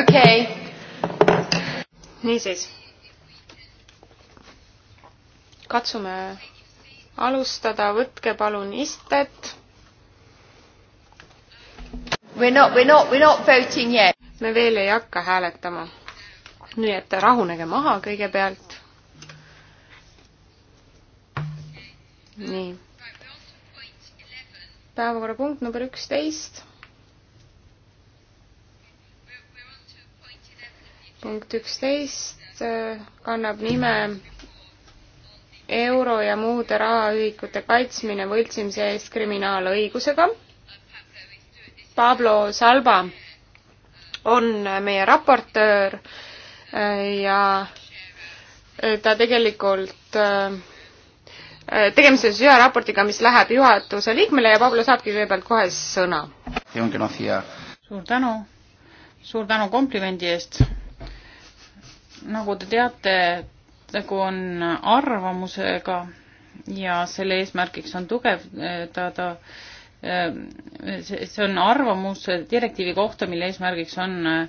okei okay.. niisiis. katsume alustada, võtke palun istet. We are not, we are not, we are not voting yet. me veel ei hakka hääletama. nii et rahunege maha kõigepealt. nii. päevakorrapunkt number üksteist punkt üksteist kannab nime euro ja muude rahaühikute kaitsmine võltsimise eest kriminaalõigusega. Pablo Salba on meie raportöör äh, ja äh, ta tegelikult äh, tegemist on siis ühe raportiga, mis läheb juhatuse liikmele ja Pablo saabki kõigepealt kohe sõna. suur tänu, suur tänu komplimendi eest nagu te teate, tegu on arvamusega ja selle eesmärgiks on tugevdada, eh, see on arvamus direktiivi kohta, mille eesmärgiks on eh,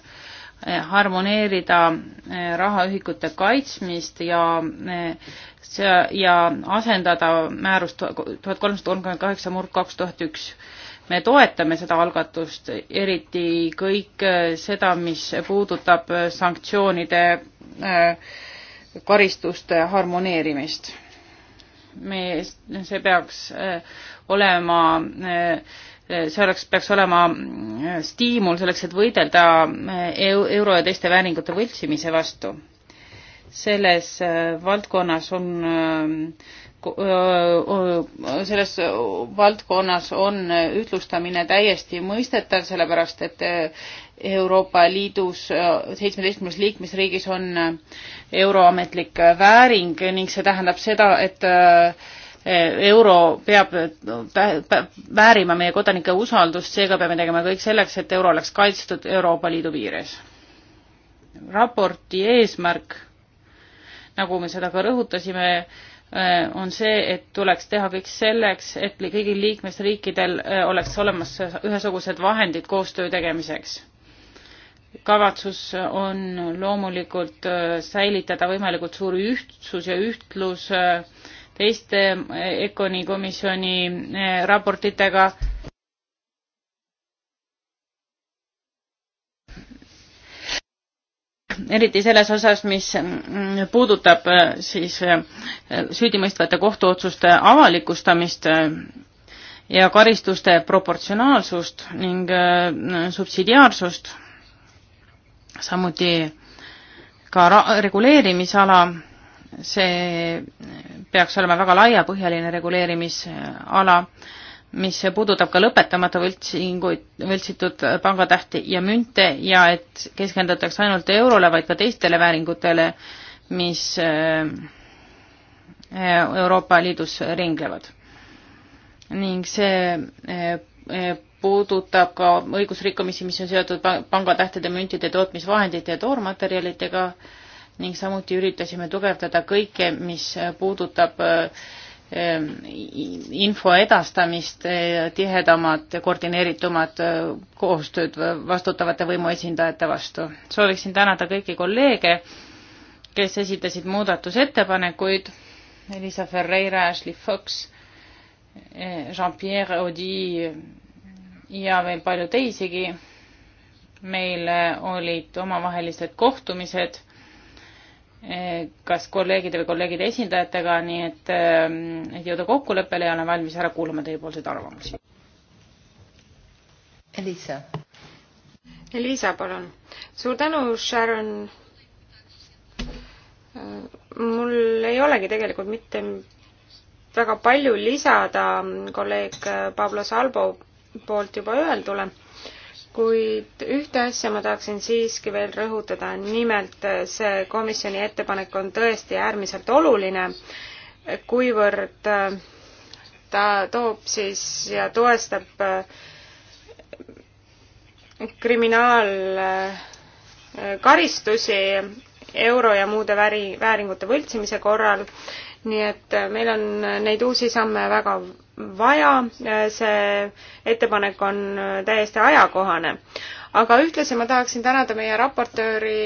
harmoneerida eh, rahaühikute kaitsmist ja ja asendada määrust tuhat kolmsada kolmkümmend kaheksa murd kaks tuhat üks me toetame seda algatust, eriti kõik seda, mis puudutab sanktsioonide äh, karistuste harmoneerimist. me, see peaks äh, olema, äh, see oleks, peaks olema stiimul selleks, et võidelda euro ja teiste vääringute võltsimise vastu. selles valdkonnas on äh, selles valdkonnas on ütlustamine täiesti mõistetav, sellepärast et e, Euroopa Liidus seitsmeteistkümnes liikmesriigis on euroametlik vääring ning see tähendab seda, et e, euro peab väärima meie kodanike usaldust, seega peame tegema kõik selleks, et euro oleks kaitstud Euroopa Liidu piires. raporti eesmärk, nagu me seda ka rõhutasime, Äh, on see, et tuleks teha kõik selleks, et kõigil liikmesriikidel äh, oleks olemas ühesugused vahendid koostöö tegemiseks. kavatsus on loomulikult äh, säilitada võimalikult suur ühtsus ja ühtlus teiste ECONi komisjoni raportitega eriti selles osas, mis mm, puudutab äh, siis äh, süüdimõistvate kohtuotsuste avalikustamist äh, ja karistuste proportsionaalsust ning subsidiaarsust, samuti ka reguleerimisala, see peaks olema väga laiapõhjaline reguleerimisala mis puudutab ka lõpetamata võltsinguid, võltsitud pangatähti ja münte ja et keskendutakse ainult eurole, vaid ka teistele vääringutele, mis äh, äh, Euroopa Liidus ringlevad. ning see äh, puudutab ka õigusrikkumisi, mis on seotud pangatähtede, müntide, tootmisvahendite ja toormaterjalidega ning samuti üritasime tugevdada kõike, mis puudutab äh, Ähm, info edastamist, äh, tihedamat, koordineeritumat äh, koostööd vastutavate võimuesindajate vastu. sooviksin tänada kõiki kolleege, kes esitasid muudatusettepanekuid, Elisa Ferreira, Ashley Fox, äh, Jean-Pierre Audi ja veel palju teisigi. meil olid omavahelised kohtumised Eh, kas kolleegide või kolleegide esindajatega, nii et, ehm, et jõuda kokkuleppele ja olen valmis ära kuulama teiepoolseid arvamusi. Elisa. Elisa, palun. suur tänu, Sharon. mul ei olegi tegelikult mitte väga palju lisada kolleeg Pablo Salbo poolt juba öeldule kuid ühte asja ma tahaksin siiski veel rõhutada, nimelt see komisjoni ettepanek on tõesti äärmiselt oluline, kuivõrd äh, ta toob siis ja toestab äh, kriminaalkaristusi äh, euro ja muude väri, vääringute võltsimise korral nii et äh, meil on äh, neid uusi samme väga vaja, äh, see ettepanek on täiesti ajakohane. aga ühtlasi ma tahaksin tänada meie raportööri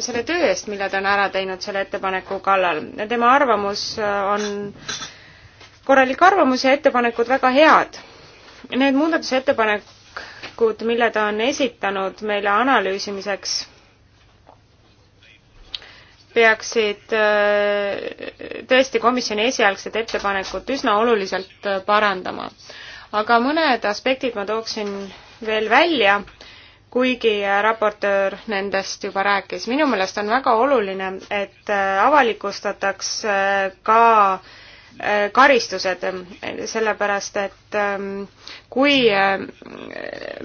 selle töö eest, mille ta on ära teinud selle ettepaneku kallal. tema arvamus on, korralik arvamus ja ettepanekud väga head. Need muudatusettepanekud, mille ta on esitanud meile analüüsimiseks peaksid äh, tõesti komisjoni esialgset ettepanekut üsna oluliselt äh, parandama. aga mõned aspektid ma tooksin veel välja, kuigi äh, raportöör nendest juba rääkis. minu meelest on väga oluline, et avalikustataks ka äh, Äh, karistused, sellepärast et ähm, kui äh,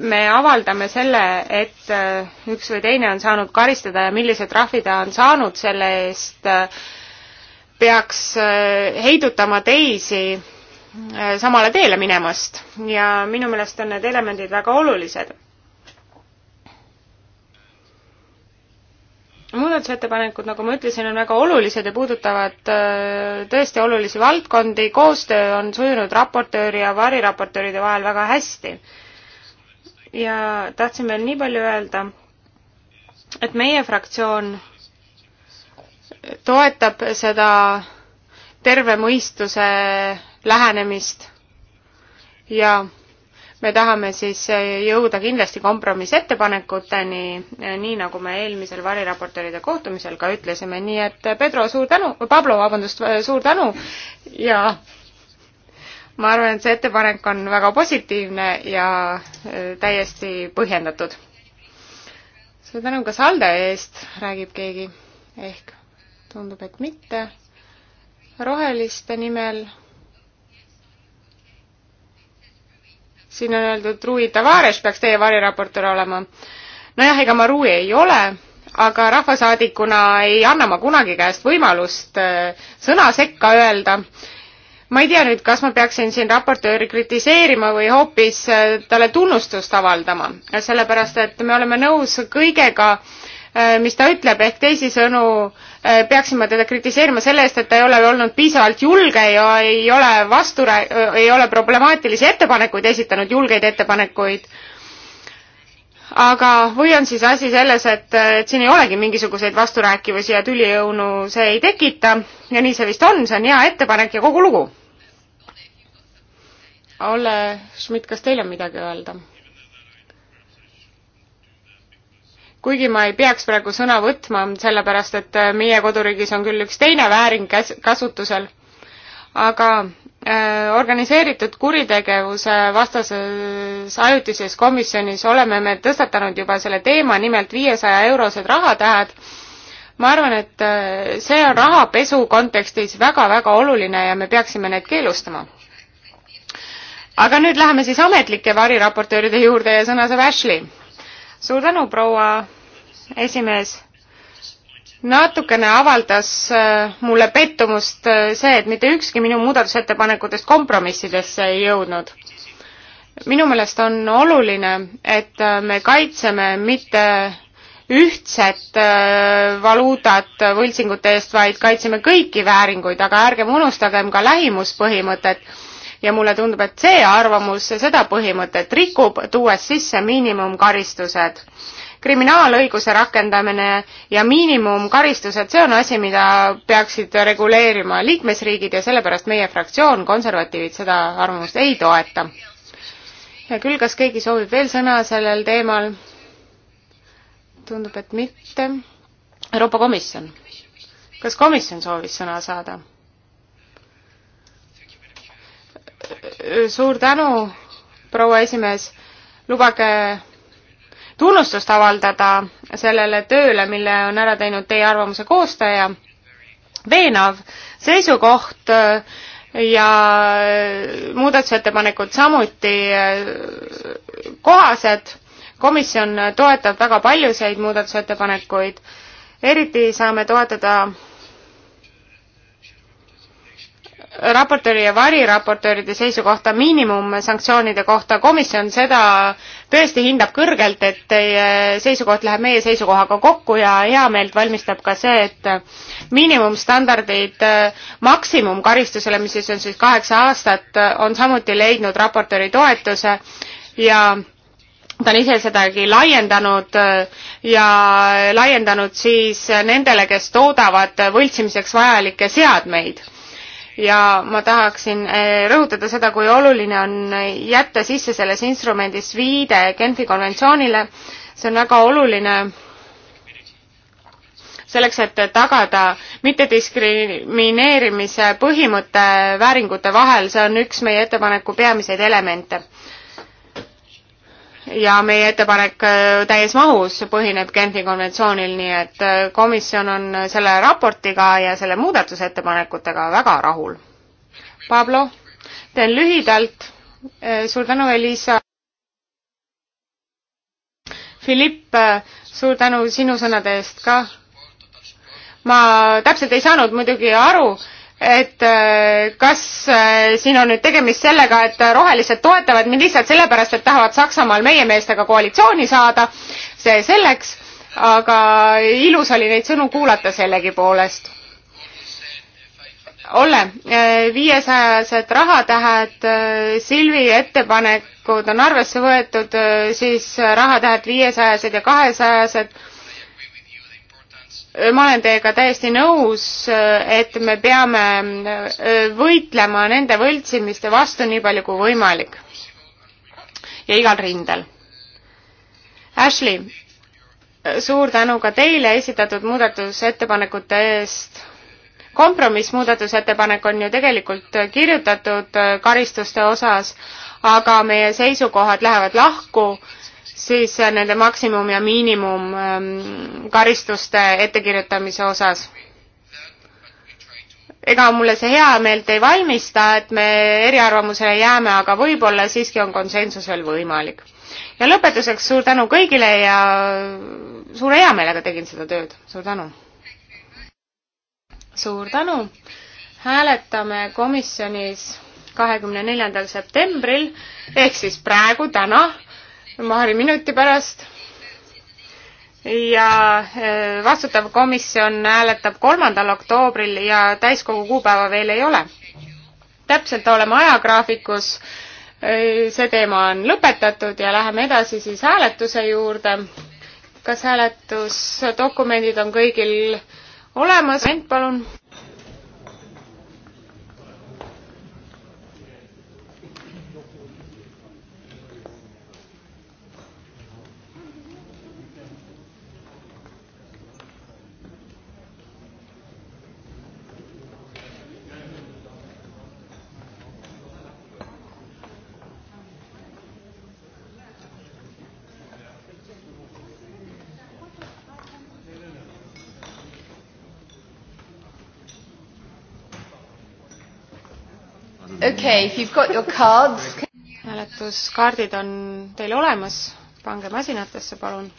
me avaldame selle, et äh, üks või teine on saanud karistada ja millise trahvi ta on saanud selle eest, peaks heidutama teisi samale teele minemast ja minu meelest on need elemendid väga olulised muudatusettepanekud, nagu ma ütlesin, on väga olulised ja puudutavad äh, tõesti olulisi valdkondi, koostöö on sujunud raportööri ja variraportööride vahel väga hästi. ja tahtsin veel nii palju öelda, et meie fraktsioon toetab seda terve mõistuse lähenemist ja me tahame siis eh, jõuda kindlasti kompromissettepanekuteni, eh, nii nagu me eelmisel variraportööride kohtumisel ka ütlesime, nii et eh, Pedro, suur tänu, Pablo, vabandust, suur tänu ja ma arvan, et see ettepanek on väga positiivne ja täiesti põhjendatud. suur tänu, kas Alde eest räägib keegi? ehk tundub, et mitte. roheliste nimel siin on öeldud, Rui Tavares peaks teie variraportöör olema. nojah, ega ma Rui ei ole, aga rahvasaadikuna ei anna ma kunagi käest võimalust äh, sõna sekka öelda ma ei tea nüüd, kas ma peaksin siin raportööri kritiseerima või hoopis äh, talle tunnustust avaldama, sellepärast et me oleme nõus kõigega, Äh, mis ta ütleb, ehk teisisõnu äh, peaksime teda kritiseerima selle eest, et ta ei ole olnud piisavalt julge ja ei ole vastu, äh, ei ole problemaatilisi ettepanekuid esitanud, julgeid ettepanekuid. aga või on siis asi selles, et, et siin ei olegi mingisuguseid vasturääkivusi ja tüliõunu see ei tekita ja nii see vist on, see on hea ettepanek ja kogu lugu. Olle Schmidt, kas teil on midagi öelda? kuigi ma ei peaks praegu sõna võtma, sellepärast et äh, meie koduriigis on küll üks teine vääring käs-, kasutusel, aga äh, organiseeritud kuritegevuse vastases ajutises komisjonis oleme me tõstatanud juba selle teema, nimelt viiesaja eurosed rahatähed. ma arvan, et äh, see on rahapesu kontekstis väga-väga oluline ja me peaksime need keelustama aga nüüd läheme siis ametlike variraportööride juurde ja sõna saab Ashley suur tänu, proua esimees. natukene avaldas äh, mulle pettumust äh, see, et mitte ükski minu muudatusettepanekutest kompromissidesse ei jõudnud. minu meelest on oluline, et äh, me kaitseme mitte ühtset valuutat võltsingute eest, vaid kaitseme kõiki vääringuid, aga ärgem unustagem ka lähimuspõhimõtet ja mulle tundub, et see arvamus seda põhimõtet rikub, tuues sisse miinimumkaristused kriminaalõiguse rakendamine ja miinimumkaristused, see on asi, mida peaksid reguleerima liikmesriigid ja sellepärast meie fraktsioon, konservatiivid, seda arvamust ei toeta. hea küll, kas keegi soovib veel sõna sellel teemal? tundub, et mitte. Euroopa Komisjon, kas komisjon soovis sõna saada? suur tänu, proua esimees. lubage tunnustust avaldada sellele tööle, mille on ära teinud teie arvamuse koostaja. veenav seisukoht äh, ja äh, muudatusettepanekud samuti äh, kohased. komisjon toetab väga paljusid muudatusettepanekuid. eriti saame toetada raportööri ja variraportööride seisukohta miinimumsanktsioonide kohta. komisjon seda tõesti hindab kõrgelt, et teie seisukoht läheb meie seisukohaga kokku ja heameelt valmistab ka see, et miinimumstandardid maksimumkaristusele, mis siis on siis kaheksa aastat, on samuti leidnud raportööri toetuse ja ta on ise sedagi laiendanud ja laiendanud siis nendele, kes toodavad võltsimiseks vajalikke seadmeid ja ma tahaksin eh, rõhutada seda, kui oluline on jätta sisse selles instrumendis viide Genfi konventsioonile. see on väga oluline selleks, et tagada mittediskrimineerimise põhimõte vääringute vahel, see on üks meie ettepaneku peamiseid elemente ja meie ettepanek äh, täies mahus põhineb Genfi konventsioonil, nii et äh, komisjon on selle raportiga ja selle muudatusettepanekutega väga rahul. Pablo, teen lühidalt. Äh, suur tänu, Elisa. Philipp, suur tänu sinu sõnade eest ka. ma täpselt ei saanud muidugi aru et äh, kas äh, siin on nüüd tegemist sellega, et äh, rohelised toetavad mind lihtsalt sellepärast, et tahavad Saksamaal meie meestega koalitsiooni saada, see selleks, aga ilus oli neid sõnu kuulata sellegipoolest. Olle, viiesajased rahatähed, Silvi ettepanekud on arvesse võetud, siis rahatähed viiesajased ja kahesajased ma olen teiega täiesti nõus, et me peame äh, võitlema nende võltsimiste vastu nii palju kui võimalik. ja igal rindel. Ashley, suur tänu ka teile esitatud muudatusettepanekute eest. kompromissmuudatusettepanek on ju tegelikult kirjutatud äh, karistuste osas, aga meie seisukohad lähevad lahku siis äh, nende maksimum ja miinimum ähm, karistuste ettekirjutamise osas. ega mulle see hea meelt ei valmista, et me eriarvamusele jääme, aga võib-olla siiski on konsensus veel võimalik. ja lõpetuseks suur tänu kõigile ja suure heameelega tegin seda tööd, suur tänu! suur tänu! hääletame komisjonis kahekümne neljandal septembril ehk siis praegu, täna Mahari minuti pärast ja eh, vastutav komisjon hääletab kolmandal oktoobril ja täiskogu kuupäeva veel ei ole. täpselt oleme ajagraafikus, eh, see teema on lõpetatud ja läheme edasi siis hääletuse juurde. kas hääletusdokumendid on kõigil olemas? ent palun okay, if you've got your cards. hääletuskaardid on teil olemas, pange masinatesse, palun.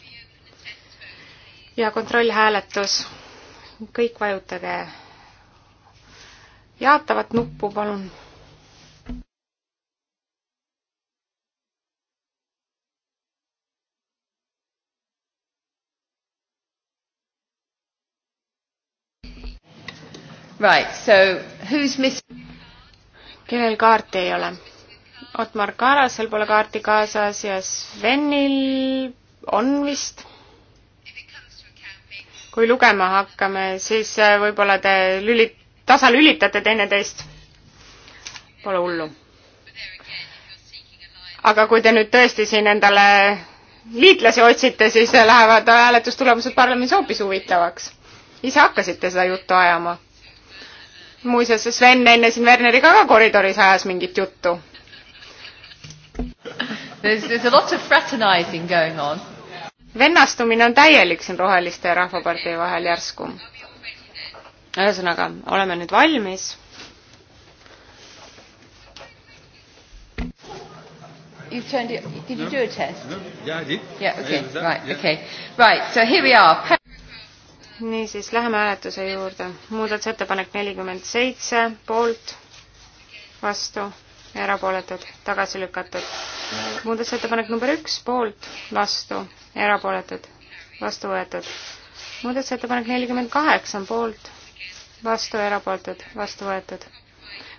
ja kontrollhääletus. kõik vajutage jaatavat nuppu, palun. Right, so who's missing? kellel kaarti ei ole. Otmar Karasel pole kaarti kaasas ja Svenil on vist. kui lugema hakkame, siis äh, võib-olla te lüli-, tasalülitate teineteist. Pole hullu. aga kui te nüüd tõesti siin endale liitlasi otsite, siis lähevad hääletustulemused parlamendis hoopis huvitavaks. ise hakkasite seda juttu ajama muuseas, Sven enne siin Werneriga ka koridoris ajas mingit juttu. There's, there's a lot of fraternising going on. vennastumine on täielik siin Roheliste ja Rahvapartei vahel järsku. ühesõnaga, oleme nüüd valmis. You turned it, did you do a test? No, yeah, I did. Yeah, okay, right, okay. Right, so here we are niisiis, läheme hääletuse juurde. muudatusettepanek nelikümmend seitse, poolt, vastu, erapooletud, tagasi lükatud. muudatusettepanek number üks, poolt, vastu, erapooletud, vastu võetud. muudatusettepanek nelikümmend kaheksa, poolt, vastu, erapooletud, vastu võetud.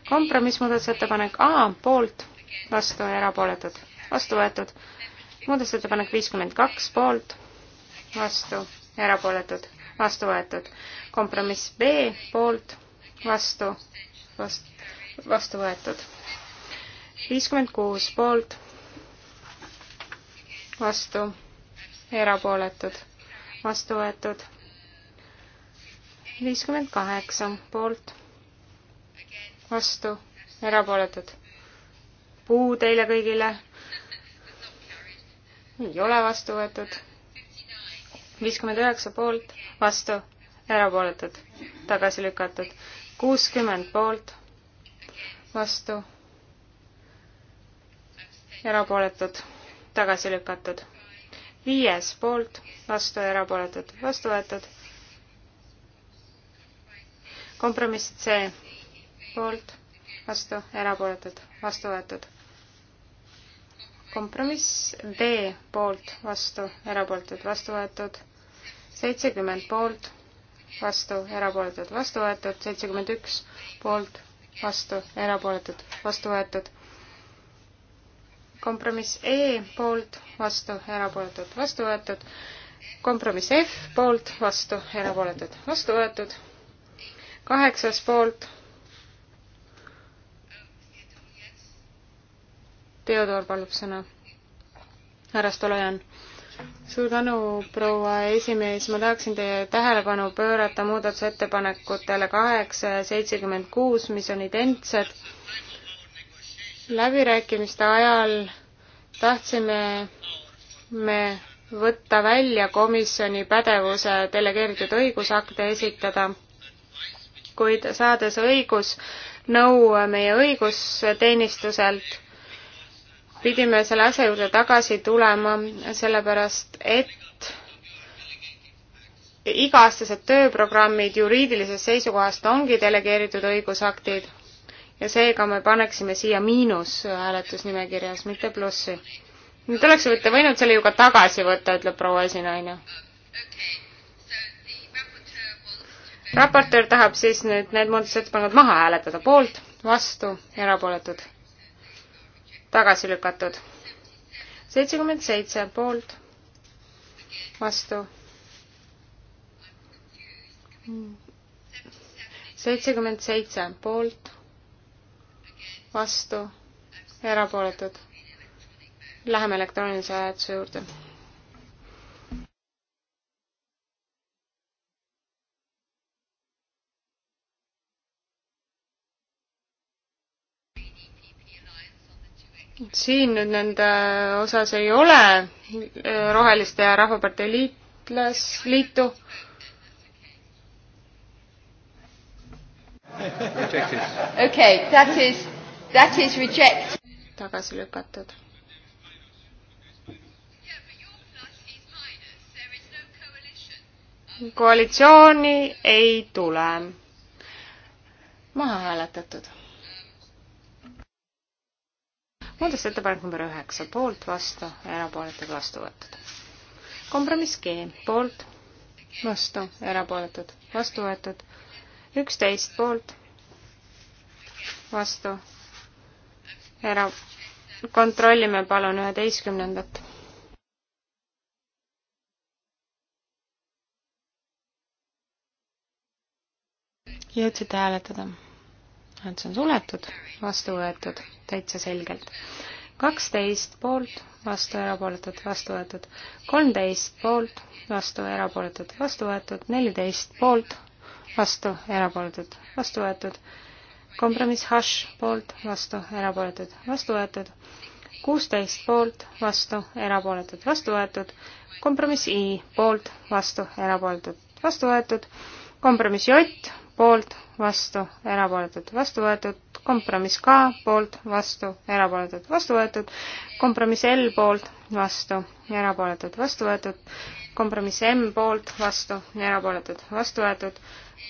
kompromissmuudatusettepanek A, poolt, vastu, erapooletud, vastu võetud. muudatusettepanek viiskümmend kaks, poolt, vastu, erapooletud vastu võetud. kompromiss B poolt, vastu, vastu, vastu võetud. viiskümmend kuus poolt, vastu, erapooletud, vastu võetud. viiskümmend kaheksa poolt, vastu, erapooletud. puu teile kõigile. ei ole vastu võetud viiskümmend üheksa poolt, vastu, erapooletud, tagasi lükatud. kuuskümmend poolt, vastu, erapooletud, tagasi lükatud. viies poolt, vastu, erapooletud, vastu võetud. kompromiss C poolt, vastu, erapooletud, vastu võetud kompromiss D poolt vastu, erapooletud vastu võetud seitsekümmend poolt, vastu, erapooletud, vastu võetud, seitsekümmend üks poolt, vastu, erapooletud, vastu võetud. kompromiss E poolt, vastu, erapooletud, vastu võetud. kompromiss F poolt, vastu, erapooletud, vastu võetud. kaheksas poolt. Theodor palub sõna. härra Stolojan suur tänu, proua esimees, ma tahaksin teie tähelepanu pöörata muudatusettepanekutele kaheksa ja seitsekümmend kuus, mis on identsed. läbirääkimiste ajal tahtsime me võtta välja komisjoni pädevuse delegeeritud õigusakte esitada, kuid saades õigus nõu meie õigusteenistuselt, pidime selle asja juurde tagasi tulema, sellepärast et iga-aastased tööprogrammid juriidilisest seisukohast ongi delegeeritud õigusaktid ja seega me paneksime siia miinus hääletusnimekirjas, mitte plussi. nüüd oleks võite võinud selle ju ka tagasi võtta, ütleb proua esinaine. raportöör tahab siis nüüd need muudatusettepanekud maha hääletada, poolt, vastu, erapooletud tagasi lükatud. seitsekümmend seitse poolt, vastu. seitsekümmend seitse poolt, vastu, erapooletud. Läheme elektroonilise hääletuse juurde siin nüüd nende osas ei ole äh, Roheliste ja Rahvapartei liitlas, liitu. okei, that is, that is reject. tagasi lükatud. koalitsiooni ei tule. maha hääletatud muudatusettepanek number üheksa, poolt, vastu ja erapooletud, vastu võetud. kompromiss G, poolt, vastu, erapooletud, vastu võetud, üksteist poolt, vastu, era-, kontrollime palun üheteistkümnendat jõudsite hääletada? et see on suletud, vastu võetud täitsa selgelt. kaksteist poolt, vastu erapooletud, vastu võetud. kolmteist poolt, vastu erapooletud, vastu võetud. neliteist poolt, vastu erapooletud, vastu võetud. kompromiss hash poolt, vastu erapooletud, vastu võetud. kuusteist poolt, vastu erapooletud, vastu võetud. kompromiss i poolt, vastu erapooletud, vastu võetud. kompromiss j poolt, vastu, erapooletud, vastu võetud, kompromiss K poolt, vastu, erapooletud, vastu võetud, kompromiss L poolt, vastu, erapooletud, vastu võetud, kompromiss M poolt, vastu, erapooletud, vastu võetud,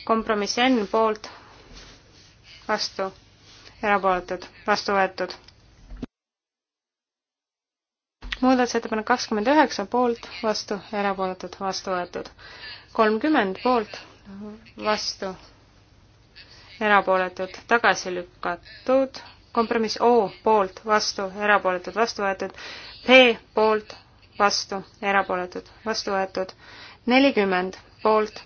kompromiss N poolt, vastu, erapooletud, vastu võetud. muudatusettepanek kakskümmend üheksa poolt, vastu, erapooletud, vastu võetud. kolmkümmend poolt, vastu, erapooletud, tagasi lükatud, kompromiss O poolt, vastu, erapooletud, vastu võetud, P poolt, vastu, erapooletud, vastu võetud, nelikümmend poolt,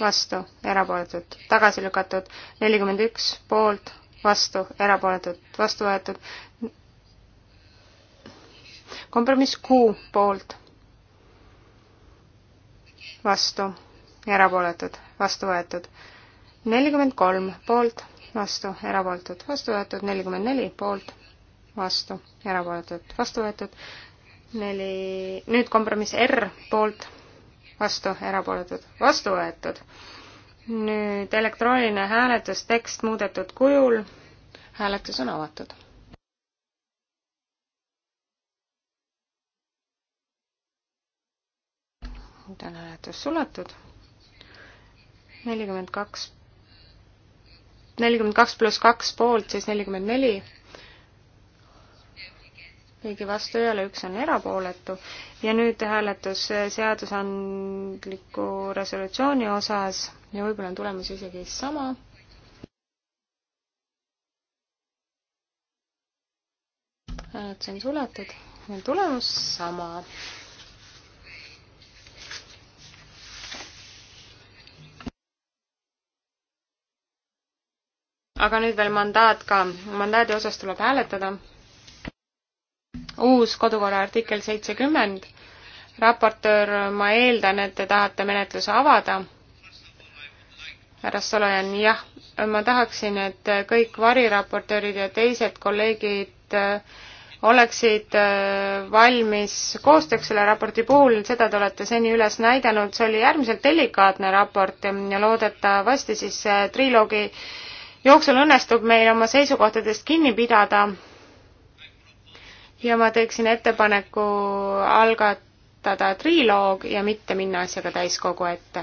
vastu, erapooletud, tagasi lükatud, nelikümmend üks poolt, vastu, erapooletud, vastu võetud, kompromiss Q poolt, vastu, erapooletud, vastu võetud nelikümmend kolm poolt, vastu, erapooletud, vastu võetud, nelikümmend neli poolt, vastu, erapooletud, vastu võetud, neli, nüüd kompromiss R poolt, vastu, erapooletud, vastu võetud. nüüd elektrooniline hääletus, tekst muudetud kujul, hääletus on avatud. nüüd on hääletus suletud nelikümmend kaks nelikümmend kaks pluss kaks poolt, siis nelikümmend neli. keegi vastu ei ole, üks on erapooletu. ja nüüd hääletus seadusandliku resolutsiooni osas ja võib-olla on tulemus isegi sama et see on suletud ja tulemus sama. aga nüüd veel mandaat ka. mandaadi osas tuleb hääletada. uus kodukorra artikkel seitsekümmend. raportöör, ma eeldan, et te tahate menetluse avada. härra Solojan, jah, ma tahaksin, et kõik variraportöörid ja teised kolleegid äh, oleksid äh, valmis koostööks selle raporti puhul, seda te olete seni üles näidanud, see oli äärmiselt delikaatne raport ja loodetavasti siis triloogi äh, jooksul õnnestub meil oma seisukohtadest kinni pidada ja ma teeksin ettepaneku algatada triloog ja mitte minna asjaga täiskogu ette.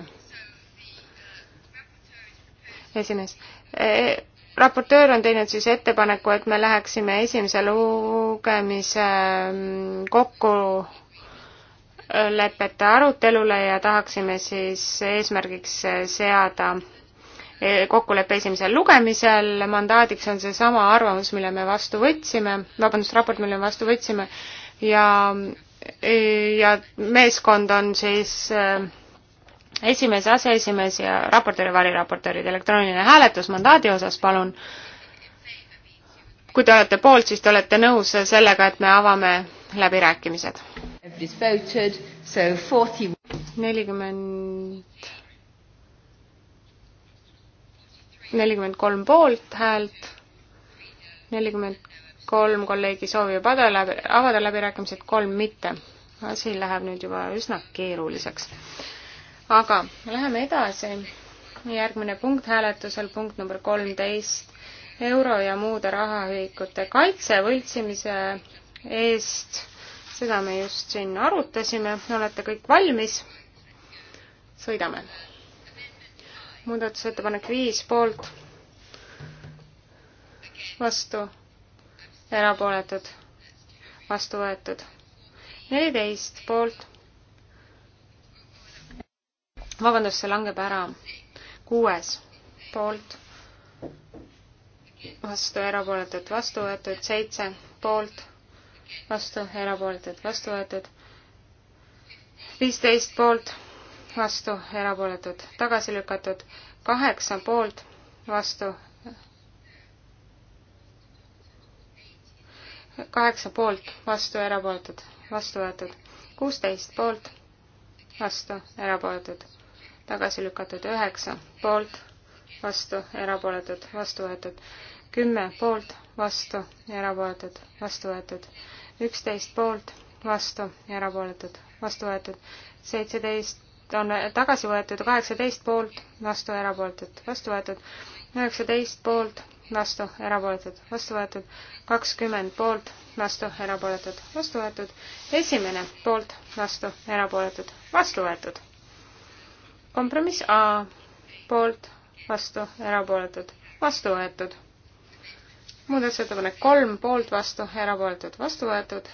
esines e raportöör on teinud siis ettepaneku, et me läheksime esimese lugemise mm, kokkulepete arutelule ja tahaksime siis eesmärgiks seada kokkuleppe esimesel lugemisel, mandaadiks on seesama arvamus, mille me vastu võtsime, vabandust, raport, mille me vastu võtsime ja, ja meeskond on siis äh, esimees, aseesimees ja raportöör ja variraportöörid, elektrooniline hääletus mandaadi osas, palun. kui te olete poolt, siis te olete nõus sellega, et me avame läbirääkimised. nelikümmend 40 nelikümmend kolm poolthäält, nelikümmend kolm kolleegi soovib läbi, avada läbirääkimised, kolm mitte. asi läheb nüüd juba üsna keeruliseks. aga läheme edasi. järgmine punkt hääletusel, punkt number kolmteist, euro ja muude rahaühikute kaitse võltsimise eest. seda me just siin arutasime, olete kõik valmis? sõidame muudatusettepanek viis poolt, vastu, erapooletud, vastu võetud. neliteist poolt. vabandust, see langeb ära. kuues poolt, vastu, erapooletud, vastu võetud, seitse poolt, vastu, erapooletud, vastu võetud, viisteist poolt vastu, erapooletud, tagasi lükatud, kaheksa poolt, vastu, kaheksa poolt, vastu, erapooletud, vastu võetud, kuusteist poolt, vastu, erapooletud, tagasi lükatud, üheksa poolt, vastu, erapooletud, vastu võetud, kümme poolt, vastu, erapooletud, vastu võetud, üksteist poolt, vastu, erapooletud, vastu võetud, seitseteist on tagasi võetud, kaheksateist poolt, vastu, erapooletud, vastu võetud, üheksateist poolt, vastu, erapooletud, vastu võetud, kakskümmend poolt, vastu, erapooletud, vastu võetud, esimene poolt, vastu, erapooletud, vastu võetud. kompromiss A poolt, vastu, erapooletud, vastu võetud. muudatusettepanek kolm poolt, vastu, erapooletud, vastu võetud,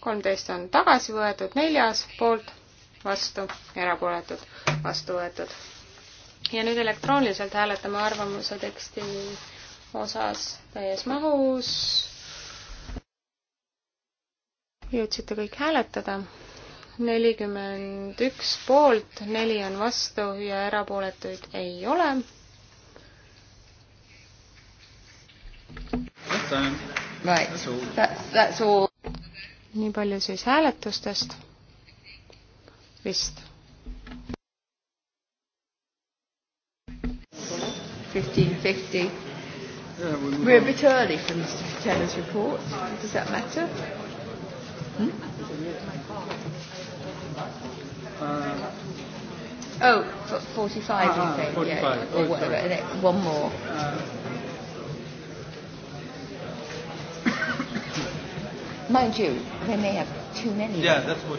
kolmteist on tagasi võetud, neljas poolt vastu, erapooletud, vastu võetud. ja nüüd elektrooniliselt hääletame arvamuse teksti osas täies mahus. jõudsite kõik hääletada? nelikümmend üks poolt, neli on vastu ja erapooletuid ei ole. Right. That, that's all. nii palju siis hääletustest vist. Fifteen fifty. We're a bit early for Mr. Patella's report. Does that matter? Hmm? Uh, oh, 45, ah, you say? 45. Yeah, oh, whatever. Okay. One more. Uh, Mind you, they may have too many. Yeah, that's what.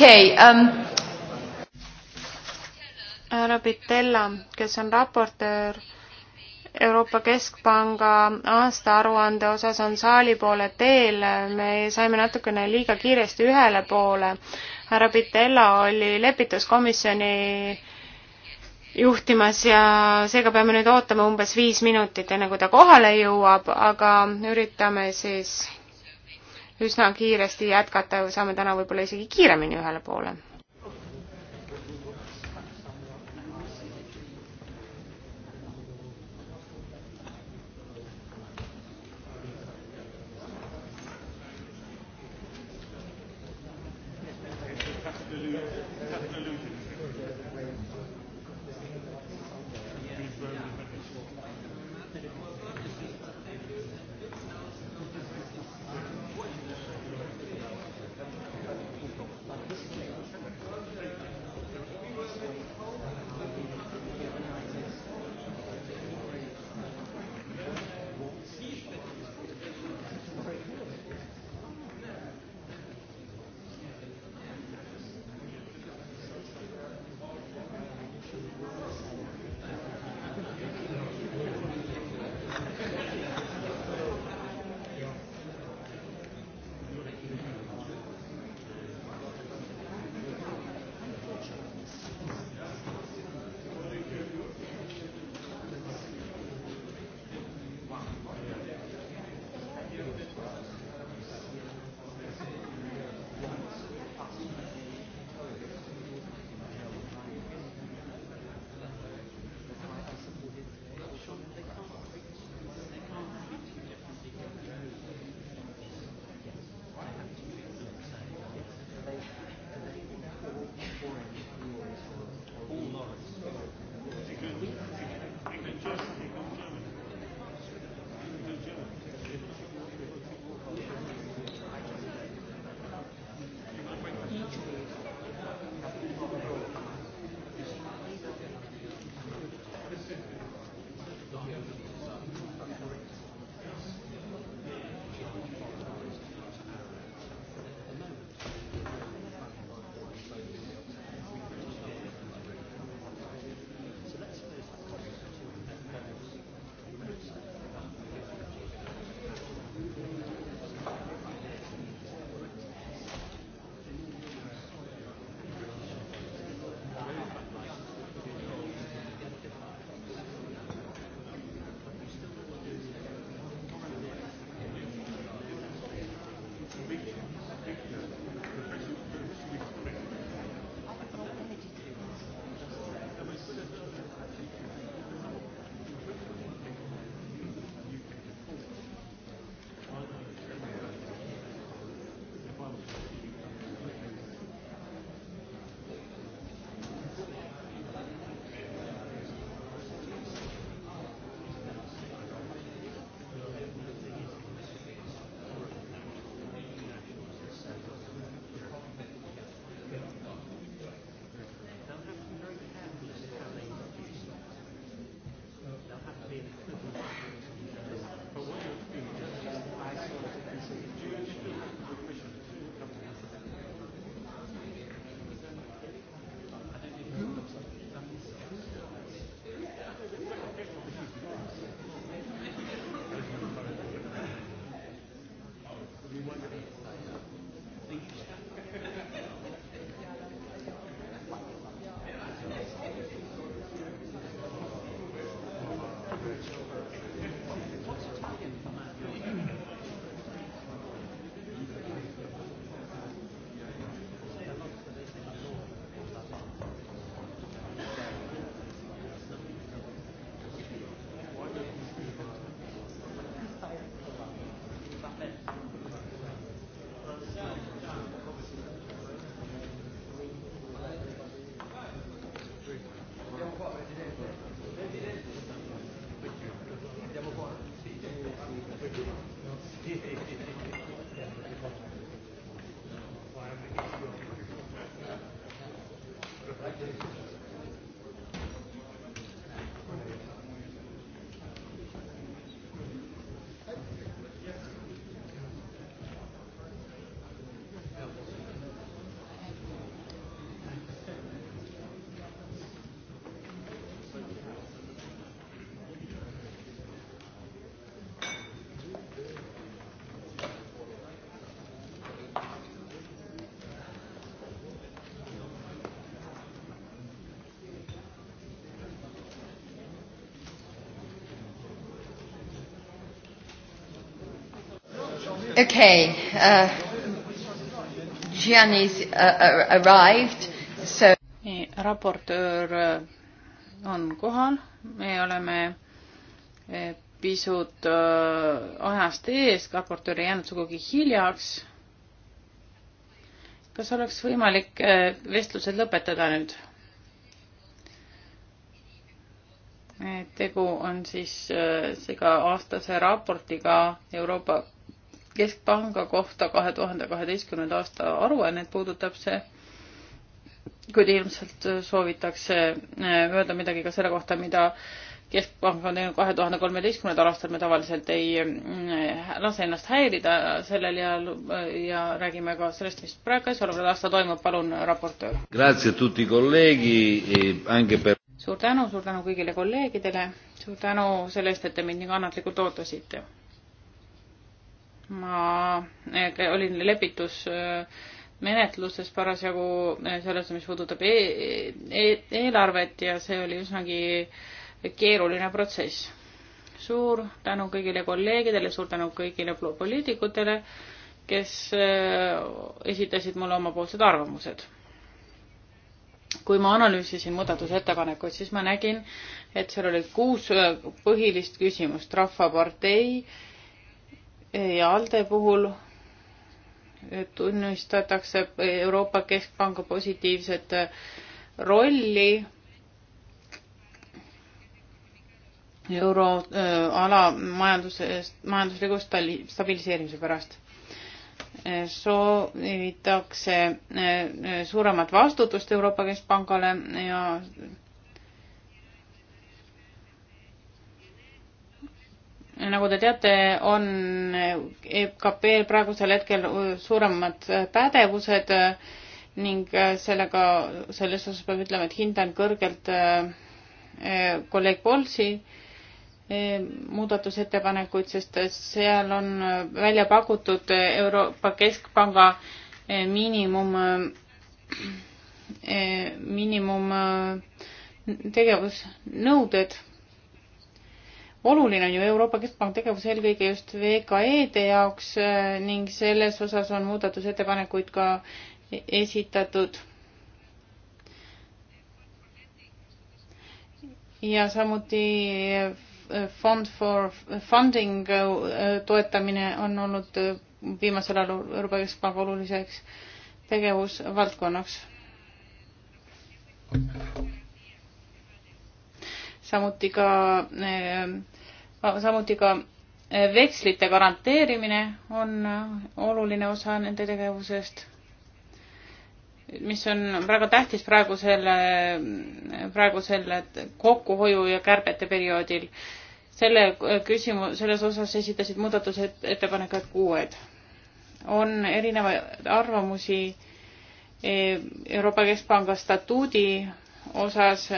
okei okay, um.... härra Pitella, kes on raportöör Euroopa Keskpanga aastaaruande osas, on saali poole teel. me saime natukene liiga kiiresti ühele poole. härra Pitella oli lepituskomisjoni juhtimas ja seega peame nüüd ootama umbes viis minutit, enne kui ta kohale jõuab, aga üritame siis üsna kiiresti jätkata, saame täna võib-olla isegi kiiremini ühele poole Okay. Uh, Gianni's uh, arrived, so. nii, raportöör uh, on kohal, me oleme eh, pisut uh, ajast ees, raportöör ei jäänud sugugi hiljaks. kas oleks võimalik uh, vestlused lõpetada nüüd? Eh, tegu on siis seega aastase raportiga Euroopa keskpanga kohta kahe tuhande kaheteistkümnenda aasta aruannet puudutab see, kuid ilmselt soovitakse eh, öelda midagi ka selle kohta, mida keskpank on teinud kahe tuhande kolmeteistkümnendal aastal, me tavaliselt ei mm, lase ennast häirida sellel ja, ja räägime ka sellest, mis praegu käesoleval aastal toimub, palun raportöör. E per... suur tänu, suur tänu kõigile kolleegidele, suur tänu selle eest, et te mind nii kannatlikult ootasite ma eh, olin lepitusmenetluses eh, parasjagu eh, selles, mis puudutab e e eelarvet ja see oli üsnagi keeruline protsess. suur tänu kõigile kolleegidele, suur tänu kõigile poliitikutele, kes esitasid mulle omapoolsed arvamused. kui ma analüüsisin muudatusettepanekuid, siis ma nägin, et seal oli kuus põhilist küsimust, Rahvapartei äh, ja ALDE puhul eh, tunnistatakse Euroopa Keskpanga positiivset eh, rolli euroala eh, majanduses, majandusliku stabiliseerimise pärast. soovitakse suuremat vastutust Euroopa Keskpangale ja nagu te teate, on EKP-l praegusel hetkel suuremad pädevused ning sellega, selles osas peab ütlema, et hindan kõrgelt äh, kolleeg Polsi äh, muudatusettepanekuid, sest seal on välja pakutud Euroopa Keskpanga äh, miinimum, miinimum tegevusnõuded oluline on ju Euroopa Keskpanga tegevus eelkõige just VKE-de jaoks äh, ning selles osas on muudatusettepanekuid ka e-, esitatud. ja samuti äh, Fund for Funding äh, toetamine on olnud viimasel ajal Euroopa Keskpanga oluliseks tegevusvaldkonnaks samuti ka, eh, samuti ka eh, vekslite garanteerimine on eh, oluline osa nende tegevusest, mis on väga tähtis praegusel, praegusel kokkuhoiu ja kärbete perioodil. selle küsimus, selles osas esitasid muudatusettepanekud kuued. on erinevaid arvamusi Euroopa Keskpanga statuudi osas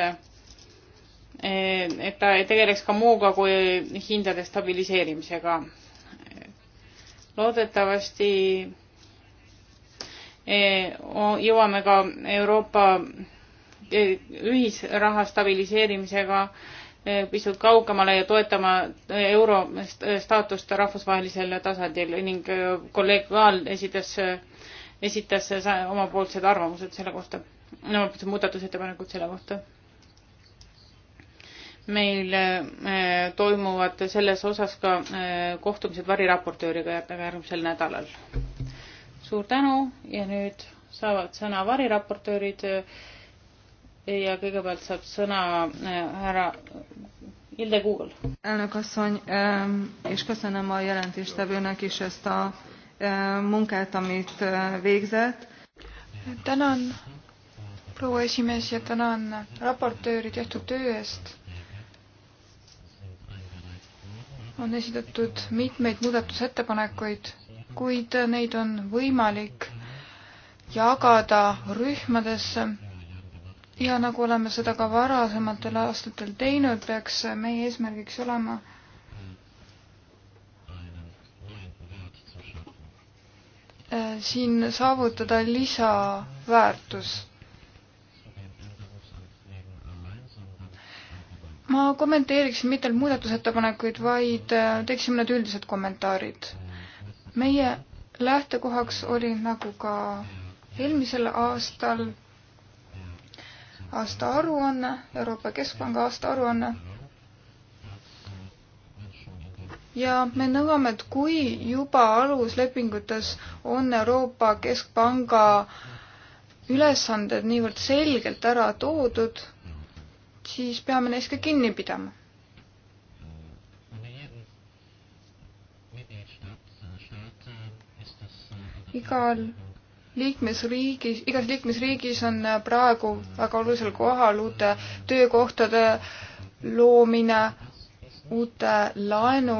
Eh, et ta tegeleks ka muuga kui hindade stabiliseerimisega. loodetavasti eh, jõuame ka Euroopa eh, ühisraha stabiliseerimisega pisut kaugemale ja toetama euro staatust rahvusvahelisel tasandil ning kolleeg Kaal esitas, esitas omapoolsed arvamused selle kohta, omapoolsed muudatusettepanekud selle kohta meil äh, toimuvad selles osas ka äh, kohtumised variraportööriga järgmisel nädalal. suur tänu ja nüüd saavad sõna variraportöörid äh, ja kõigepealt saab sõna härra Ilde Kuul. elnök asszony, és köszönöm a jelentéstevőnek is ezt a munkát, amit végzett. tänan, proua esimees ja tänan raportööri tehtud töö eest on esitatud mitmeid muudatusettepanekuid, kuid neid on võimalik jagada rühmadesse ja nagu oleme seda ka varasematel aastatel teinud, peaks meie eesmärgiks olema siin saavutada lisaväärtus kommenteeriksin mitte ainult muudatusettepanekuid, vaid äh, teeksin mõned üldised kommentaarid. meie lähtekohaks oli nagu ka eelmisel aastal aasta aruanne, Euroopa Keskpanga aasta aruanne. ja me nõuame, et kui juba aluslepingutes on Euroopa Keskpanga ülesanded niivõrd selgelt ära toodud, siis peame neist ka kinni pidama. igal liikmesriigis, igas liikmesriigis on praegu väga olulisel kohal uute töökohtade loomine, uute laenu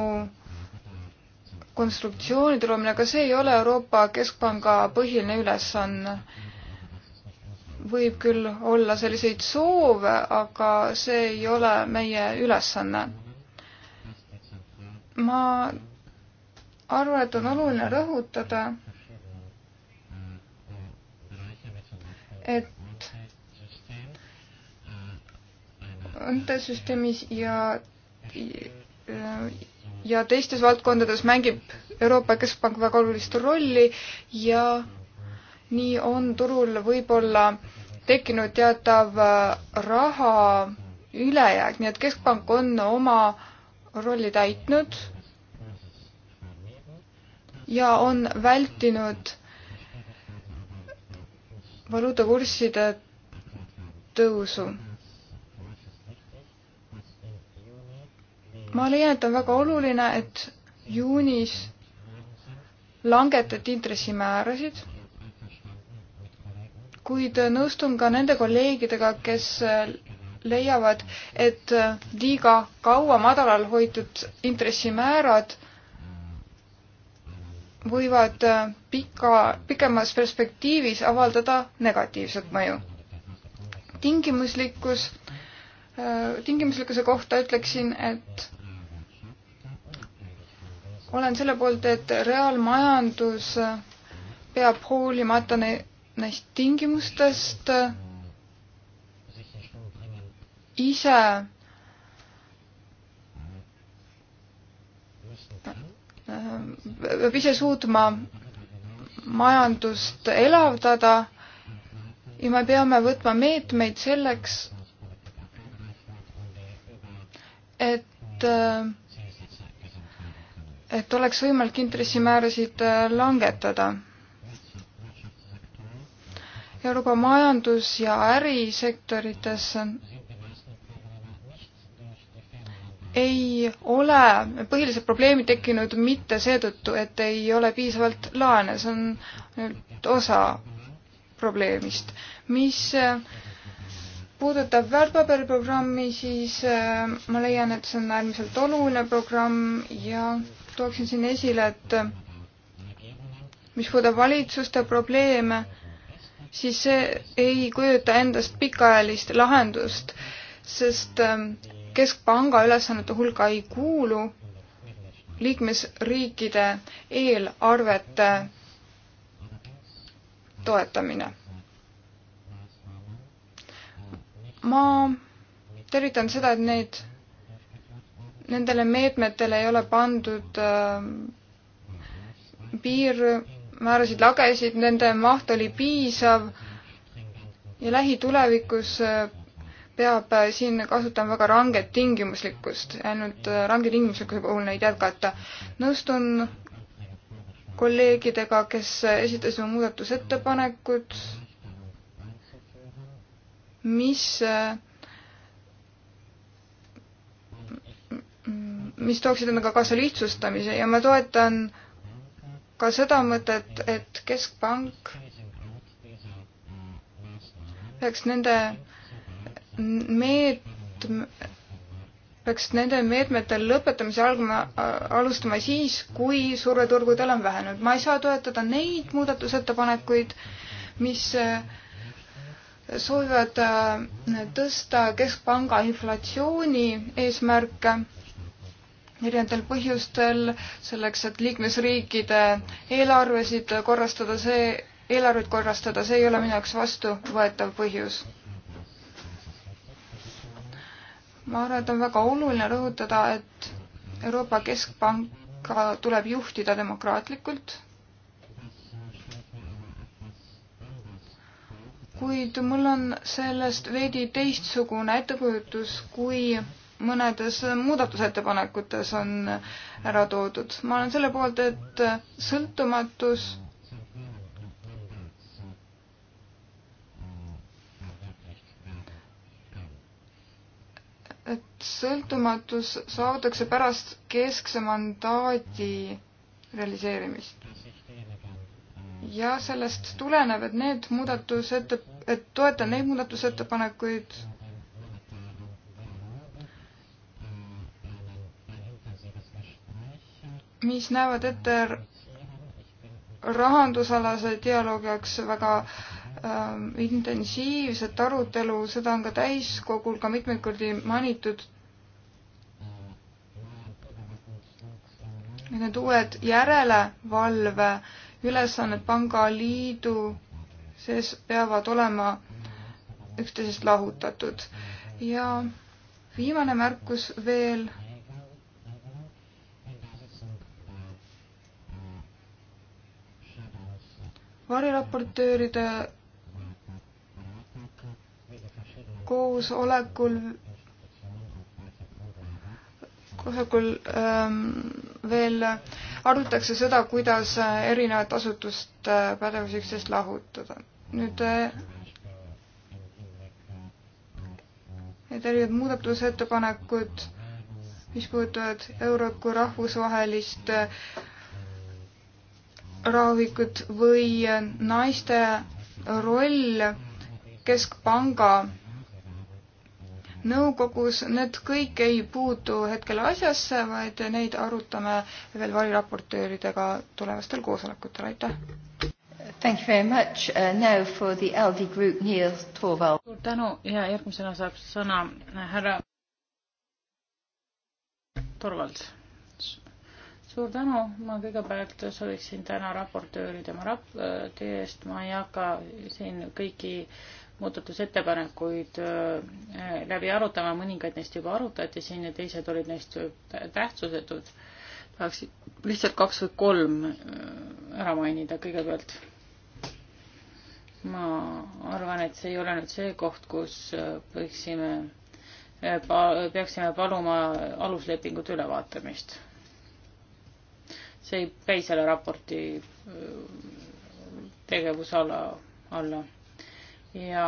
konstruktsioonide loomine, aga see ei ole Euroopa Keskpanga põhiline ülesanne võib küll olla selliseid soove, aga see ei ole meie ülesanne. ma arvan, et on oluline rõhutada, et õntesüsteemis ja, ja teistes valdkondades mängib Euroopa Keskpank väga olulist rolli ja nii on turul võib-olla tekkinud teatav äh, raha ülejääk, nii et Keskpank on oma rolli täitnud ja on vältinud valuutakursside tõusu. ma leian, et on väga oluline, et juunis langetati intressimäärasid kuid nõustun ka nende kolleegidega, kes äh, leiavad, et äh, liiga kaua madalal hoitud intressimäärad võivad äh, pika, pikemas perspektiivis avaldada negatiivset mõju. tingimuslikkus, tingimuslikkuse kohta ütleksin, et olen selle poolt, et reaalmajandus peab hoolimata ne-, neist tingimustest ise peab ise suutma majandust elavdada ja me peame võtma meetmeid selleks, et, et oleks võimalik intressimäärasid langetada Euroopa majandus- ja ärisektorites ei ole põhilised probleemid tekkinud mitte seetõttu, et ei ole piisavalt laene, see on ainult osa probleemist. mis eh, puudutab väärtpaberiprogrammi, siis eh, ma leian, et see on äärmiselt oluline programm ja tooksin siin esile, et mis puudutab valitsuste probleeme, siis see ei kujuta endast pikaajalist lahendust, sest ähm, keskpanga ülesannete hulka ei kuulu liikmesriikide eelarvete toetamine. ma tervitan seda, et neid, nendele meetmetele ei ole pandud äh, piir määrasid lagesid, nende maht oli piisav ja lähitulevikus äh, peab äh, siin kasutama väga ranget tingimuslikkust, ainult äh, range tingimuslikkuse puhul neid jätkata. nõustun kolleegidega, kes esitasid oma muudatusettepanekud, mis, mis tooksid endaga kaasa lihtsustamise ja ma toetan äh, ka seda mõtet, et Keskpank peaks nende meet-, peaks nende meetmete lõpetamise alguma, alustama siis, kui surve turgudel on vähenenud. ma ei saa toetada neid muudatusettepanekuid, mis äh, soovivad äh, tõsta keskpanga inflatsiooni eesmärke erinevatel põhjustel, selleks, et liikmesriikide eelarvesid korrastada, see, eelarveid korrastada, see ei ole minu jaoks vastuvõetav põhjus. ma arvan, et on väga oluline rõhutada, et Euroopa Keskpanka tuleb juhtida demokraatlikult. kuid mul on sellest veidi teistsugune ettekujutus, kui mõnedes muudatusettepanekutes on ära toodud. ma olen selle poolt, et sõltumatus et sõltumatus saadakse pärast keskse mandaadi realiseerimist. ja sellest tuleneb, et need muudatusette-, et toetan neid muudatusettepanekuid, mis näevad ette rahandusalase dialoogi jaoks väga ähm, intensiivset arutelu, seda on ka täiskogul ka mitmeid kordi mainitud. Need uued järelevalve ülesanded pangaliidu sees peavad olema üksteisest lahutatud ja viimane märkus veel variraportööride koosolekul koosolekul ähm, veel arutatakse seda, kuidas erinevat asutust äh, pädevusi üksteist lahutada. nüüd äh, need erinevad muudatusettepanekud, mis puudutavad Eurot kui rahvusvahelist äh, rahulikud või naiste roll keskpanga nõukogus, need kõik ei puutu hetkel asjasse, vaid neid arutame veel variraportööridega tulevastel koosolekutel, aitäh! Thank you very much uh, now for the LD group Niels Torvald. suur tänu ja järgmisena saab sõna härra Torvald suur tänu, ma kõigepealt sooviksin täna raportööri tema rap-, töö eest, ma ei hakka siin kõiki muudatusettepanekuid äh, läbi arutama, mõningaid neist juba arutati siin ja teised olid neist tähtsusetud. tahaks lihtsalt kaks või kolm äh, ära mainida kõigepealt. ma arvan, et see ei ole nüüd see koht, kus äh, võiksime, peaksime paluma aluslepingute ülevaatamist see ei käi selle raporti äh, tegevusala alla. ja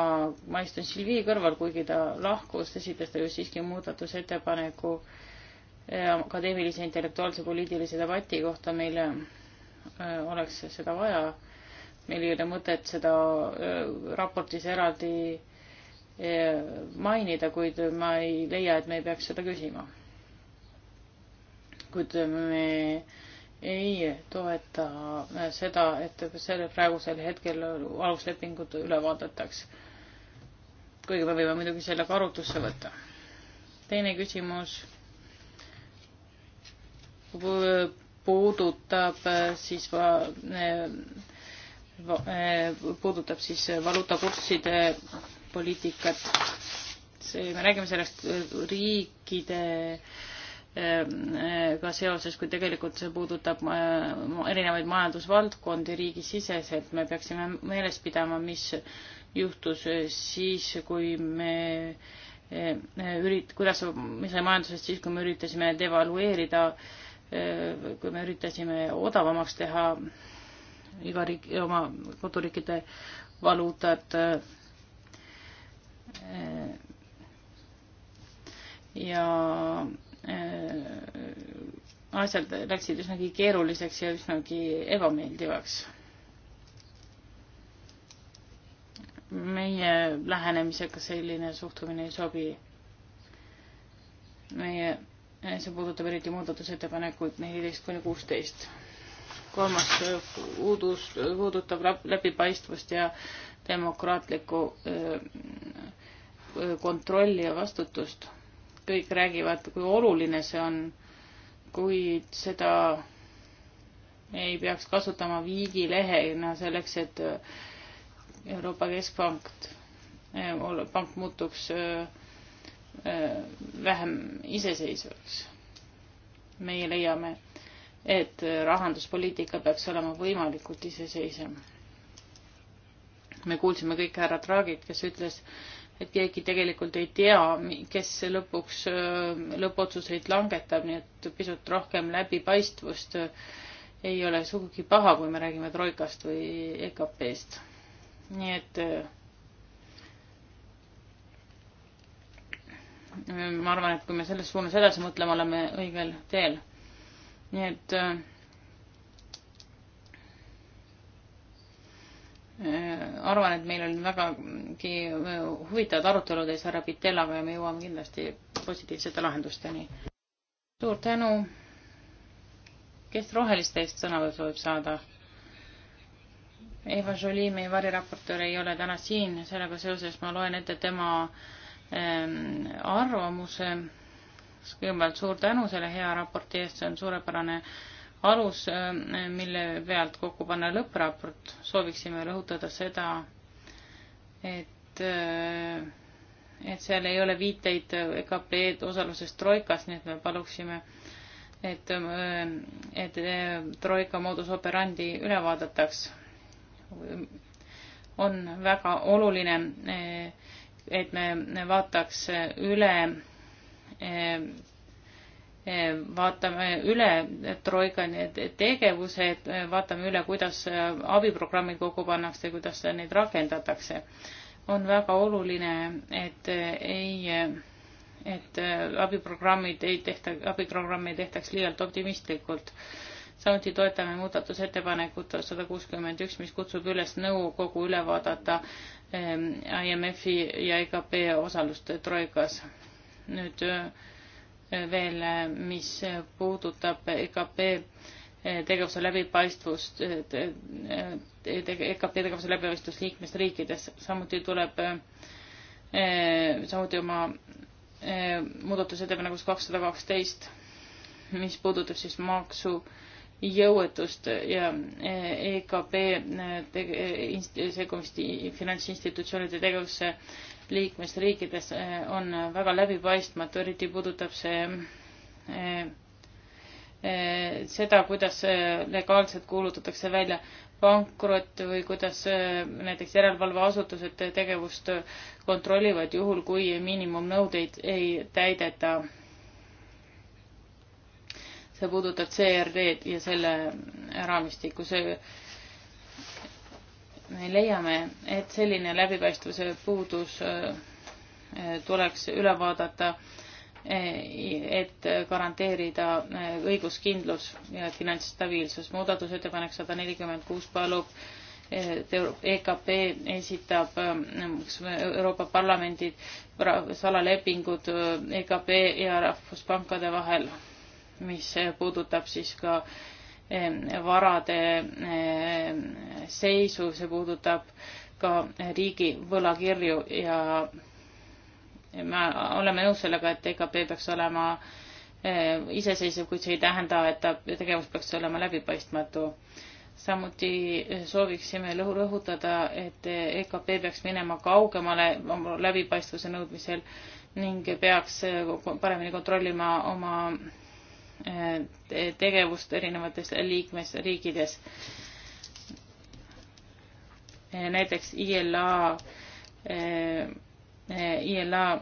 ma istun Silvi kõrval, kuigi ta lahkus, esitas ta ju siiski muudatusettepaneku äh, akadeemilise intellektuaalse poliitilise debati kohta, meil äh, oleks seda vaja. meil ei ole mõtet seda raportis eraldi mainida, kuid ma ei leia, et me ei peaks seda küsima. kuid me ei toeta äh, seda, et selle praegusel hetkel aluslepingud üle vaadatakse. kuigi me võime muidugi selle ka arutlusse võtta. teine küsimus puudutab äh, siis va, äh, va, puudutab siis valuutakursside poliitikat. see, me räägime sellest riikide äh, Äh, ka seoses, kui tegelikult see puudutab äh, erinevaid majandusvaldkondi riigisiseselt, me peaksime meeles pidama, mis juhtus äh, siis, kui me ürit-, kuidas, mis sai majandusest siis, kui me üritasime devalueerida, kui me üritasime odavamaks teha iga riik, oma koduriikide valuutad ja Äh, asjad läksid üsnagi keeruliseks ja üsnagi ebameeldivaks. meie lähenemisega selline suhtumine ei sobi. meie, äh, see puudutab eriti muudatusettepanekuid neliteist kuni kuusteist. kolmas äh, puudus, puudutab läbipaistvust ja demokraatlikku kontrolli ja vastutust kõik räägivad, kui oluline see on, kuid seda ei peaks kasutama viigilehena selleks, et äh, Euroopa Keskpank, äh, pank muutuks äh, vähem iseseisvaks. meie leiame, et rahanduspoliitika peaks olema võimalikult iseseisev. me kuulsime kõik härra Draagit, kes ütles, et keegi tegelikult ei tea, kes lõpuks äh, lõppotsuseid langetab, nii et pisut rohkem läbipaistvust äh, ei ole sugugi paha, kui me räägime Troikast või EKP-st. nii et äh, ma arvan, et kui me selles suunas edasi mõtleme, oleme õigel teel. nii et äh, Äh, arvan, et meil on vägagi äh, huvitavad arutelud ees härra Pitellaga ja me jõuame kindlasti positiivsete lahendusteni. suur tänu. kes roheliste eest sõna soovib saada? Eva Jolie, meie variraportöör ei ole täna siin, sellega seoses ma loen ette tema ähm, arvamuse. kõigepealt suur tänu selle hea raporti eest, see on suurepärane äh, alus, äh, mille pealt kokku panna lõppraport, sooviksime rõhutada seda, et, äh, et seal ei ole viiteid EKP osalusest Troikas, nii et me paluksime, et, äh, et Troika moodus operandi üle vaadataks. on väga oluline, et me vaataks üle vaatame üle Troika need tegevused, vaatame üle, kuidas abiprogrammid kokku pannakse, kuidas neid rakendatakse. on väga oluline, et ei, et abiprogrammid ei tehta, abiprogramme ei tehtaks liialt optimistlikult. samuti toetame muudatusettepanekut sada kuuskümmend üks, mis kutsub üles nõukogu üle vaadata ehm, IMF-i ja EKP osalust Troikas. nüüd äh, veel, mis puudutab EKP tegevuse läbipaistvust, EKP e tegevuse läbipaistvust liikmesriikides, samuti tuleb, eh, samuti oma eh, muudatusettepanekus kakssada kaksteist, mis puudutab siis maksu äh, jõuetust ja EKP e e, e, sekkumist finantsinstitutsioonide tegevusse liikmesriikides on väga läbipaistmatu, eriti puudutab see seda, kuidas legaalselt kuulutatakse välja pankrot või kuidas näiteks järelevalveasutused tegevust kontrollivad juhul, kui miinimumnõudeid ei täideta see puudutab CRD-d ja selle raamistikku, see me leiame, et selline läbipaistvuse puudus äh, tuleks üle vaadata, äh, et garanteerida äh, õiguskindlus ja finantsstabiilsus. muudatusettepanek sada nelikümmend kuus palub, et EKP e esitab Euroopa Parlamendi salalepingud EKP ja Rahvuspankade vahel mis eh, puudutab siis ka eh, varade eh, seisu, see puudutab ka riigi võlakirju ja me oleme nõus sellega, et EKP peaks olema iseseisev, kuid see ei tähenda, et ta tegevus peaks olema läbipaistmatu. samuti sooviksime rõhutada, et EKP e peaks minema kaugemale läbipaistvuse nõudmisel ning peaks paremini kontrollima oma Eh, tegevust erinevates liikmesriikides. Eh, näiteks ILA, eh, ILA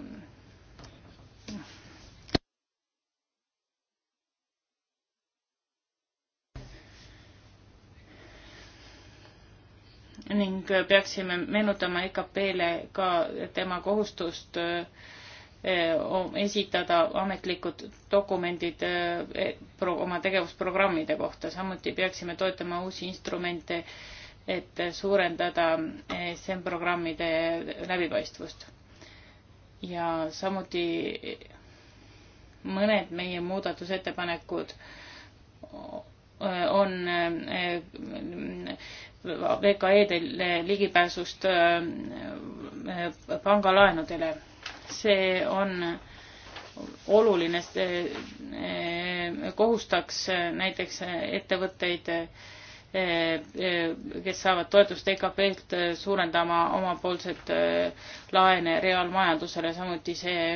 ning peaksime meenutama EKP-le ka tema kohustust äh, Eh, esitada ametlikud dokumendid eh, eh, oma tegevusprogrammide kohta. samuti peaksime toetama uusi instrumente, et suurendada ESM programmide läbipaistvust. ja samuti mõned meie muudatusettepanekud on VKE-del ligipääsust pangalaenudele see on oluline, eh, kohustaks eh, näiteks eh, ettevõtteid, kes saavad toetust EKP-lt, suurendama omapoolset laene reaalmajandusele, samuti see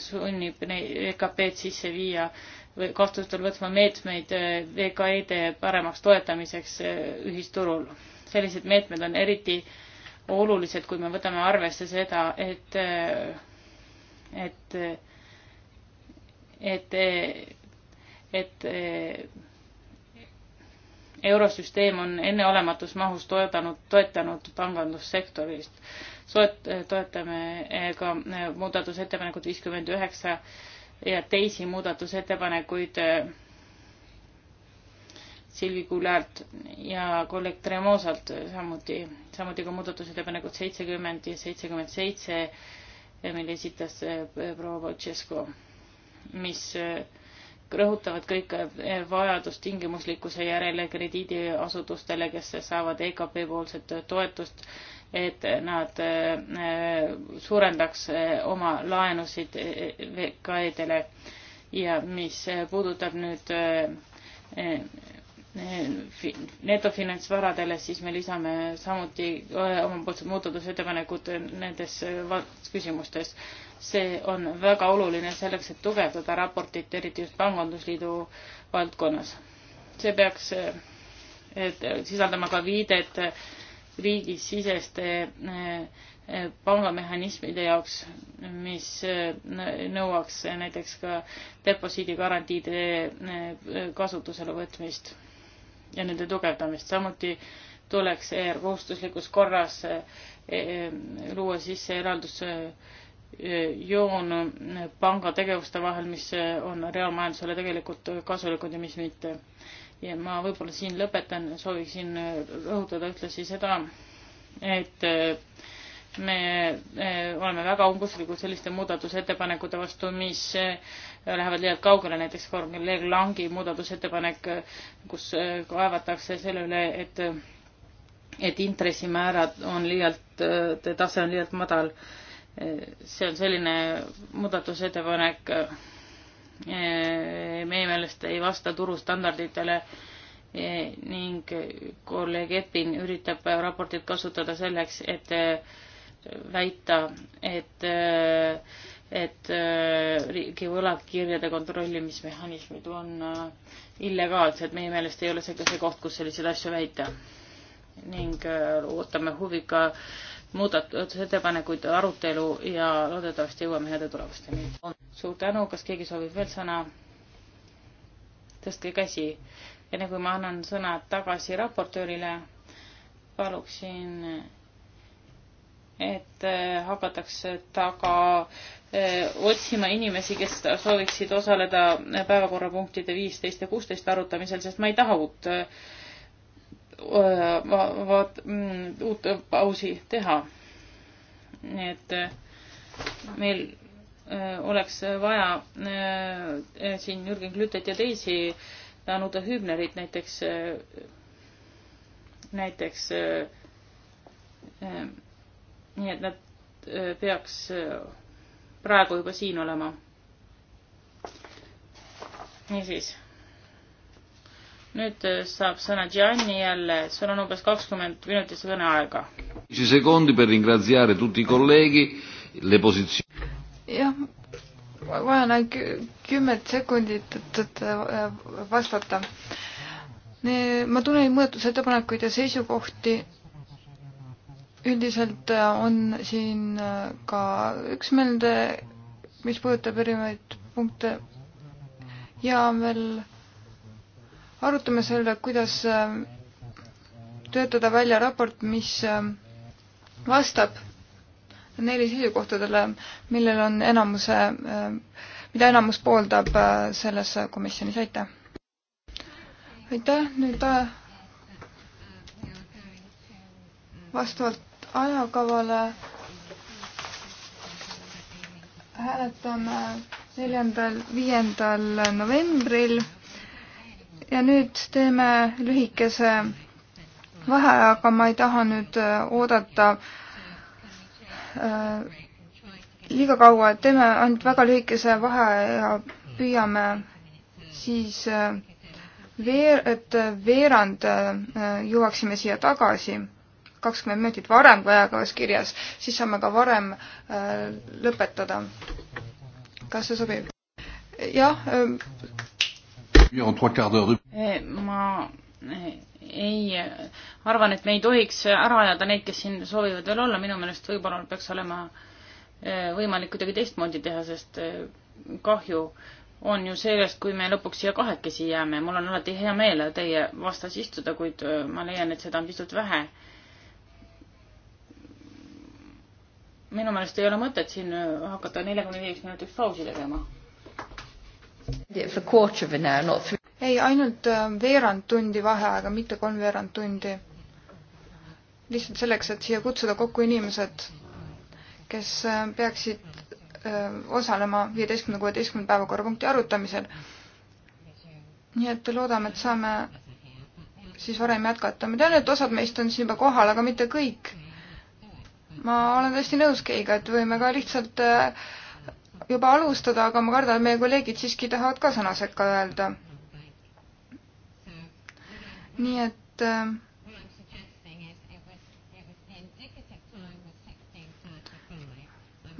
sunnib EKP-d e sisse viia või kahtlustel võtma meetmeid VKE-de paremaks toetamiseks ühisturul. sellised meetmed on eriti olulised, kui me võtame arvesse seda, et et, et, et eurosüsteem on enneolematus mahus toetanud, toetanud pangandussektorist. soet-, toetame ka muudatusettepanekut viiskümmend üheksa ja teisi muudatusettepanekuid Silvi Kullalt ja kolleeg Tremosalt samuti, samuti ka muudatusettepanekud seitsekümmend ja seitsekümmend seitse mille esitas eh, proua Potšesko, mis eh, rõhutavad kõik eh, vajadust tingimuslikkuse järele krediidiasutustele, kes saavad EKP poolset toetust, et nad suurendaks oma laenusid VKE-dele ja mis puudutab nüüd netofinantsvaradele, siis me lisame samuti omapoolsed muudatusettepanekud nendes küsimustes. see on väga oluline selleks, et tugevdada raportit, eriti just Pangandusliidu valdkonnas. see peaks sisaldama ka viidet riigisiseste pangamehhanismide jaoks, mis nõuaks näiteks ka deposiidigarantiide kasutusele võtmist ja nende tugevdamist. samuti tuleks ER kohustuslikus korras e, e, luua sisse eraldusjoon e, panga tegevuste vahel, mis on reaalmajandusele tegelikult kasulikud ja mis mitte. ja ma võib-olla siin lõpetan, sooviksin rõhutada ühtlasi seda, et me oleme väga umbuslikud selliste muudatusettepanekute vastu, mis lähevad liialt kaugele, näiteks kolleeg Langi muudatusettepanek, kus äh, kaevatakse selle üle, et et intressimäärad on liialt, äh, tase on liialt madal. Äh, see on selline muudatusettepanek, meie meelest ei vasta turustandarditele ning kolleeg Epping üritab raportit kasutada selleks, et väita, et et äh, riigi võlakirjade kontrollimismehhanismid on äh, illegaalsed, meie meelest ei ole see ka see koht, kus selliseid asju väita. ning äh, ootame huviga muudatusettepanekuid, arutelu ja loodetavasti jõuame heade tulemusteni. suur tänu, kas keegi soovib veel sõna? tõstke käsi. enne kui ma annan sõna tagasi raportöörile, paluksin et hakatakse taga Eh, otsima inimesi, kes sooviksid osaleda päevakorrapunktide viisteist ja kuusteist arutamisel, sest ma ei taha uut eh, vaat-, mm, uut pausi teha. nii et eh, meil oleks vaja siin Jürgen Klütet ja teisi, Danuta Hübnerit näiteks, näiteks, nii et nad peaks praegu juba siin olema. niisiis. nüüd äh, saab sõna Gianni jälle, sul on umbes kakskümmend minutit kõneaega. jah, ma vajan ainult kümmet sekundit, et äh, vastata. ma tunnen muudatusettepanekuid ja seisukohti üldiselt äh, on siin äh, ka üksmeelde, mis puudutab erinevaid punkte ja veel arutame selle, kuidas äh, töötada välja raport, mis vastab neile seisukohtadele, millel on enamuse, mida enamus pooldab selles komisjonis, aitäh! aitäh, nüüd vastavalt ajakavale hääletame neljandal, viiendal novembril ja nüüd teeme lühikese vaheaja, aga ma ei taha nüüd äh, oodata äh, liiga kaua, et teeme ainult väga lühikese vaheaja ja püüame siis äh, veer-, et äh, veerand äh, jõuaksime siia tagasi kakskümmend minutit varem, kui ajakavas kirjas, siis saame ka varem äh, lõpetada. kas see sobib? jah. Äh, eh, ma eh, ei, äh, arvan, et me ei tohiks ära ajada neid, kes siin soovivad veel olla, minu meelest võib-olla peaks olema võimalik kuidagi teistmoodi teha, sest kahju on ju sellest, kui me lõpuks siia kahekesi jääme. mul on alati hea meel teie vastas istuda, kuid ma leian, et seda on pisut vähe. minu meelest ei ole mõtet siin äh, hakata neljakümne viieks minutiks pausi tegema. ei, ainult äh, veerand tundi vaheaega, mitte kolmveerand tundi. lihtsalt selleks, et siia kutsuda kokku inimesed, kes äh, peaksid osalema viieteistkümne, kuueteistkümne päevakorrapunkti arutamisel. nii et loodame, et saame siis varem jätkata. ma tean, et osad meist on siin juba kohal, aga mitte kõik ma olen täiesti nõus Keiga, et võime ka lihtsalt äh, juba alustada, aga ma kardan, et meie kolleegid siiski tahavad ka sõna sekka öelda. nii et äh,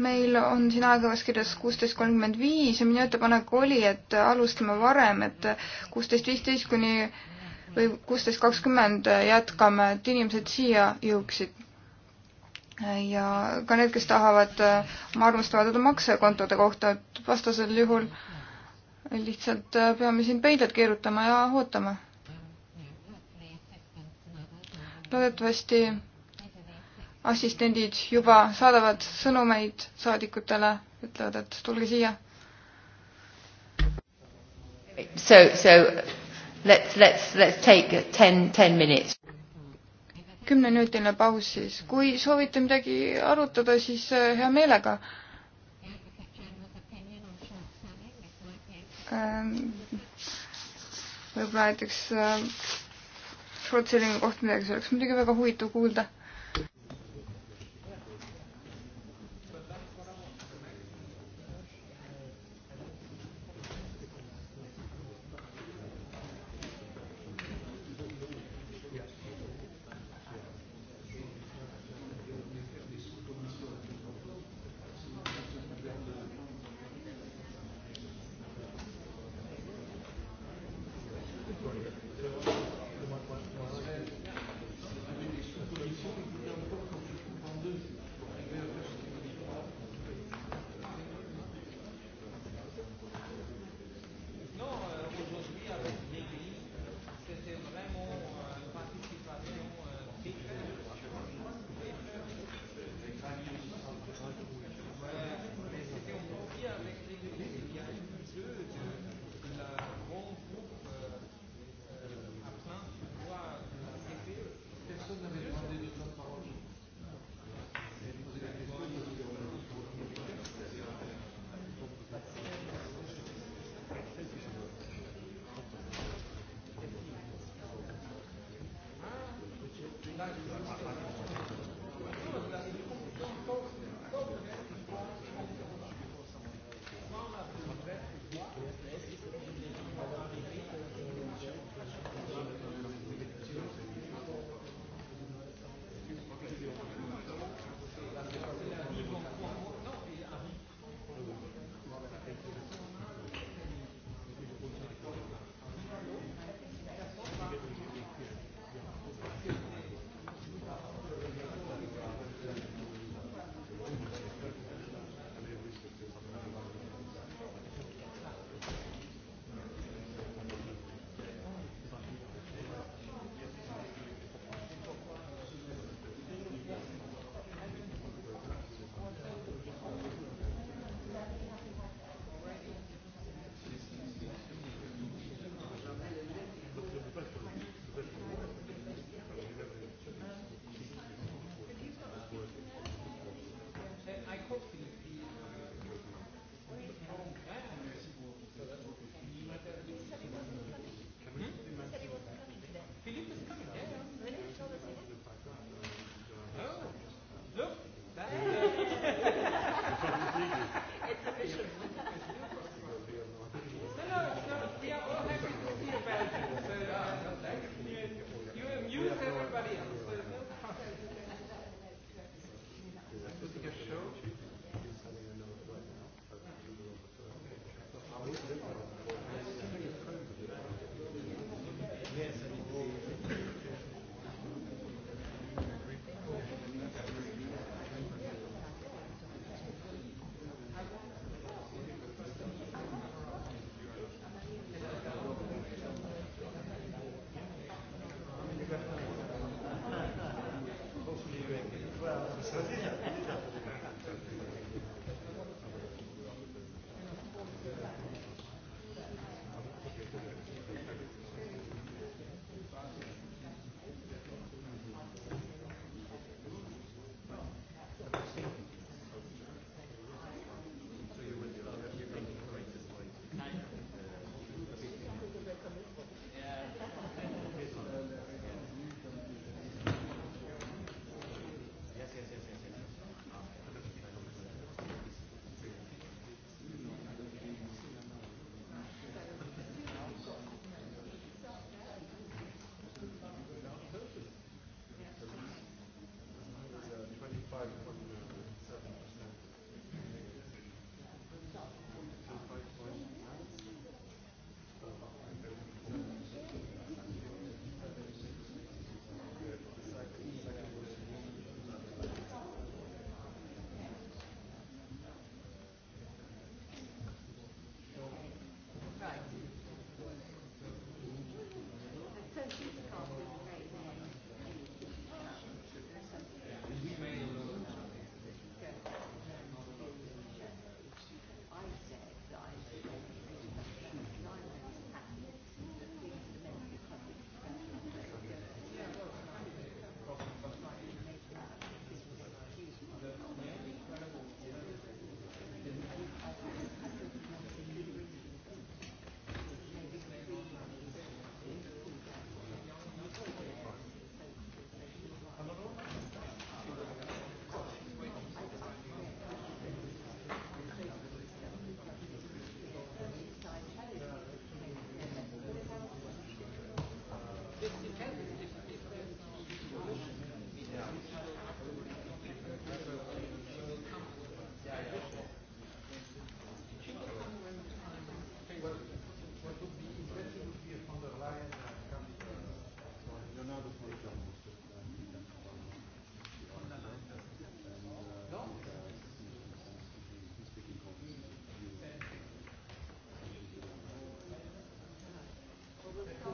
meil on siin aegavas kirjas kuusteist kolmkümmend viis ja minu ettepanek oli, et alustame varem, et kuusteist viisteist kuni või kuusteist kakskümmend jätkame, et inimesed siia jõuaksid ja ka need, kes tahavad äh, oma arvamust avaldada maksekontode kohta, et vastasel juhul lihtsalt äh, peame siin peidlad keerutama ja ootama. loodetavasti assistendid juba saadavad sõnumeid saadikutele, ütlevad, et tulge siia. So, so let's, let's, let's take ten, ten minutes kümneminutiline paus siis. kui soovite midagi arutada, siis äh, hea meelega. Ähm, võib-olla näiteks protseduuri äh, kohta midagi, see oleks muidugi väga huvitav kuulda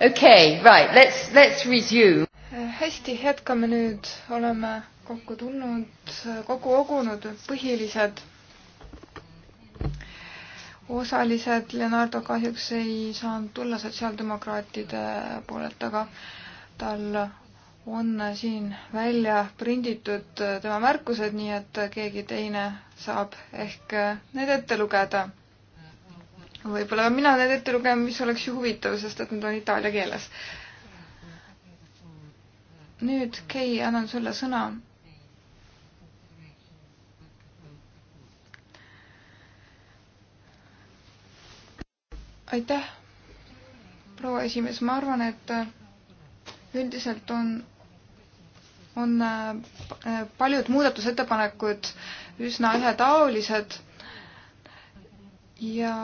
okei okay,, right, let's, let's resume. Äh, hästi, jätkame nüüd, oleme kokku tulnud, kokku kogunud põhilised osalised. Leonardo kahjuks ei saanud tulla sotsiaaldemokraatide poolelt, aga tal on siin välja prinditud tema märkused, nii et keegi teine saab ehk need ette lugeda võib-olla mina need ette lugen, mis oleks ju huvitav, sest et need on itaalia keeles. nüüd, Kei, annan sulle sõna aitäh, proua esimees, ma arvan, et üldiselt on, on äh, paljud muudatusettepanekud üsna ühetaolised ja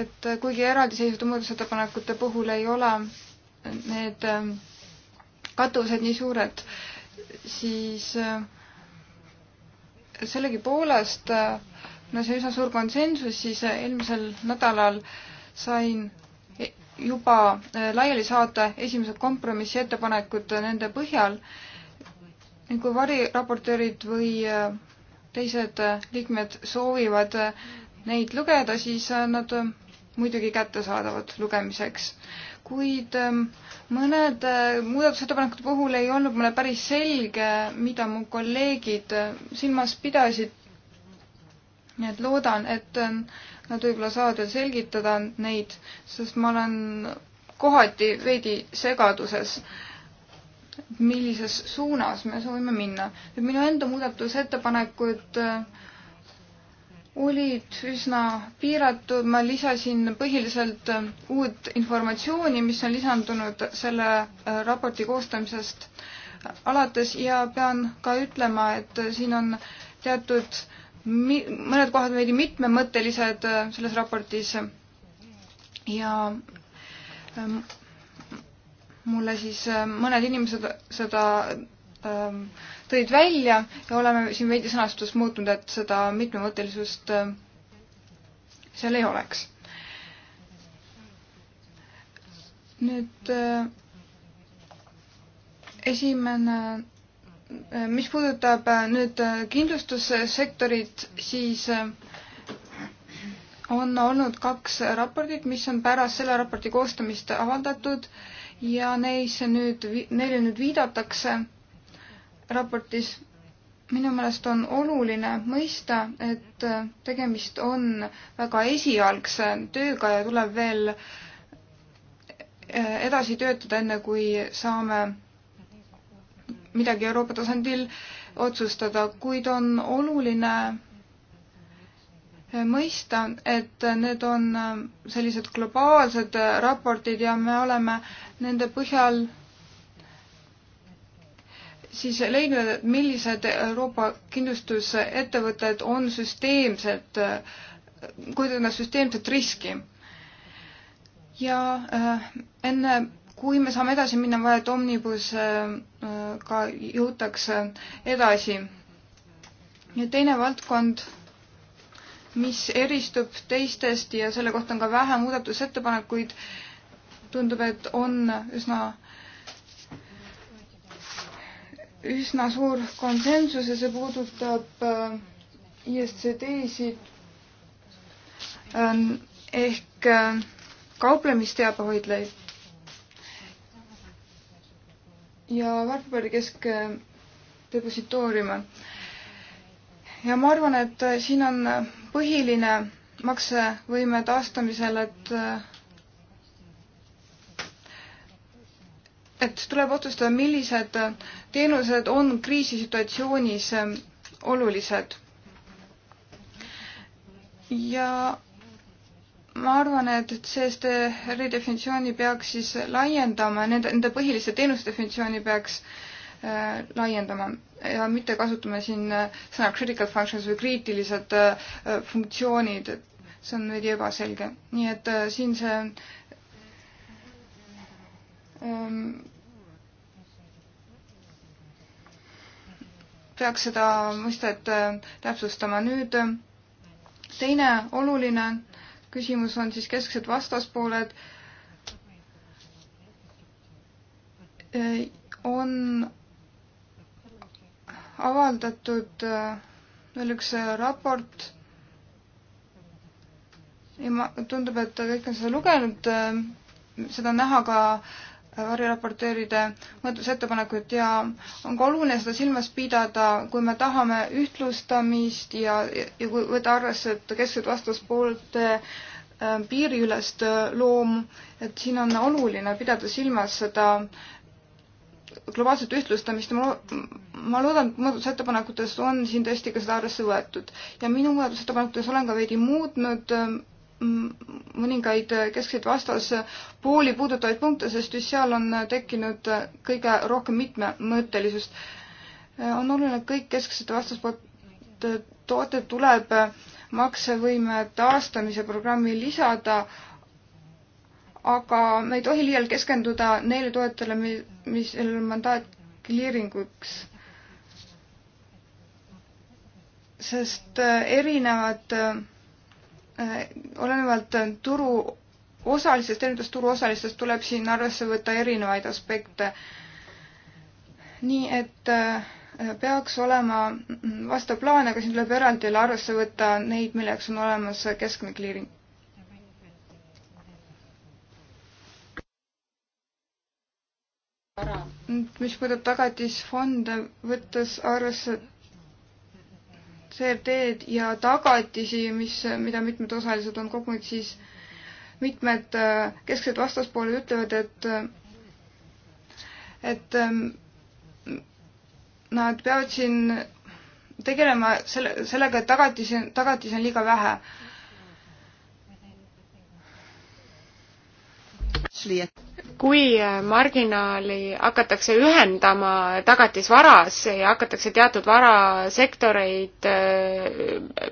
et kuigi eraldiseisvate muudatusettepanekute puhul ei ole need ähm, katused nii suured, siis äh, sellegipoolest, äh, no see on üsna suur konsensus, siis äh, eelmisel nädalal sain e-, juba laiali saata esimesed kompromissettepanekud nende põhjal ning kui variraportöörid või teised liikmed soovivad neid lugeda, siis nad muidugi kättesaadavad lugemiseks. kuid ähm, mõned äh, muudatusettepanekute puhul ei olnud mulle päris selge, mida mu kolleegid äh, silmas pidasid. nii et loodan, et äh, nad võib-olla saavad veel selgitada neid, sest ma olen kohati veidi segaduses, millises suunas me soovime minna. nüüd minu enda muudatusettepanekud äh, olid üsna piiratud, ma lisasin põhiliselt äh, uut informatsiooni, mis on lisandunud selle äh, raporti koostamisest alates ja pean ka ütlema, et äh, siin on teatud mi-, mõned kohad veidi mitmemõttelised selles raportis ja ähm, mulle siis mõned inimesed seda Ähm, tõid välja ja oleme siin veidi sõnastust muutnud, et seda mitmemõttelisust ähm, seal ei oleks. nüüd äh, esimene, äh, mis puudutab äh, nüüd kindlustussektorit, siis on olnud kaks raportit, mis on pärast selle raporti koostamist avaldatud ja neis nüüd, neile nüüd viidatakse raportis. minu meelest on oluline mõista, et tegemist on väga esialgse tööga ja tuleb veel eh, edasi töötada, enne kui saame midagi Euroopa tasandil otsustada, kuid on oluline mõista, et need on sellised globaalsed raportid ja me oleme nende põhjal siis leidnud, et millised Euroopa kindlustusettevõtted on süsteemselt, kujutavad nad süsteemset riski. ja äh, enne, kui me saame edasi minna, on vaja, et Omnibusega äh, jõutakse edasi. ja teine valdkond, mis eristub teistest ja selle kohta on ka vähe muudatusettepanekuid, tundub, et on üsna äh, üsna suur konsensus ja see puudutab äh, ISCD-sid ähm, ehk äh, kauplemisteabehoidlaid. ja väärtpaberikesk äh, depositooriume. ja ma arvan, et siin on põhiline maksevõime taastamisel, et et tuleb otsustada, millised teenused on kriisisituatsioonis ähm, olulised. ja ma arvan, et CSD redefinitsiooni peaks siis laiendama, nende, nende põhilise teenuse definitsiooni peaks äh, laiendama ja mitte kasutama siin äh, sõna critical functions või kriitilised äh, funktsioonid, et see on veidi ebaselge. nii et äh, siin see ähm, peaks seda mõistet äh, täpsustama. nüüd äh, teine oluline küsimus on siis kesksed vastaspooled. Äh, on avaldatud veel üks raport ja ma, tundub, et kõik on seda lugenud, seda on näha ka äh, variraportööride mõtlusettepanekud ja on ka oluline seda silmas pidada, kui me tahame ühtlustamist ja, ja kui võtta arvesse, et kesksed vastaspoolte äh, piiriülest äh, loomu, et siin on oluline pidada silmas seda globaalset ühtlustamist ja ma, ma loodan, et muudatusettepanekutes on siin tõesti ka seda arvesse võetud. ja minu muudatusettepanekutes olen ka veidi muutnud äh, mõningaid keskseid vastaspooli puudutavaid punkte, sest just seal on tekkinud kõige rohkem mitmemõttelisust. on oluline, et kõik kesksete vastaspoolte tooted tuleb maksevõime taastamise programmi lisada, aga me ei tohi liialt keskenduda neile toetele, mis mandaat clearinguks sest erinevad olenevalt turu osalistest, erinevatest turuosalistest tuleb siin arvesse võtta erinevaid aspekte. nii et äh, peaks olema vastav plaan, aga siin tuleb eraldi arvesse võtta neid, milleks on olemas keskne kliiring. mis puudutab tagatisfonde, võttes arvesse CFD-d ja tagatisi, mis, mida mitmed osalised on kogunud, siis mitmed äh, kesksed vastaspooled ütlevad, et et ähm, nad peavad siin tegelema selle, sellega, et tagatisi, tagatisi on liiga vähe kui äh, marginaali hakatakse ühendama tagatisvaras ja hakatakse teatud varasektoreid äh,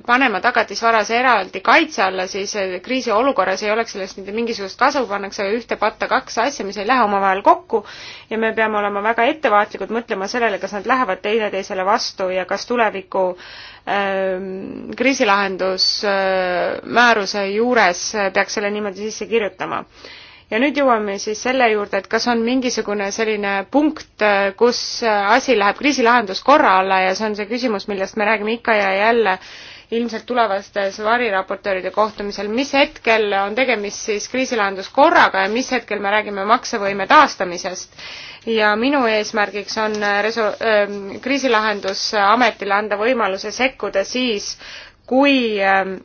panema tagatisvaras eraldi kaitse alla, siis äh, kriisiolukorras ei oleks sellest mitte mingisugust kasu, pannakse ühte patta kaks asja, mis ei lähe omavahel kokku ja me peame olema väga ettevaatlikud, mõtlema sellele, kas nad lähevad teineteisele vastu ja kas tuleviku ähm, kriisilahendusmääruse juures peaks selle niimoodi sisse kirjutama ja nüüd jõuame siis selle juurde, et kas on mingisugune selline punkt, kus asi läheb kriisilahendus korra alla ja see on see küsimus, millest me räägime ikka ja jälle ilmselt tulevastes variraportööride kohtumisel, mis hetkel on tegemist siis kriisilahenduskorraga ja mis hetkel me räägime maksevõime taastamisest. ja minu eesmärgiks on reso-, ähm, kriisilahendusametile anda võimaluse sekkuda siis, kui ähm,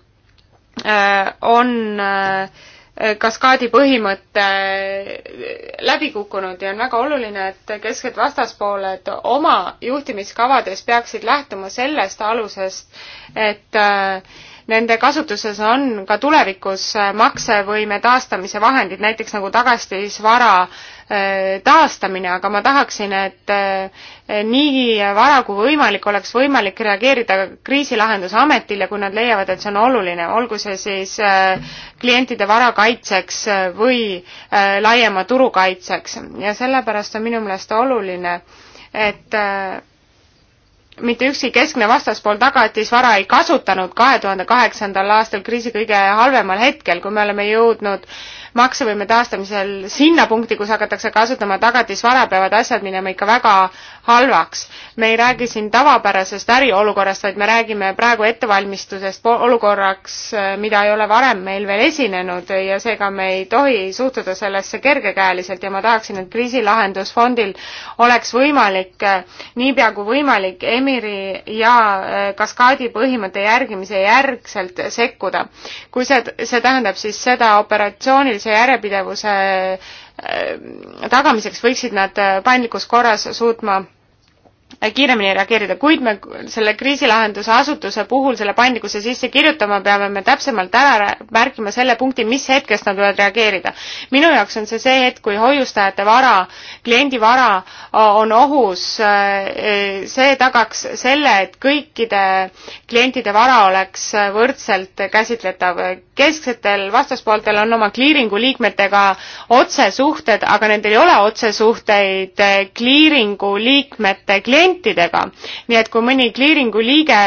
äh, on äh, kaskaadi põhimõte läbi kukkunud ja on väga oluline, et kesked vastaspooled oma juhtimiskavades peaksid lähtuma sellest alusest, et äh, nende kasutuses on ka tulevikus maksevõime taastamise vahendid, näiteks nagu tagastisvara eh, taastamine, aga ma tahaksin, et eh, nii vara kui võimalik oleks võimalik reageerida kriisilahendusametil ja kui nad leiavad, et see on oluline, olgu see siis eh, klientide vara kaitseks või laiema turu kaitseks ja sellepärast on minu meelest oluline, et mitte ükski keskne vastaspool tagatisvara ei kasutanud kahe tuhande kaheksandal aastal kriisi kõige halvemal hetkel, kui me oleme jõudnud maksevõime taastamisel sinna punkti, kus hakatakse kasutama tagatisvara, peavad asjad minema ikka väga halvaks. me ei räägi siin tavapärasest äriolukorrast, vaid me räägime praegu ettevalmistusest olukorraks, äh, mida ei ole varem meil veel esinenud ja seega me ei tohi suhtuda sellesse kergekäeliselt ja ma tahaksin, et kriisilahendusfondil oleks võimalik äh, niipea kui võimalik Emiri ja äh, kaskaadi põhimõtte järgimise järgselt sekkuda. kui see, see tähendab siis seda operatsioonilise järjepidevuse Äh, tagamiseks võiksid nad äh, paindlikus korras suutma Äh, kiiremini reageerida, kuid me selle kriisilahenduse asutuse puhul selle paindlikkuse sisse kirjutama peame me täpsemalt ära märkima selle punkti, mis hetkest nad võivad reageerida. minu jaoks on see see hetk, kui hoiustajate vara, kliendi vara on ohus, äh, äh, see tagaks selle, et kõikide klientide vara oleks võrdselt käsitletav. kesksetel vastaspooltel on oma kliiringu liikmetega otsesuhted, aga nendel ei ole otsesuhteid kliiringu liikmete klientidega, klientidega. nii et kui mõni kliiringu liige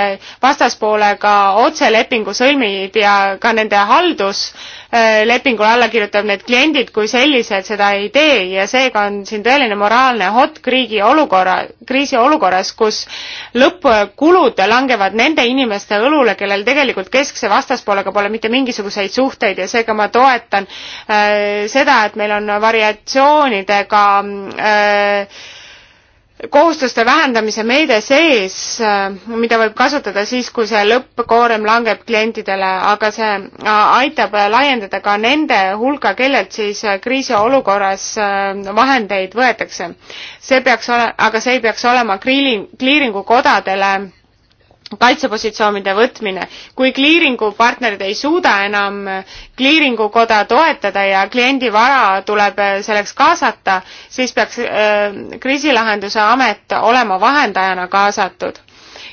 vastaspoolega otselepingu sõlmib ja ka nende halduslepingule äh, alla kirjutab, need kliendid kui sellised seda ei tee ja seega on siin tõeline moraalne hot kriigi olukorra, kriisiolukorras, kus lõppkulud langevad nende inimeste õlule, kellel tegelikult keskse vastaspoolega pole mitte mingisuguseid suhteid ja seega ma toetan äh, seda, et meil on variatsioonidega äh, kohustuste vähendamise meede sees, äh, mida võib kasutada siis, kui see lõppkoorem langeb klientidele, aga see äh, aitab äh, laiendada ka nende hulka, kellelt siis kriisiolukorras vahendeid võetakse. see peaks ole-, aga see ei peaks olema kriili-, kliiringukodadele kaitsepositsioonide võtmine. kui kliiringu partnerid ei suuda enam kliiringukoda toetada ja kliendi vara tuleb selleks kaasata, siis peaks äh, kriisilahenduse amet olema vahendajana kaasatud.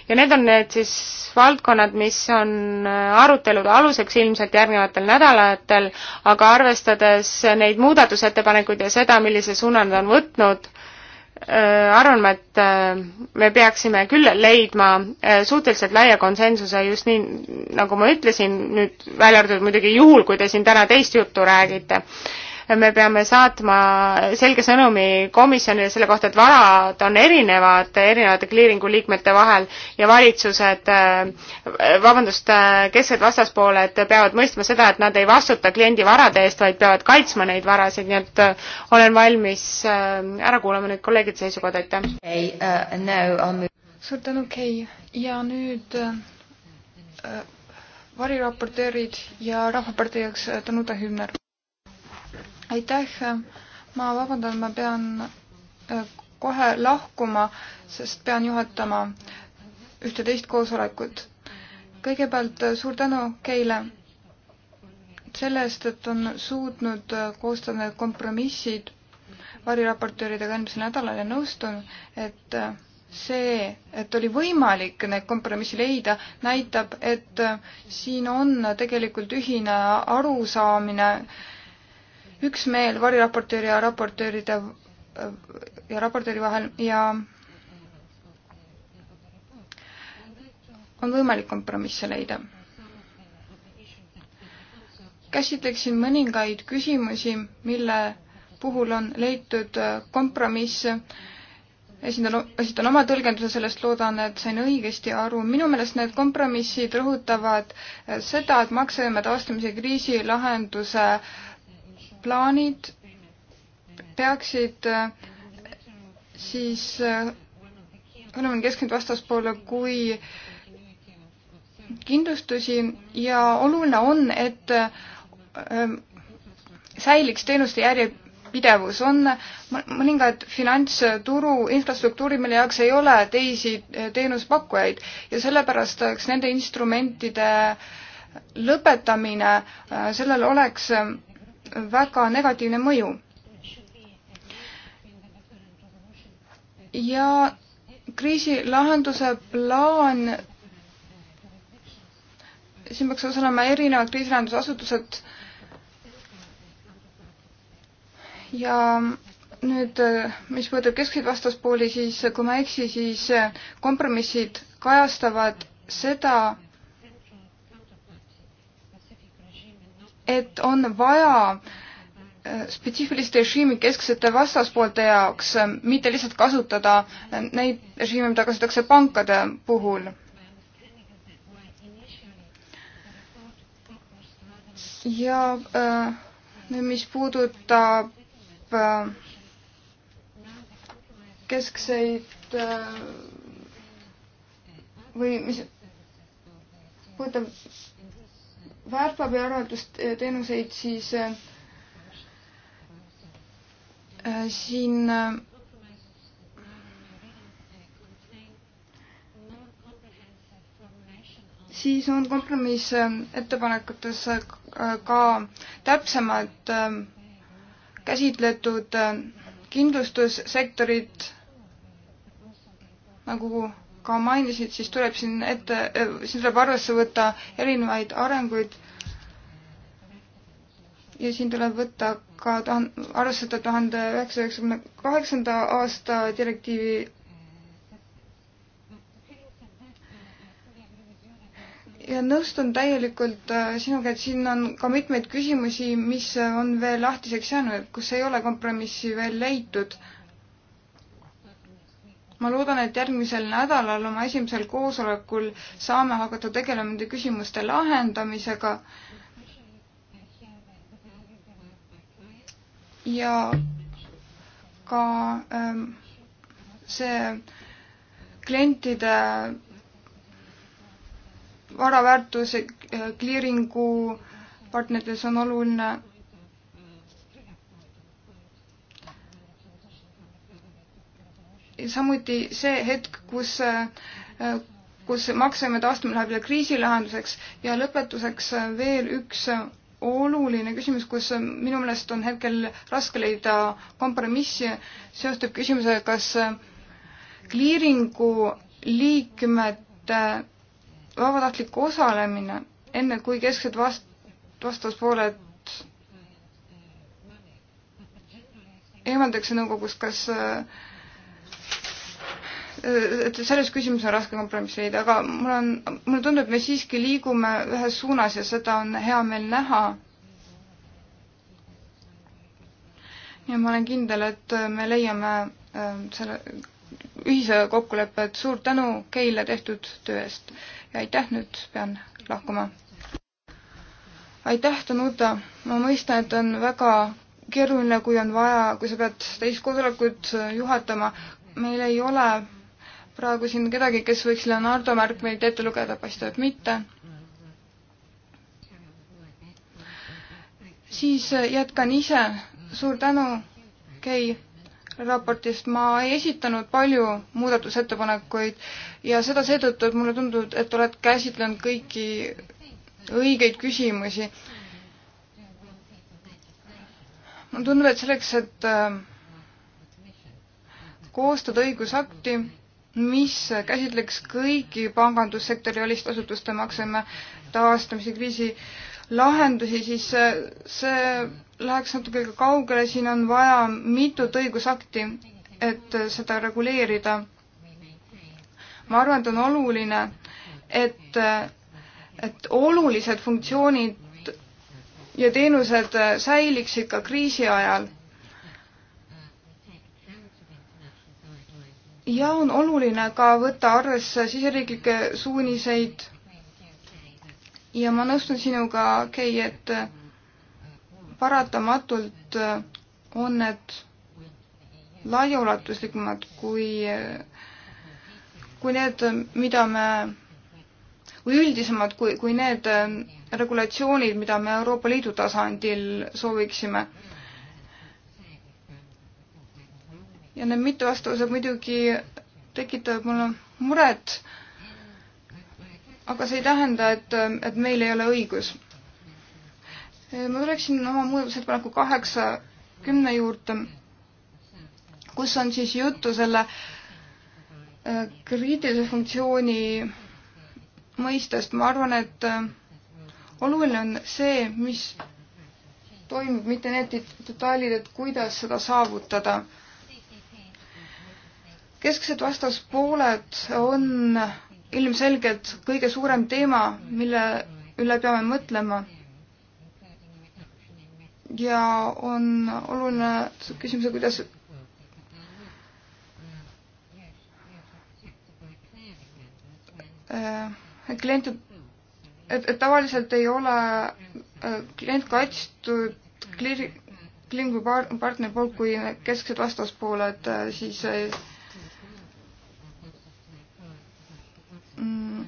ja need on need siis valdkonnad, mis on äh, arutelude aluseks ilmselt järgnevatel nädalatel, aga arvestades neid muudatusettepanekuid ja seda, millise suuna nad on võtnud, Äh, arvame, et äh, me peaksime küll leidma äh, suhteliselt laia konsensuse, just nii, nagu ma ütlesin, nüüd välja arvatud muidugi juhul, kui te siin täna teist juttu räägite me peame saatma selge sõnumi komisjonile selle kohta, et varad on erinevad erinevate kliiringu liikmete vahel ja valitsused, äh, vabandust, äh, kesksed vastaspooled peavad mõistma seda, et nad ei vastuta kliendi varade eest, vaid peavad kaitsma neid varasid, nii et äh, olen valmis ära kuulama nüüd kolleegide seisukohad, aitäh hey, uh, no,! suur tänu, Kei, ja nüüd variraportöörid ja rahvapartei jaoks Danuta Hübner aitäh, ma vabandan, ma pean äh, kohe lahkuma, sest pean juhatama ühte teist koosolekut. kõigepealt äh, suur tänu Keile selle eest, et on suutnud äh, koostada need kompromissid variraportööridega eelmisel nädalal ja nõustun, et see, et oli võimalik neid kompromisse leida, näitab, et siin on tegelikult ühine arusaamine äh, üksmeel variraportööri ja raportööride ja raportööri vahel ja on võimalik kompromisse leida. käsitleksin mõningaid küsimusi, mille puhul on leitud kompromiss. esindan, esitan oma tõlgenduse sellest, loodan, et sain õigesti aru. minu meelest need kompromissid rõhutavad seda, et maksejõime taastamise kriisi lahenduse plaanid peaksid äh, siis äh, olema keskendunud vastaspoole kui kindlustusi ja oluline on, et äh, säiliks teenuste järjepidevus. on mõningad finantsturu infrastruktuuri, mille jaoks ei ole teisi teenuspakkujaid ja sellepärast oleks nende instrumentide lõpetamine, sellel oleks väga negatiivne mõju. ja kriisi lahenduse plaan, siin peaks osalema erinevad kriisilahendusasutused ja nüüd, mis puudutab keskseid vastaspooli, siis kui ma ei eksi, siis kompromissid kajastavad seda, et on vaja äh, spetsiifilist režiimi kesksete vastaspoolte jaoks, äh, mitte lihtsalt kasutada äh, neid režiime, mida kasutatakse pankade puhul. ja äh, mis puudutab äh, keskseid äh, või mis puudutab väärtpaberarveldusteenuseid, eh, siis äh, siin äh, siis on kompromissettepanekutes ka täpsemalt käsitletud kindlustussektorit nagu ka mainisid, siis tuleb siin ette, äh, siin tuleb arvesse võtta erinevaid arenguid ja siin tuleb võtta ka tuhan-, arvestada tuhande üheksasaja üheksakümne kaheksanda aasta direktiivi ja nõustun täielikult äh, sinuga, et siin on ka mitmeid küsimusi, mis on veel lahtiseks jäänud, kus ei ole kompromissi veel leitud ma loodan, et järgmisel nädalal oma esimesel koosolekul saame hakata tegelema nende küsimuste lahendamisega. ja ka ähm, see klientide varaväärtuse äh, clearing'u partnerites on oluline samuti see hetk, kus, äh, kus maksevõime taastumine läheb üle kriisi lahenduseks ja lõpetuseks veel üks oluline küsimus, kus minu meelest on hetkel raske leida kompromissi, seostub küsimusega, kas kliiringu liikmete äh, vabatahtlik osalemine, enne kui kesksed vast-, vastaspooled eemaldatakse nõukogust, kas äh, et selles küsimuses on raske kompromissi leida, aga mul on, mulle tundub, et me siiski liigume ühes suunas ja seda on hea meel näha. ja ma olen kindel, et me leiame äh, selle ühise kokkuleppe, et suur tänu Keile tehtud töö eest ja aitäh, nüüd pean lahkuma. aitäh, Danuta, ma mõistan, et on väga keeruline, kui on vaja, kui sa pead teist koosolekut juhatama, meil ei ole praegu siin kedagi, kes võiks Leonardo märkmeid ette lugeda, paistab, et mitte. siis eh, jätkan ise, suur tänu, Kei, raportist. ma ei esitanud palju muudatusettepanekuid ja seda seetõttu, et mulle tundub, et oled käsitlenud kõiki õigeid küsimusi. mulle tundub, et selleks, et eh, koostada õigusakti, mis käsitleks kõigi pangandussektori välisasutuste makseme taastamise kriisi lahendusi, siis see läheks natuke kaugele, siin on vaja mitut õigusakti, et seda reguleerida. ma arvan, et on oluline, et, et olulised funktsioonid ja teenused säiliksid ka kriisi ajal ja on oluline ka võtta arvesse siseriiklikke suuniseid. ja ma nõustun sinuga, Kei, et paratamatult on need laiaulatuslikumad kui, kui need, mida me, või üldisemad kui, kui need regulatsioonid, mida me Euroopa Liidu tasandil sooviksime ja need mittevastused muidugi tekitavad mulle muret, aga see ei tähenda, et, et meil ei ole õigus. ma tuleksin oma muudatusettepaneku kaheksakümne juurde, kus on siis juttu selle äh, kriitilise funktsiooni mõistest, ma arvan, et äh, oluline on see, mis toimub, mitte need detailid, et kuidas seda saavutada kesksed vastaspooled on ilmselgelt kõige suurem teema, mille üle peame mõtlema. ja on oluline küsimus, kuidas äh, klient, et, et tavaliselt ei ole äh, klient kaitstud kliiri, kliingu par-, partneri poolt, kui kesksed vastaspooled äh, siis mm,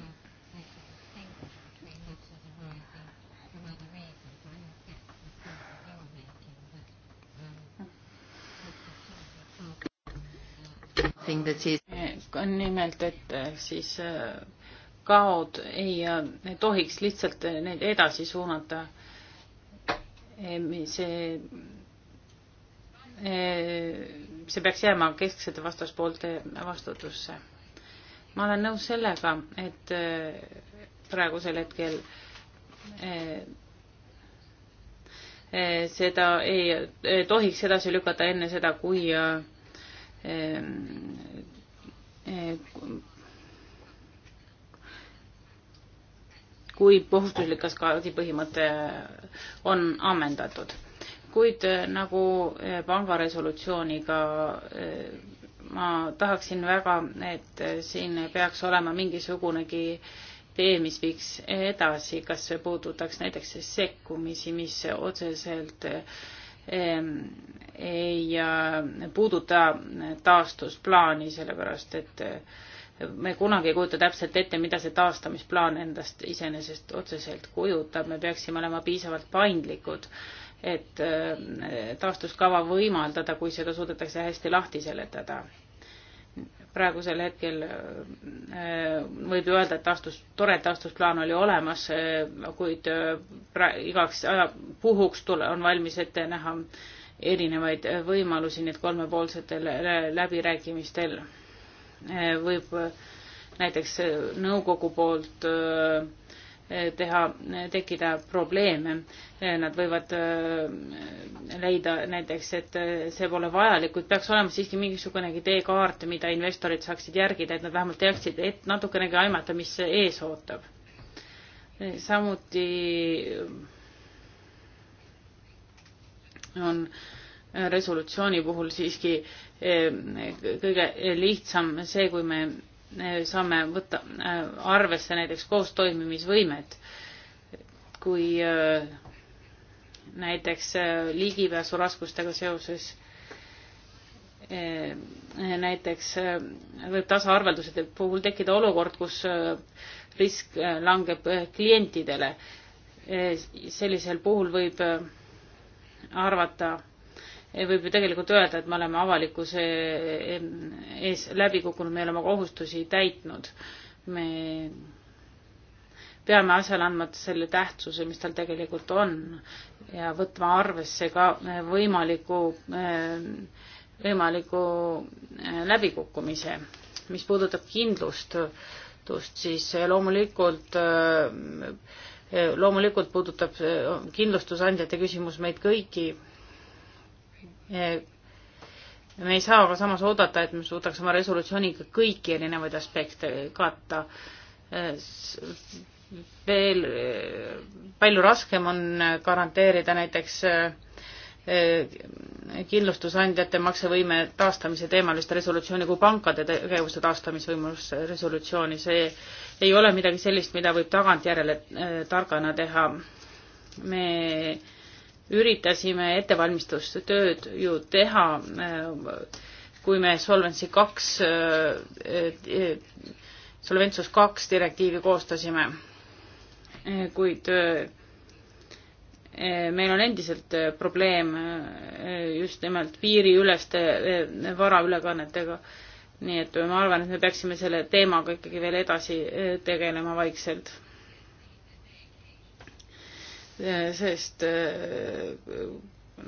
eh, nimelt, et eh, siis eh, kaod ei tohiks lihtsalt neid edasi suunata. see, see peaks jääma kesksete vastaspoolte vastutusse ma olen nõus sellega, et äh, praegusel hetkel äh, äh, seda ei tohiks edasi lükata enne seda, kui kui kohustuslik kaskaadi põhimõte on ammendatud. kuid nagu panga resolutsiooniga ma tahaksin väga, et siin peaks olema mingisugunegi tee, mis viiks edasi, kas see puudutaks näiteks sekkumisi, mis otseselt ehm, ei äh, puuduta taastusplaani, sellepärast et äh, me kunagi ei kujuta täpselt ette, mida see taastamisplaan endast iseenesest otseselt kujutab, me peaksime olema piisavalt paindlikud et äh, taastuskava võimaldada, kui seda suudetakse hästi lahti seletada. praegusel hetkel äh, võib ju öelda, et taastus, tore taastusplaan oli olemas, äh, kuid pra, igaks aja puhuks tule, on valmis ette näha erinevaid võimalusi, nii et kolmepoolsetel läbirääkimistel võib näiteks nõukogu poolt öö, teha, tekkida probleeme. Nad võivad äh, leida näiteks, et äh, see pole vajalik, kuid peaks olema siiski mingisugunegi teekaart, mida investorid saaksid järgida, et nad vähemalt teaksid, et natukenegi aimata, mis ees ootab. samuti on resolutsiooni puhul siiski äh, kõige lihtsam see, kui me saame võtta äh, arvesse näiteks koostoimimisvõimet. kui äh, näiteks äh, ligipääsuraskustega seoses näiteks võib tasaarvelduse puhul tekkida olukord, kus risk langeb klientidele. sellisel puhul võib arvata võib ju tegelikult öelda, et me oleme avalikkuse ees läbi kukkunud, me ei ole oma kohustusi täitnud. me peame asjale andma selle tähtsuse, mis tal tegelikult on ja võtma arvesse ka eh, võimaliku, eh, võimaliku eh, läbikukkumise. mis puudutab kindlustust, siis loomulikult loomulikult puudutab kindlustusandjate küsimus meid kõiki Eh, me ei saa aga samas oodata, et me suudaks oma resolutsiooniga kõiki erinevaid aspekte katta. Eh, veel eh, palju raskem on garanteerida näiteks kindlustusandjate maksevõime taastamise teemalist resolutsiooni kui pankade tegevuse taastamisvõimalus resolutsiooni, see ei ole midagi sellist, mida võib tagantjärele targana teha. me üritasime ettevalmistustööd ju teha, äh, kui me Solvency kaks, äh, äh, Solventsus kaks direktiivi koostasime. kuid meil on endiselt probleem just nimelt piiriüleste varaülekannetega. nii et ma arvan, et me peaksime selle teemaga ikkagi veel edasi tegelema vaikselt Äh, sest äh,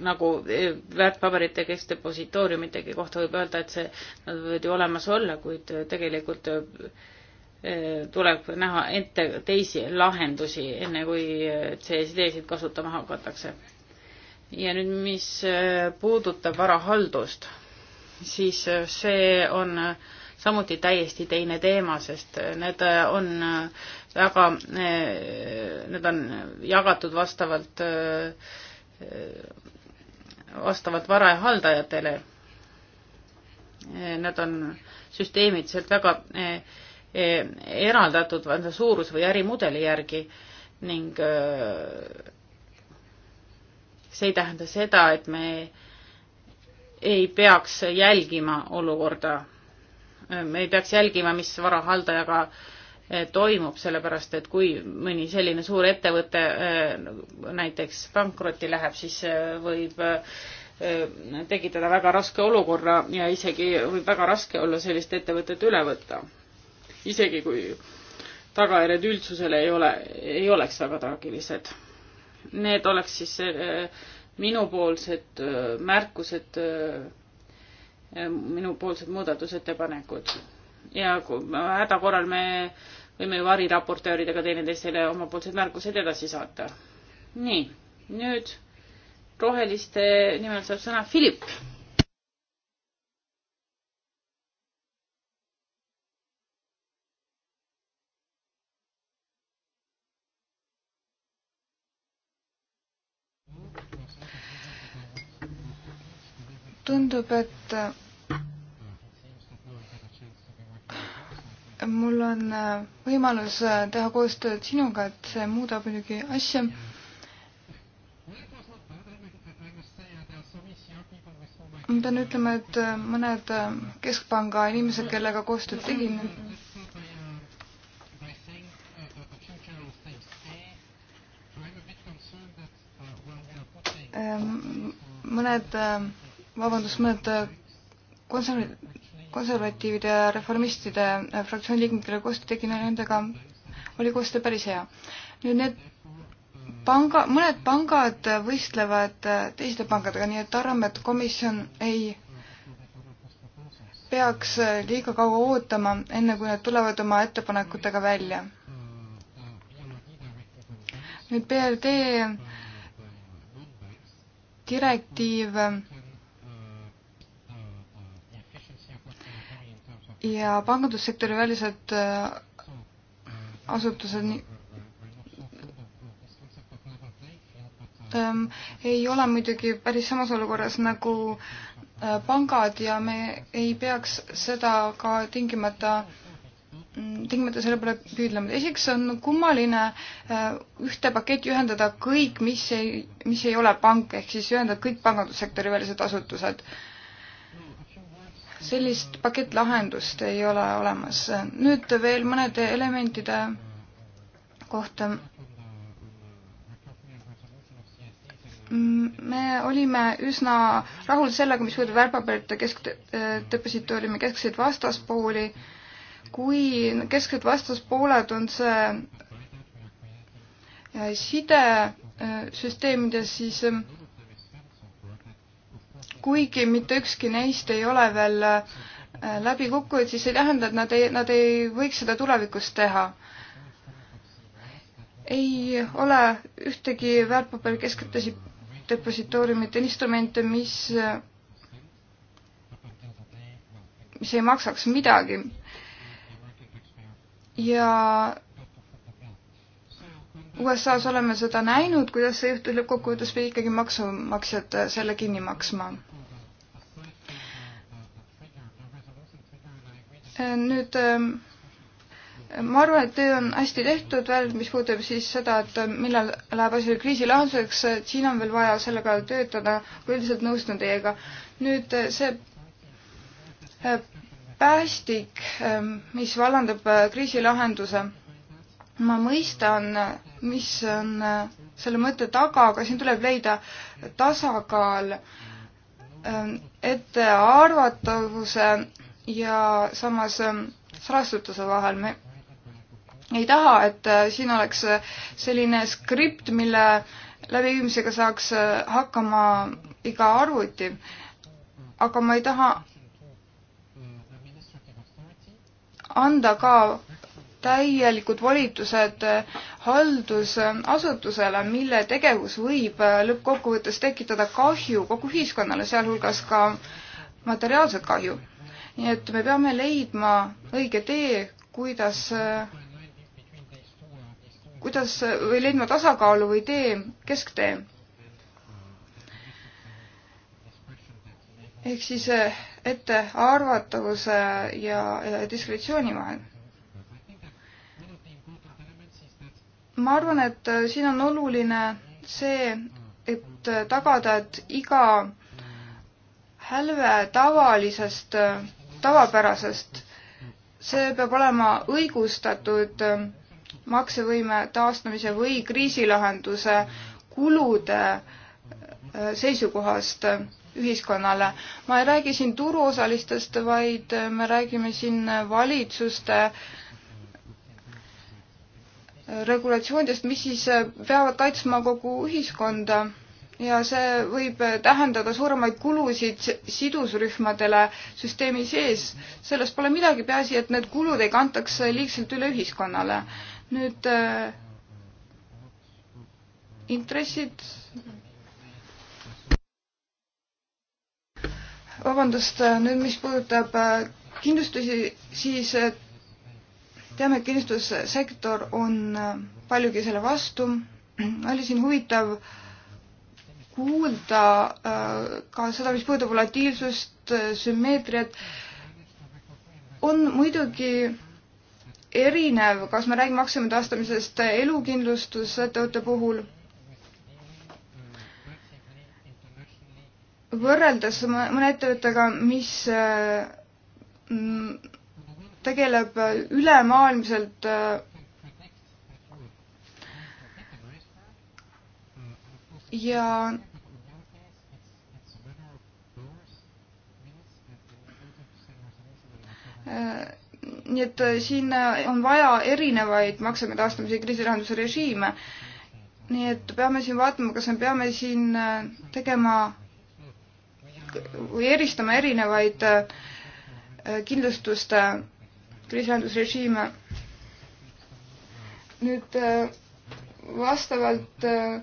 nagu äh, väärtpaberite keskdepositooriumitegi kohta võib öelda, et see, nad võivad ju olemas olla, kuid tegelikult tuleb näha ette teisi lahendusi, enne kui CSD-sid kasutama hakatakse. ja nüüd, mis puudutab varahaldust, siis see on samuti täiesti teine teema, sest need on äh, väga, eh, need on jagatud vastavalt, eh, vastavalt vara haldajatele. Eh, nad on süsteemiliselt väga eraldatud enda suuruse või ärimudeli järgi ning see ei tähenda seda, et me ei peaks jälgima olukorda. me ei peaks jälgima, mis varahaldajaga äh, Eh, toimub, sellepärast et kui mõni selline suur ettevõte eh, näiteks pankrotti läheb, siis eh, võib tekitada väga raske olukorra ja isegi võib väga raske olla sellist ettevõtet üle võtta. isegi kui tagajärjed üldsusele ei ole, ei oleks väga traagilised. Need oleks siis minupoolsed märkused, minupoolsed muudatusettepanekud. ja kui häda korral me võime ju variraportööridega teineteisele omapoolsed märkused edasi saata. nii, nüüd roheliste nimel saab sõna Philip. tundub, et mul on äh, võimalus äh, teha koostööd sinuga, et see muudab muidugi asja. ma pean ütlema, et äh, mõned keskpanga inimesed, kellega koostööd tegin, mõned, vabandust, mõned konservatiivid konservatiivide ja reformistide äh, fraktsiooni liikmetele koostöö tegin ja nendega oli koostöö päris hea. nüüd need panga, mõned pangad võistlevad äh, teiste pangadega, nii et arvame, et komisjon ei peaks äh, liiga kaua ootama, enne kui nad tulevad oma ettepanekutega välja. nüüd BRD direktiiv ja pangandussektori välised äh, asutused ähm, ei ole muidugi päris samas olukorras nagu äh, pangad ja me ei peaks seda ka tingimata mm, tingimata selle poole püüdlema. teiseks on kummaline äh, ühte paketti ühendada kõik, mis ei, mis ei ole pank, ehk siis ühendada kõik pangandussektori välised asutused äh, sellist pakettlahendust ei ole olemas. nüüd veel mõnede elementide kohta. me olime üsna rahul sellega, mis puudutab väärtpaberite keskdepositooriumi keskseid vastaspooli. kui kesksed vastaspooled on see sidesüsteemides, äh, siis äh, kuigi mitte ükski neist ei ole veel äh, läbi kukkunud, siis ei tähenda, et nad ei, nad ei võiks seda tulevikus teha. ei ole ühtegi väärtpaberi keskendasi depositooriumit, instrumente, mis, mis ei maksaks midagi. ja USA-s oleme seda näinud, kuidas see juhtus, lõppkokkuvõttes pidi ikkagi maksumaksjad äh, selle kinni maksma. Äh, nüüd äh, ma arvan, et töö on hästi tehtud veel, mis puudutab siis seda, et millal läheb asi kriisi lahenduseks, et siin on veel vaja sellega töötada, kui üldiselt nõustun teiega. nüüd see päästik, mis vallandab kriisilahenduse ma mõistan, mis on selle mõtte taga, aga siin tuleb leida tasakaal ähm, ettearvatavuse ja samas ähm, salastatuse vahel. me ei taha, et äh, siin oleks selline skript, mille läbiviimisega saaks äh, hakkama iga arvuti. aga ma ei taha anda ka täielikud volitused haldusasutusele, mille tegevus võib lõppkokkuvõttes tekitada kahju kogu ühiskonnale, sealhulgas ka materiaalset kahju. nii et me peame leidma õige tee, kuidas, kuidas või leidma tasakaalu või tee, kesktee. ehk siis eh, ettearvatavuse ja, ja diskretsiooni vahel ma arvan, et äh, siin on oluline see, et äh, tagada, et iga hälve tavalisest, äh, tavapärasest, see peab olema õigustatud maksevõime taastamise või kriisilahenduse kulude seisukohast ühiskonnale. ma ei räägi siin turuosalistest, vaid me räägime siin valitsuste äh, regulatsioonidest, mis siis äh, peavad kaitsma kogu ühiskonda ja see võib äh, tähendada suuremaid kulusid sidusrühmadele süsteemi sees. sellest pole midagi, peaasi, et need kulud ei kantaks äh, liigselt üle ühiskonnale. nüüd äh, intressid. vabandust, nüüd mis puudutab kindlustusi, siis et teame, et kindlustussektor on äh, paljugi selle vastu. oli siin huvitav kuulda äh, ka seda, mis puudutab volatiilsust, äh, sümmeetriat. on muidugi erinev, kas me räägime maksumide taastamisest elukindlustusettevõtte puhul võrreldes mõne ettevõttega, mis tegeleb ülemaailmselt äh, ja äh, nii et äh, siin on vaja erinevaid makseme taastamise kriisilahenduse režiime. nii et peame siin vaatama, kas me peame siin tegema või eristama erinevaid kindlustuste lisandusrežiime. nüüd äh, vastavalt äh,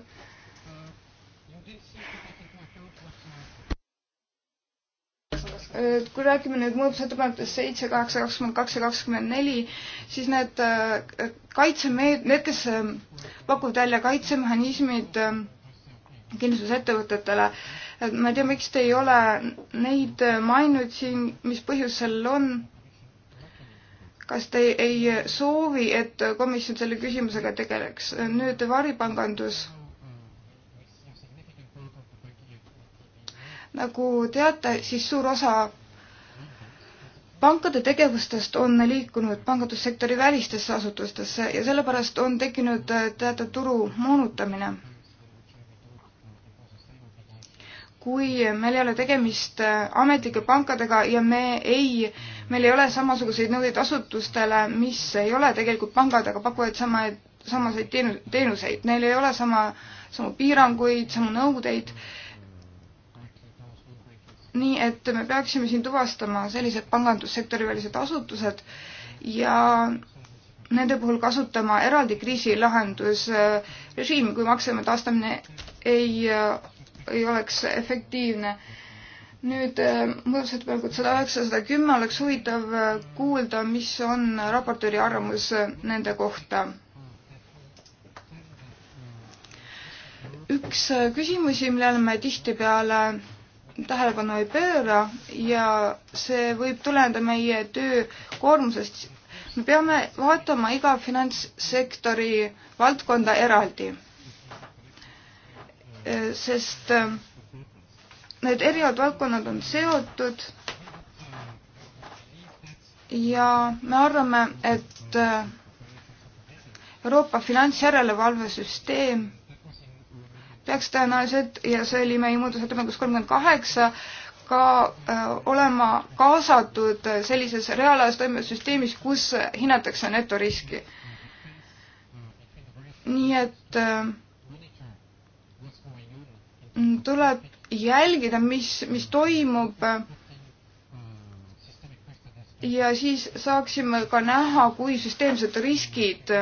äh, kui räägime nüüd muudatusettepanekutest seitse, kaheksa, kakskümmend kaks ja kakskümmend neli, siis need kaitsemeed-, need, kes pakuvad välja kaitsemehhanismid kindlustusettevõtetele, et ma ei tea, miks te ei ole neid maininud siin, mis põhjus sellel on kas te ei soovi, et komisjon selle küsimusega tegeleks? nüüd varipangandus. nagu teate, siis suur osa pankade tegevustest on liikunud pangandussektori välistesse asutustesse ja sellepärast on tekkinud teatav turu moonutamine kui meil ei ole tegemist äh, ametlike pankadega ja me ei, meil ei ole samasuguseid nõudeid asutustele, mis ei ole tegelikult pangad, aga pakuvad samaid, samaseid teenu-, teenuseid, neil ei ole sama, samu piiranguid, samu nõudeid. nii et me peaksime siin tuvastama sellised pangandussektori välised asutused ja nende puhul kasutama eraldi kriisilahendusrežiimi, kui makseme taastamine ei ei oleks efektiivne. nüüd äh, muudatusettepanekud sada üheksa, sada kümme oleks huvitav äh, kuulda, mis on raportööri arvamus äh, nende kohta. üks küsimusi, millele me tihtipeale tähelepanu ei pööra ja see võib tuleneda meie töökoormusest me peame vaatama iga finantssektori valdkonda eraldi. Eh, sest eh, need erinevad valdkonnad on seotud ja me arvame, et eh, Euroopa finantsjärelevalvesüsteem peaks tõenäoliselt ja see oli meie muudatusettepanekus kolmkümmend kaheksa, ka äh, olema kaasatud sellises reaalajas toimuvas süsteemis, kus hinnatakse netoriski. nii et äh, tuleb jälgida, mis, mis toimub. ja siis saaksime ka näha, kui süsteemsed riskid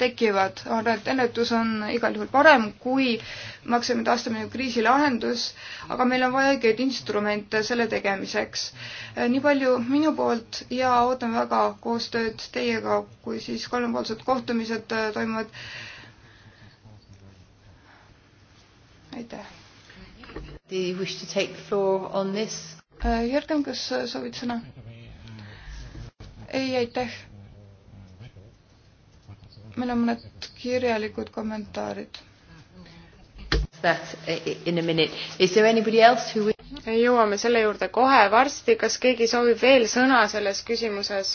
tekivad, arvan, et ennetus on igal juhul parem kui maksame taastamine kriisi lahendus, aga meil on vaja õigeid instrumente selle tegemiseks. nii palju minu poolt ja ootan väga koostööd teiega, kui siis kolmepoolsed kohtumised toimuvad aitäh. Do you wish to take the floor on this? Äh, Jürgen, kas äh, soovid sõna? ei, aitäh. meil on mõned kirjalikud kommentaarid. Eh, jõuame selle juurde kohe varsti, kas keegi soovib veel sõna selles küsimuses?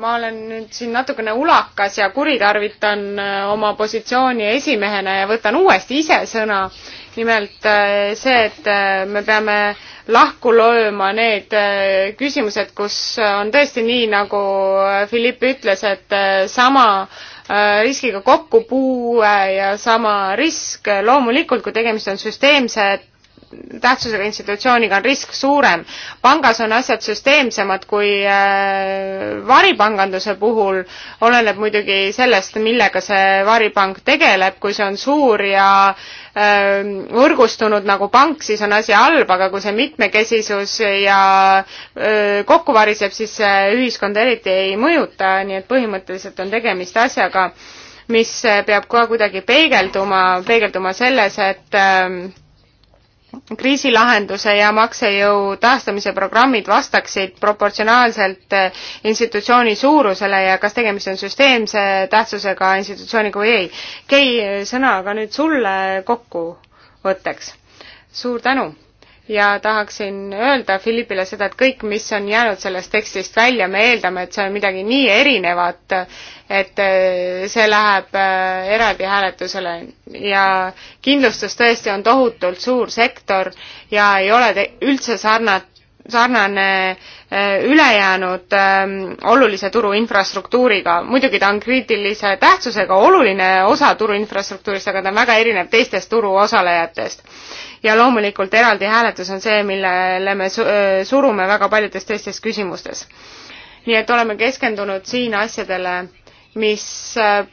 ma olen nüüd siin natukene ulakas ja kuritarvitan äh, oma positsiooni esimehena ja võtan uuesti ise sõna. nimelt äh, see, et äh, me peame lahku lööma need küsimused, kus on tõesti nii, nagu Philipp ütles, et sama riskiga kokkupuue ja sama risk, loomulikult kui tegemist on süsteemset tähtsusega institutsiooniga on risk suurem. pangas on asjad süsteemsemad kui äh, varipanganduse puhul, oleneb muidugi sellest, millega see varipank tegeleb, kui see on suur ja ähm, võrgustunud nagu pank, siis on asi halb, aga kui see mitmekesisus ja äh, kokku variseb, siis see ühiskonda eriti ei mõjuta, nii et põhimõtteliselt on tegemist asjaga, mis äh, peab ka kuidagi peegelduma, peegelduma selles, et ähm, kriisilahenduse ja maksejõu taastamise programmid vastaksid proportsionaalselt eh, institutsiooni suurusele ja kas tegemist on süsteemse tähtsusega institutsiooniga või ei. Kei, sõna aga nüüd sulle kokkuvõtteks. suur tänu! ja tahaksin öelda Philippile seda, et kõik, mis on jäänud sellest tekstist välja, me eeldame, et see on midagi nii erinevat, et äh, see läheb äh, eraldi hääletusele ja kindlustus tõesti on tohutult suur sektor ja ei ole üldse sarnat sarnane äh, ülejäänud ähm, olulise turu infrastruktuuriga. muidugi ta on kriitilise tähtsusega oluline osa turu infrastruktuurist, aga ta on väga erinev teistest turu osalejatest. ja loomulikult eraldi hääletus on see, millele me äh, surume väga paljudes teistes küsimustes. nii et oleme keskendunud siin asjadele, mis äh,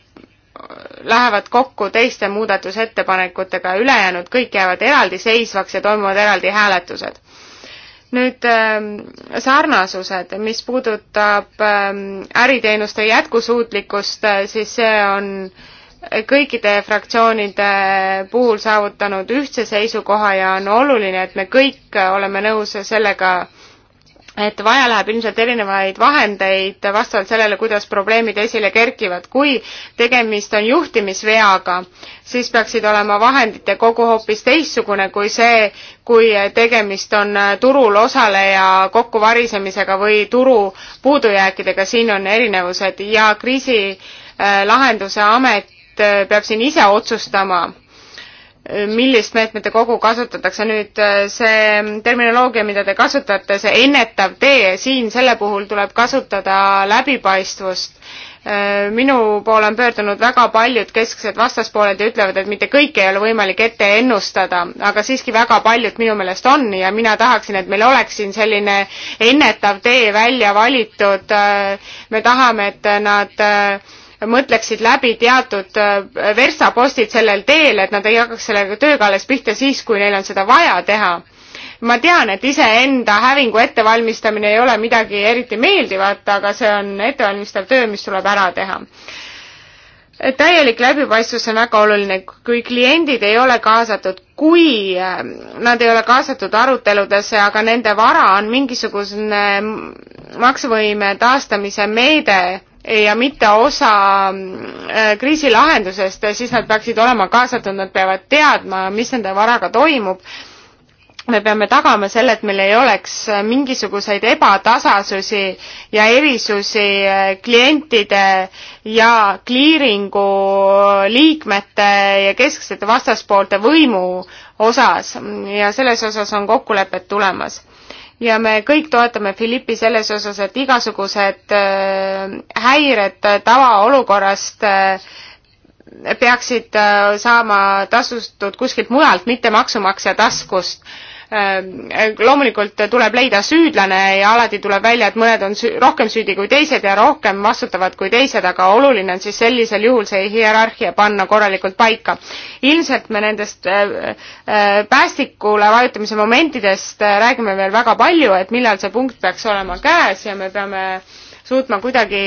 lähevad kokku teiste muudatusettepanekutega, ülejäänud kõik jäävad eraldiseisvaks ja toimuvad eraldi hääletused nüüd ähm, sarnasused, mis puudutab ähm, äriteenuste jätkusuutlikkust, äh, siis see on kõikide fraktsioonide puhul saavutanud ühtse seisukoha ja on oluline, et me kõik äh, oleme nõus sellega, et vaja läheb ilmselt erinevaid vahendeid vastavalt sellele, kuidas probleemid esile kerkivad. kui tegemist on juhtimisveaga, siis peaksid olema vahendite kogu hoopis teistsugune kui see, kui tegemist on turul osaleja kokkuvarisemisega või turu puudujääkidega, siin on erinevused ja kriisi äh, lahenduse amet äh, peab siin ise otsustama millist meetmete kogu kasutatakse nüüd, äh, see terminoloogia, mida te kasutate, see ennetav tee, siin selle puhul tuleb kasutada läbipaistvust. Äh, minu poole on pöördunud väga paljud kesksed vastaspooled ja ütlevad, et mitte kõike ei ole võimalik ette ennustada, aga siiski väga paljud minu meelest on ja mina tahaksin, et meil oleks siin selline ennetav tee välja valitud. Äh, me tahame, et nad mõtleksid läbi teatud äh, verstapostid sellel teel, et nad ei hakkaks selle tööga alles pihta siis, kui neil on seda vaja teha. ma tean, et iseenda hävingu ettevalmistamine ei ole midagi eriti meeldivat, aga see on ettevalmistav töö, mis tuleb ära teha täielik läbipaistvus on väga oluline, kui kliendid ei ole kaasatud, kui äh, nad ei ole kaasatud aruteludesse, aga nende vara on mingisugune maksevõime taastamise meede, ja mitte osa äh, kriisi lahendusest, siis nad peaksid olema kaasatud, nad peavad teadma, mis nende varaga toimub. me peame tagama selle, et meil ei oleks äh, mingisuguseid ebatasasusi ja erisusi äh, klientide ja kliiringu liikmete ja kesksete vastaspoolte võimu osas ja selles osas on kokkulepped tulemas ja me kõik toetame Philippi selles osas, et igasugused äh, häired äh, tavaolukorrast äh, peaksid saama tasustatud kuskilt mujalt, mitte maksumaksja taskust Ehm, loomulikult tuleb leida süüdlane ja alati tuleb välja, et mõned on süü, rohkem süüdi kui teised ja rohkem vastutavad kui teised, aga oluline on siis sellisel juhul see hierarhia panna korralikult paika. ilmselt me nendest äh, äh, päästikule vajutamise momentidest äh, räägime veel väga palju, et millal see punkt peaks olema käes ja me peame suutma kuidagi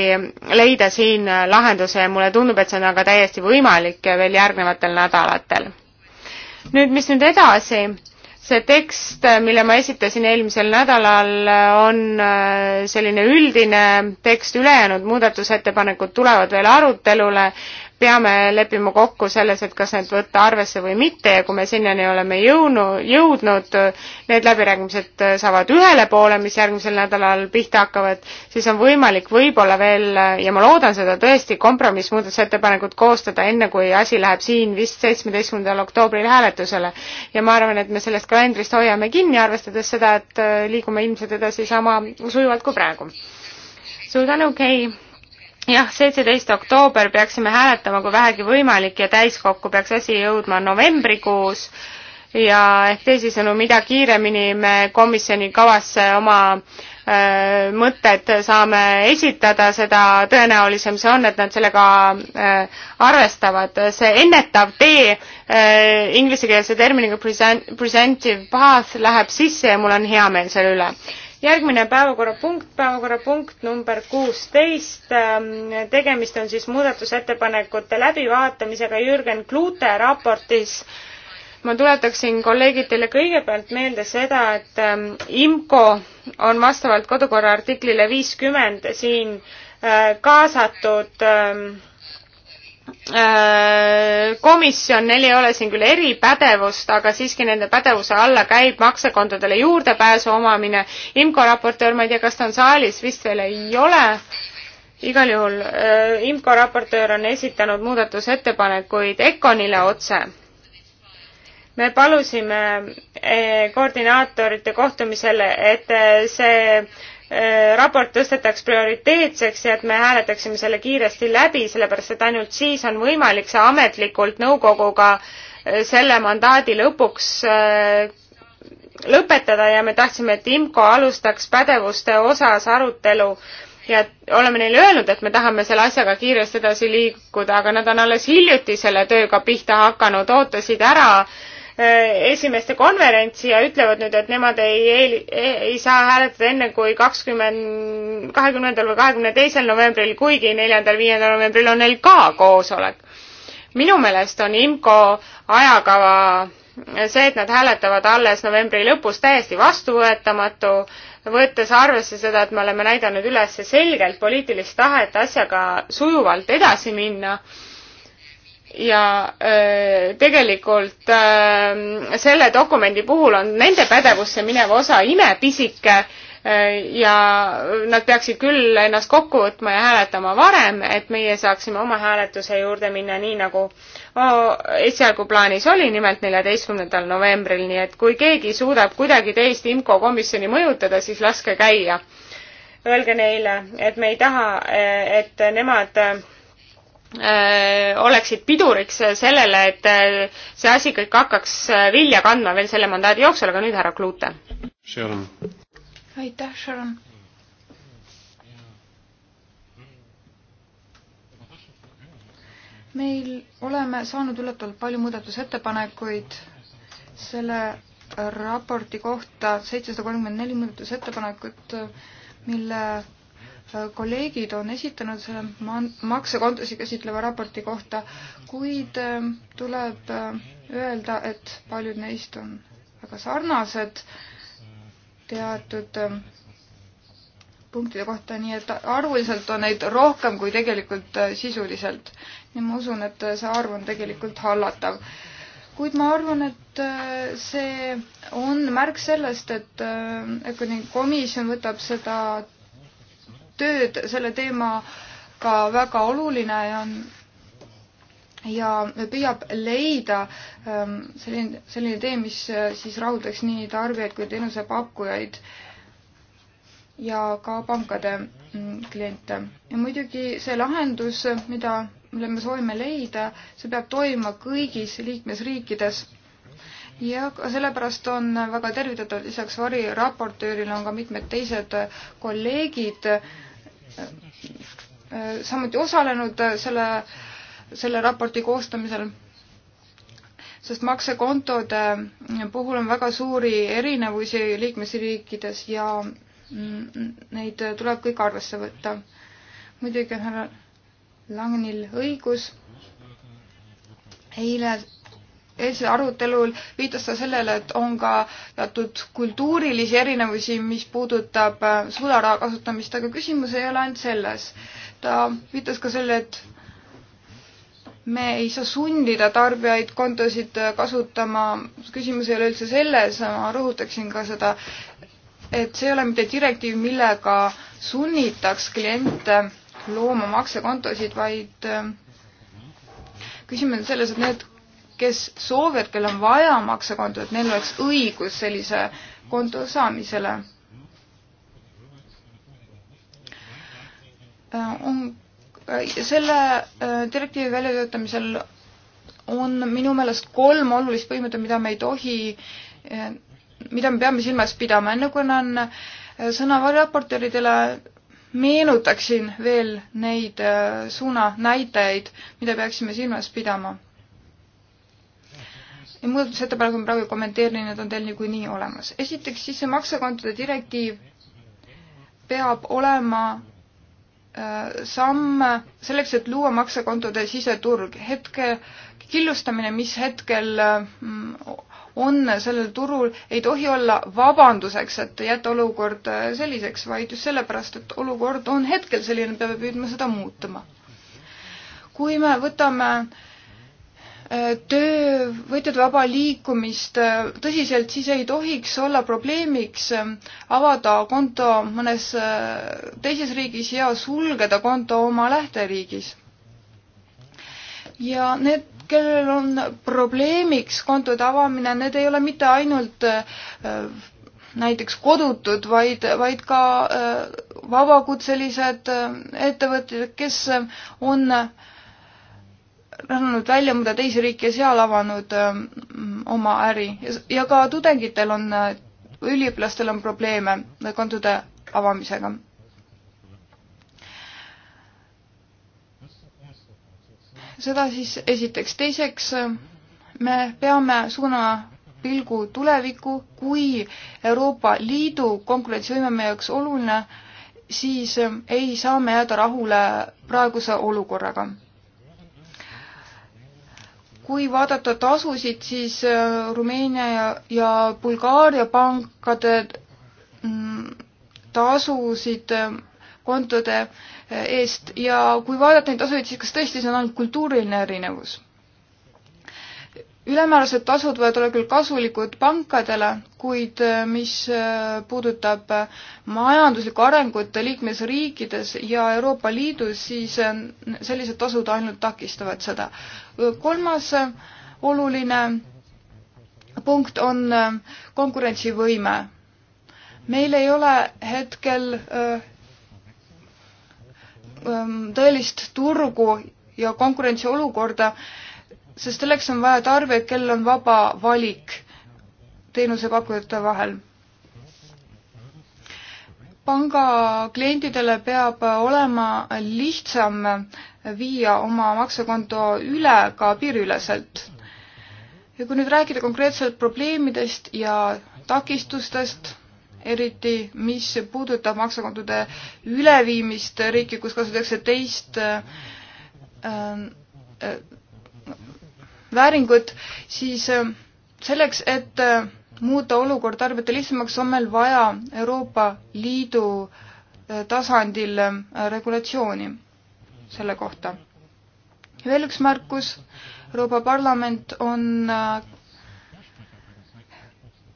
leida siin lahenduse ja mulle tundub, et see on aga täiesti võimalik veel järgnevatel nädalatel. nüüd, mis nüüd edasi? see tekst, mille ma esitasin eelmisel nädalal, on äh, selline üldine tekst, ülejäänud muudatusettepanekud tulevad veel arutelule peame leppima kokku selles, et kas need võtta arvesse või mitte ja kui me sinnani oleme jõudnud, jõudnud, need läbirääkimised saavad ühele poole, mis järgmisel nädalal pihta hakkavad, siis on võimalik võib-olla veel ja ma loodan seda tõesti, kompromissmuudatusettepanekut koostada enne, kui asi läheb siin vist seitsmeteistkümnendal oktoobril hääletusele. ja ma arvan, et me sellest kalendrist hoiame kinni, arvestades seda, et äh, liigume ilmselt edasi sama sujuvalt kui praegu. suur tänu, Kei! jah, seitseteist oktoober peaksime hääletama, kui vähegi võimalik ja täiskokku peaks asi jõudma novembrikuus ja ehk teisisõnu, mida kiiremini me komisjoni kavasse oma öö, äh, mõtted saame esitada, seda tõenäolisem see on, et nad sellega öö, äh, arvestavad. see ennetav tee äh, inglisekeelse terminiga present, presentive path läheb sisse ja mul on hea meel selle üle järgmine päevakorrapunkt, päevakorrapunkt number kuusteist. Ähm, tegemist on siis muudatusettepanekute läbivaatamisega Jürgen Klute raportis. ma tuletaksin kolleegid teile kõigepealt meelde seda, et ähm, IMCO on vastavalt kodukorra artiklile viiskümmend siin äh, kaasatud ähm, Äh, komisjon, neil ei ole siin küll eripädevust, aga siiski nende pädevuse alla käib maksekontodele juurdepääsu omamine. IMCO raportöör, ma ei tea, kas ta on saalis, vist veel ei ole. igal juhul äh, IMCO raportöör on esitanud muudatusettepanekuid Econile otse. me palusime äh, koordinaatorite kohtumisel, et see Äh, raport tõstetaks prioriteetseks ja et me hääletaksime selle kiiresti läbi, sellepärast et ainult siis on võimalik see ametlikult nõukoguga äh, selle mandaadi lõpuks äh, lõpetada ja me tahtsime, et IMCO alustaks pädevuste osas arutelu ja oleme neile öelnud, et me tahame selle asjaga kiiresti edasi liikuda, aga nad on alles hiljuti selle tööga pihta hakanud, ootasid ära äh, Äh, esimeeste konverentsi ja ütlevad nüüd, et nemad ei, ei, ei saa hääletada enne kui kakskümmend, kahekümnendal või kahekümne teisel novembril, kuigi neljandal-viiendal novembril on neil ka koosolek. minu meelest on IMCO ajakava see, et nad hääletavad alles novembri lõpus, täiesti vastuvõetamatu, võttes arvesse seda, et me oleme näidanud üles selgelt poliitilist tahet asjaga sujuvalt edasi minna ja öö, äh, tegelikult öö, äh, selle dokumendi puhul on nende pädevusse minev osa imepisike äh, ja nad peaksid küll ennast kokku võtma ja hääletama varem, et meie saaksime oma hääletuse juurde minna nii, nagu esialgu plaanis oli, nimelt neljateistkümnendal novembril, nii et kui keegi suudab kuidagi teist IMCO komisjoni mõjutada, siis laske käia. Öelge neile, et me ei taha, et nemad öö, Äh, oleksid piduriks sellele, et äh, see asi kõik hakkaks äh, vilja kandma veel selle mandaadi jooksul, aga nüüd härra Klute. aitäh, Sharon. meil oleme saanud üllatavalt palju muudatusettepanekuid selle raporti kohta, seitsesada kolmkümmend neli muudatusettepanekut, mille kolleegid on esitanud selle maksekontosid käsitleva raporti kohta, kuid ähm, tuleb äh, öelda, et paljud neist on väga sarnased teatud ähm, punktide kohta, nii et arvuliselt on neid rohkem kui tegelikult äh, sisuliselt. ja ma usun, et äh, see arv on tegelikult hallatav. kuid ma arvan, et see on märk sellest, et komisjon võtab seda tööd selle teemaga väga oluline ja on ja püüab leida ähm, selline, selline tee, mis äh, siis rahuldaks nii tarbijaid kui teenusepakkujaid ja ka pankade mm, kliente. ja muidugi see lahendus, mida, mille me soovime leida, see peab toimuma kõigis liikmesriikides. ja sellepärast on väga tervitatav, lisaks variraportöörile on ka mitmed teised kolleegid äh, samuti osalenud selle, selle raporti koostamisel, sest maksekontode puhul on väga suuri erinevusi liikmesriikides ja neid tuleb kõik arvesse võtta. muidugi on härra Langenil õigus, eile eilsel arutelul viitas ta sellele, et on ka teatud kultuurilisi erinevusi, mis puudutab äh, sularaha kasutamist, aga küsimus ei ole ainult selles. ta viitas ka selle, et me ei saa sundida tarbijaid kontosid äh, kasutama, küsimus ei ole üldse selles, ma rõhutaksin ka seda, et see ei ole mitte direktiiv, millega sunnitaks kliente looma maksekontosid, vaid äh, küsimus on selles, et need kes soovivad, kellel on vaja maksekontot, neil oleks õigus sellise konto saamisele. Äh, on, äh, selle äh, direktiivi väljatöötamisel on minu meelest kolm olulist põhimõtet, mida me ei tohi, mida me peame silmas pidama, enne kui annan sõna raportööridele, meenutaksin veel neid suunanäitajaid, mida peaksime silmas pidama ja muudatusettepanekud ma praegu ei kommenteeri, need on teil niikuinii olemas. esiteks siis see maksekontode direktiiv peab olema äh, samm selleks, et luua maksekontode siseturg. hetke killustamine, mis hetkel mm, on sellel turul, ei tohi olla vabanduseks, et jätta olukord äh, selliseks, vaid just sellepärast, et olukord on hetkel selline, peame püüdma seda muutuma. kui me võtame äh, Äh, töövõtjate vaba liikumist äh, tõsiselt, siis ei tohiks olla probleemiks ähm, avada konto mõnes äh, teises riigis ja sulgeda konto oma lähteriigis. ja need, kellel on probleemiks kontode avamine, need ei ole mitte ainult näiteks kodutud, vaid, vaid ka vabakutselised ettevõtted, kes on äh, rännanud välja mõnda teisi riike, seal avanud öö, ähm, oma äri ja ka tudengitel on, äh, üliõpilastel on probleeme kontode avamisega. seda siis esiteks. teiseks, äh, me peame suunama pilgu tulevikku, kui Euroopa Liidu konkurentsivõime meie jaoks oluline, siis äh, ei saa me jääda rahule praeguse olukorraga kui vaadata tasusid, siis äh, Rumeenia ja, ja Bulgaaria pankade mm, tasusid äh, kontode äh, eest ja kui vaadata neid tasusid, siis kas tõesti see on ainult kultuuriline erinevus? ülemäärased tasud võivad olla küll kasulikud pankadele, kuid äh, mis äh, puudutab äh, majanduslikku arengut liikmesriikides ja Euroopa Liidus, siis sellised tasud ainult takistavad seda. kolmas oluline punkt on konkurentsivõime. meil ei ole hetkel ähm, tõelist turgu ja konkurentsiolukorda, sest selleks on vaja tarbijaid, kellel on vaba valik teenusepakkujate vahel. panga klientidele peab olema lihtsam viia oma maksekonto üle ka piiriüleselt. ja kui nüüd rääkida konkreetselt probleemidest ja takistustest, eriti mis puudutab maksekontode üleviimist riiki, kus kasutatakse teist äh, äh, vääringut, siis äh, selleks, et äh, muuta olukord tarbijate lihtsamaks, on meil vaja Euroopa Liidu äh, tasandil regulatsiooni selle kohta. veel üks märkus, Euroopa Parlament on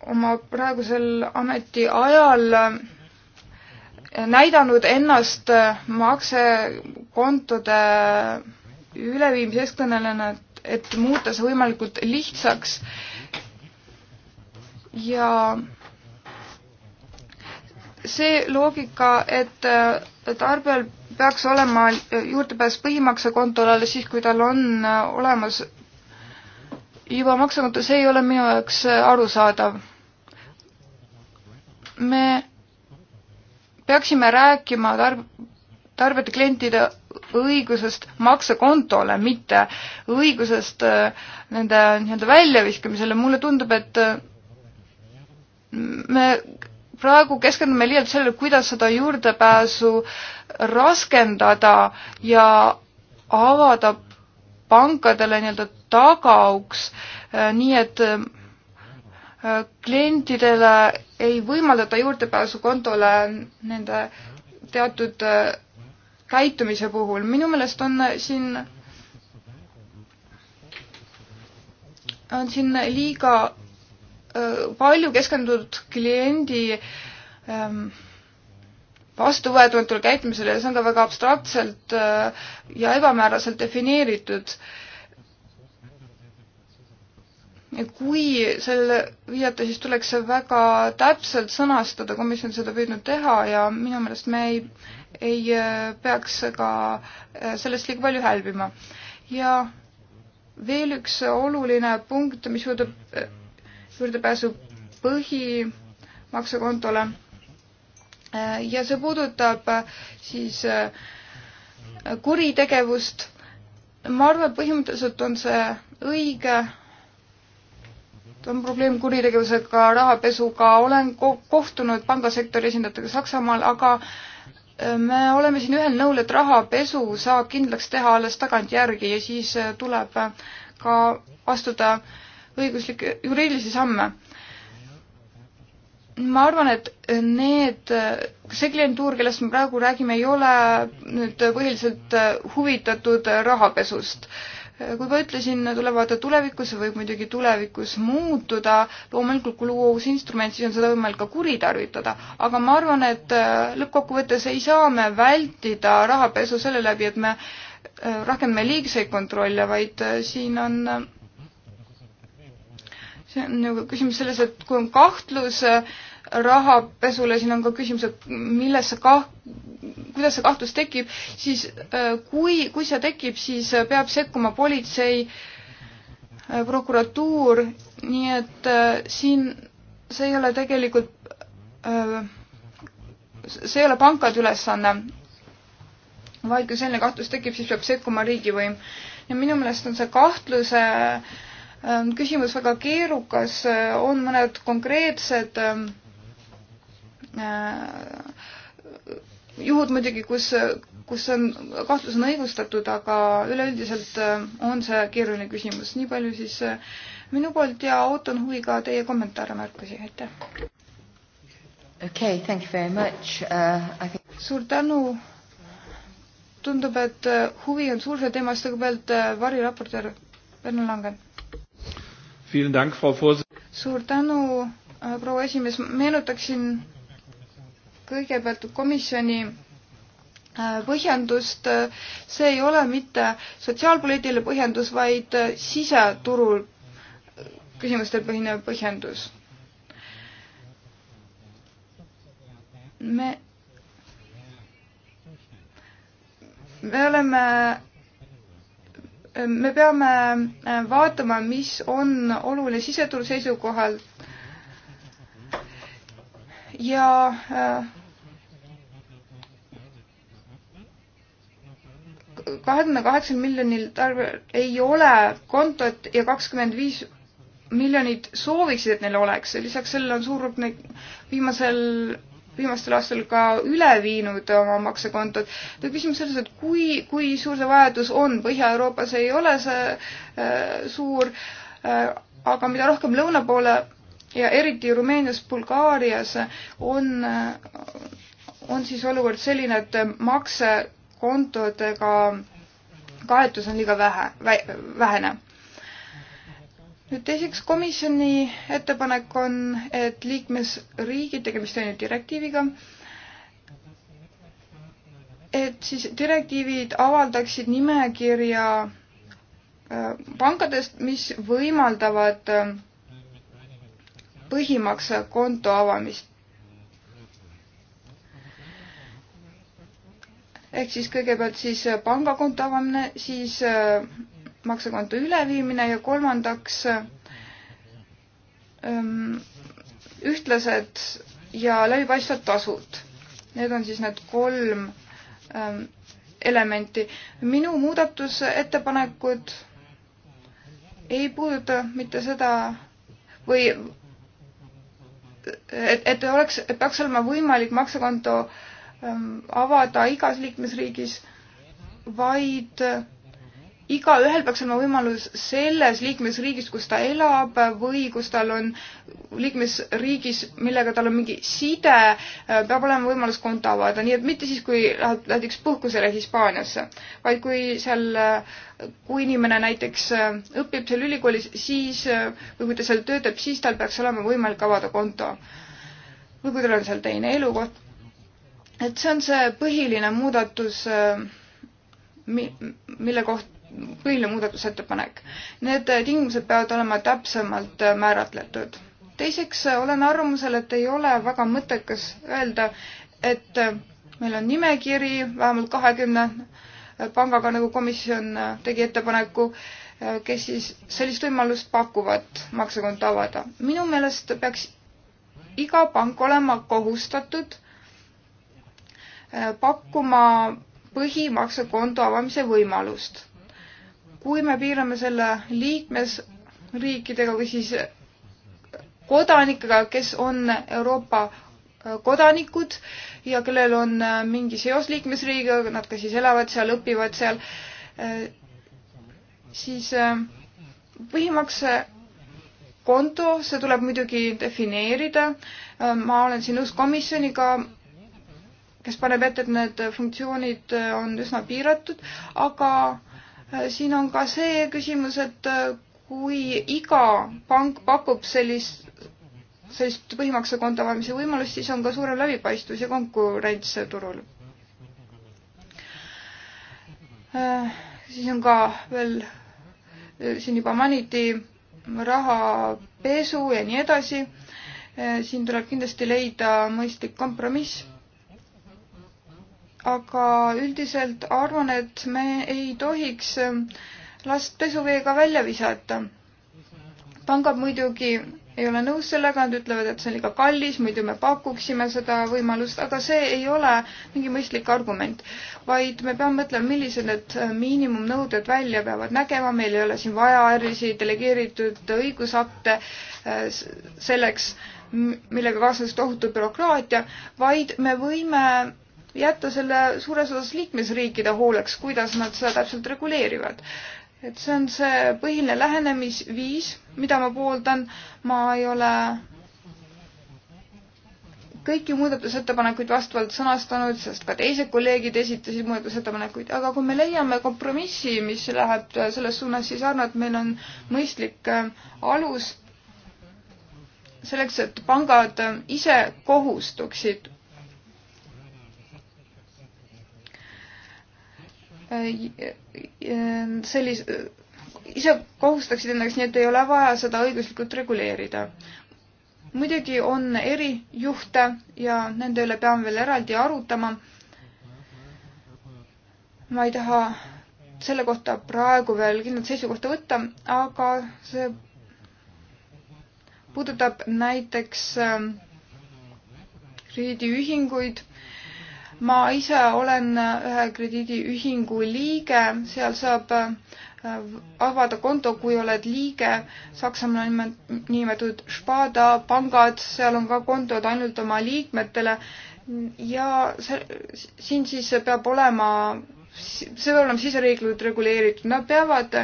oma praegusel ametiajal näidanud ennast maksekontode üleviimise eestkõnelejana, et et muuta see võimalikult lihtsaks ja see loogika, et tarbijal peaks olema juurdepääs põhimaksekontole alles siis, kui tal on äh, olemas juba maksekonto, see ei ole minu jaoks äh, arusaadav. me peaksime rääkima tarb-, tarbijate klientide õigusest maksekontole, mitte õigusest äh, nende nii-öelda väljaviskamisele, mulle tundub, et äh, me praegu keskendume liialt sellele, kuidas seda juurdepääsu raskendada ja avada pankadele nii-öelda tagauks, äh, nii et klientidele ei võimaldata juurdepääsu kontole nende teatud käitumise puhul, minu meelest on siin, on siin liiga palju keskendunud kliendi ähm, vastuvõetamatule käitumisele ja see on ka väga abstraktselt äh, ja ebamääraselt defineeritud. kui selle viiata, siis tuleks see väga täpselt sõnastada, komisjon seda püüdnud teha ja minu meelest me ei ei äh, peaks ka äh, sellest liiga palju hälbima. ja veel üks oluline punkt, mis puudutab äh, juurdepääsu põhimaksekontole ja see puudutab siis kuritegevust. ma arvan, et põhimõtteliselt on see õige. on probleem kuritegevusega, rahapesuga, olen kohtunud pangasektori esindajatega Saksamaal, aga me oleme siin ühel nõul, et rahapesu saab kindlaks teha alles tagantjärgi ja siis äh, tuleb äh, ka astuda õiguslikke, juriidilisi samme. ma arvan, et need, äh, see klientuur, kellest me praegu räägime, ei ole nüüd põhiliselt huvitatud rahapesust äh, kui ma ütlesin, tuleb vaadata tulevikku, see võib muidugi tulevikus muutuda, loomulikult kui luua uus instrument, siis on seda võimalik ka kuritarvitada, aga ma arvan, et äh, lõppkokkuvõttes ei saa me vältida rahapesu selle läbi, et me äh, rakendame liigseid kontrolle, vaid äh, siin on see on nagu küsimus selles, et kui on kahtlus äh, rahapesule, siin on ka küsimus, et milles see kah-, kuidas see kahtlus tekib, siis äh, kui, kui see tekib, siis äh, peab sekkuma politsei, prokuratuur, nii et siin see ei ole tegelikult, see ei ole pankade ülesanne, vaid kui selline kahtlus tekib, siis peab sekkuma riigivõim. ja minu meelest on see kahtluse äh, Ähm, küsimus väga keerukas, äh, on mõned konkreetsed ähm, äh, juhud muidugi, kus, kus on, kahtlus on õigustatud, aga üleüldiselt äh, on see keeruline küsimus. nii palju siis minu poolt ja ootan huviga teie kommentaare, märkusi, aitäh. Okay, thank you very much uh,. Think... suur tänu. tundub, et huvi on suur selle teema eest, kõigepealt variraportöör Pärnu Langen suur tänu, äh, proua esimees, meenutaksin kõigepealt komisjoni äh, põhjendust, see ei ole mitte sotsiaalpoliitiline põhjendus, vaid äh, siseturul küsimustel põhinev põhjendus. me, me oleme me peame äh, vaatama, mis on oluline siseturu seisukohalt ja äh, kahekümne kaheksal miljonil tarbijal ei ole kontot ja kakskümmend viis miljonit sooviksid, et neil oleks. lisaks sellele on suur hulk neid viimasel viimastel aastal ka üle viinud oma maksekontod. nüüd küsimus selles, et kui, kui suur see vajadus on, Põhja-Euroopas ei ole see äh, suur äh,, aga mida rohkem lõuna poole ja eriti Rumeenias, Bulgaarias on, äh, on siis olukord selline, et maksekontodega kaetus on liiga vähe, vähene nüüd teiseks, komisjoni ettepanek on, et liikmesriigid, tegemist on ju direktiiviga, et siis direktiivid avaldaksid nimekirja äh, pankadest, mis võimaldavad äh, põhimaksekonto äh, avamist. ehk siis kõigepealt siis pangakonto avamine, siis maksekonto üleviimine ja kolmandaks ähm, ühtlased ja läbipaistvad tasud. Need on siis need kolm ähm, elementi. minu muudatusettepanekud ei puuduta mitte seda või et, et oleks, et peaks olema võimalik maksekonto ähm, avada igas liikmesriigis, vaid äh, igaühel peaks olema võimalus selles liikmesriigis, kus ta elab või kus tal on liikmesriigis, millega tal on mingi side, peab olema võimalus konto avada, nii et mitte siis, kui lähed näiteks puhkusele Hispaaniasse, vaid kui seal, kui inimene näiteks õpib seal ülikoolis, siis või kui ta seal töötab, siis tal peaks olema võimalik avada konto. või kui tal on seal teine elukoht. et see on see põhiline muudatus, mi-, mille koht-, põhiline muudatusettepanek. Need tingimused peavad olema täpsemalt määratletud. teiseks olen arvamusel, et ei ole väga mõttekas öelda, et meil on nimekiri vähemalt kahekümne pangaga, nagu komisjon tegi ettepaneku, kes siis sellist võimalust pakuvad maksekonto avada. minu meelest peaks iga pank olema kohustatud pakkuma põhimaksekonto avamise võimalust kui me piirame selle liikmesriikidega või siis kodanikega, kes on Euroopa äh, kodanikud ja kellel on äh, mingi seos liikmesriigiga, nad ka siis elavad seal, õpivad seal, äh, siis põhimakse konto, see tuleb muidugi defineerida. ma olen siin nõus komisjoniga, kes paneb ette, et need funktsioonid on üsna piiratud, aga Äh, siin on ka see küsimus, et äh, kui iga pank pakub sellist, sellist põhimaksekonto avamise võimalust, siis on ka suurem läbipaistvus ja konkurents turul. Äh, siis on ka veel, siin juba mainiti rahapesu ja nii edasi. siin tuleb kindlasti leida mõistlik kompromiss aga üldiselt arvan, et me ei tohiks ähm, last pesuveega välja visata. pangad muidugi ei ole nõus sellega, nad ütlevad, et see on liiga kallis, muidu me pakuksime seda võimalust, aga see ei ole mingi mõistlik argument, vaid me peame mõtlema, millised need äh, miinimumnõuded välja peavad nägema, meil ei ole siin vaja erilisi delegeeritud õigusakte äh, selleks, millega kaasnes tohutu bürokraatia, vaid me võime jätta selle suures osas liikmesriikide hooleks, kuidas nad seda täpselt reguleerivad. et see on see põhiline lähenemisviis, mida ma pooldan, ma ei ole kõiki muudatusettepanekuid vastavalt sõnastanud, sest ka teised kolleegid esitasid muudatusettepanekuid, aga kui me leiame kompromissi, mis läheb selles suunas, siis arvan, et meil on mõistlik äh, alus selleks, et pangad ise kohustuksid sellis-, ise kohustaksid endaks, nii et ei ole vaja seda õiguslikult reguleerida. muidugi on erijuhte ja nende üle peame veel eraldi arutama. ma ei taha selle kohta praegu veel kindlat seisukohta võtta, aga see puudutab näiteks krediidiühinguid äh, ma ise olen äh, ühe krediidiühingu liige, seal saab äh, avada konto, kui oled liige. Saksamaal on niinimetatud Spada pangad, seal on ka kontod ainult oma liikmetele ja see, siin siis peab olema, see peab olema siseriiklikult reguleeritud, nad peavad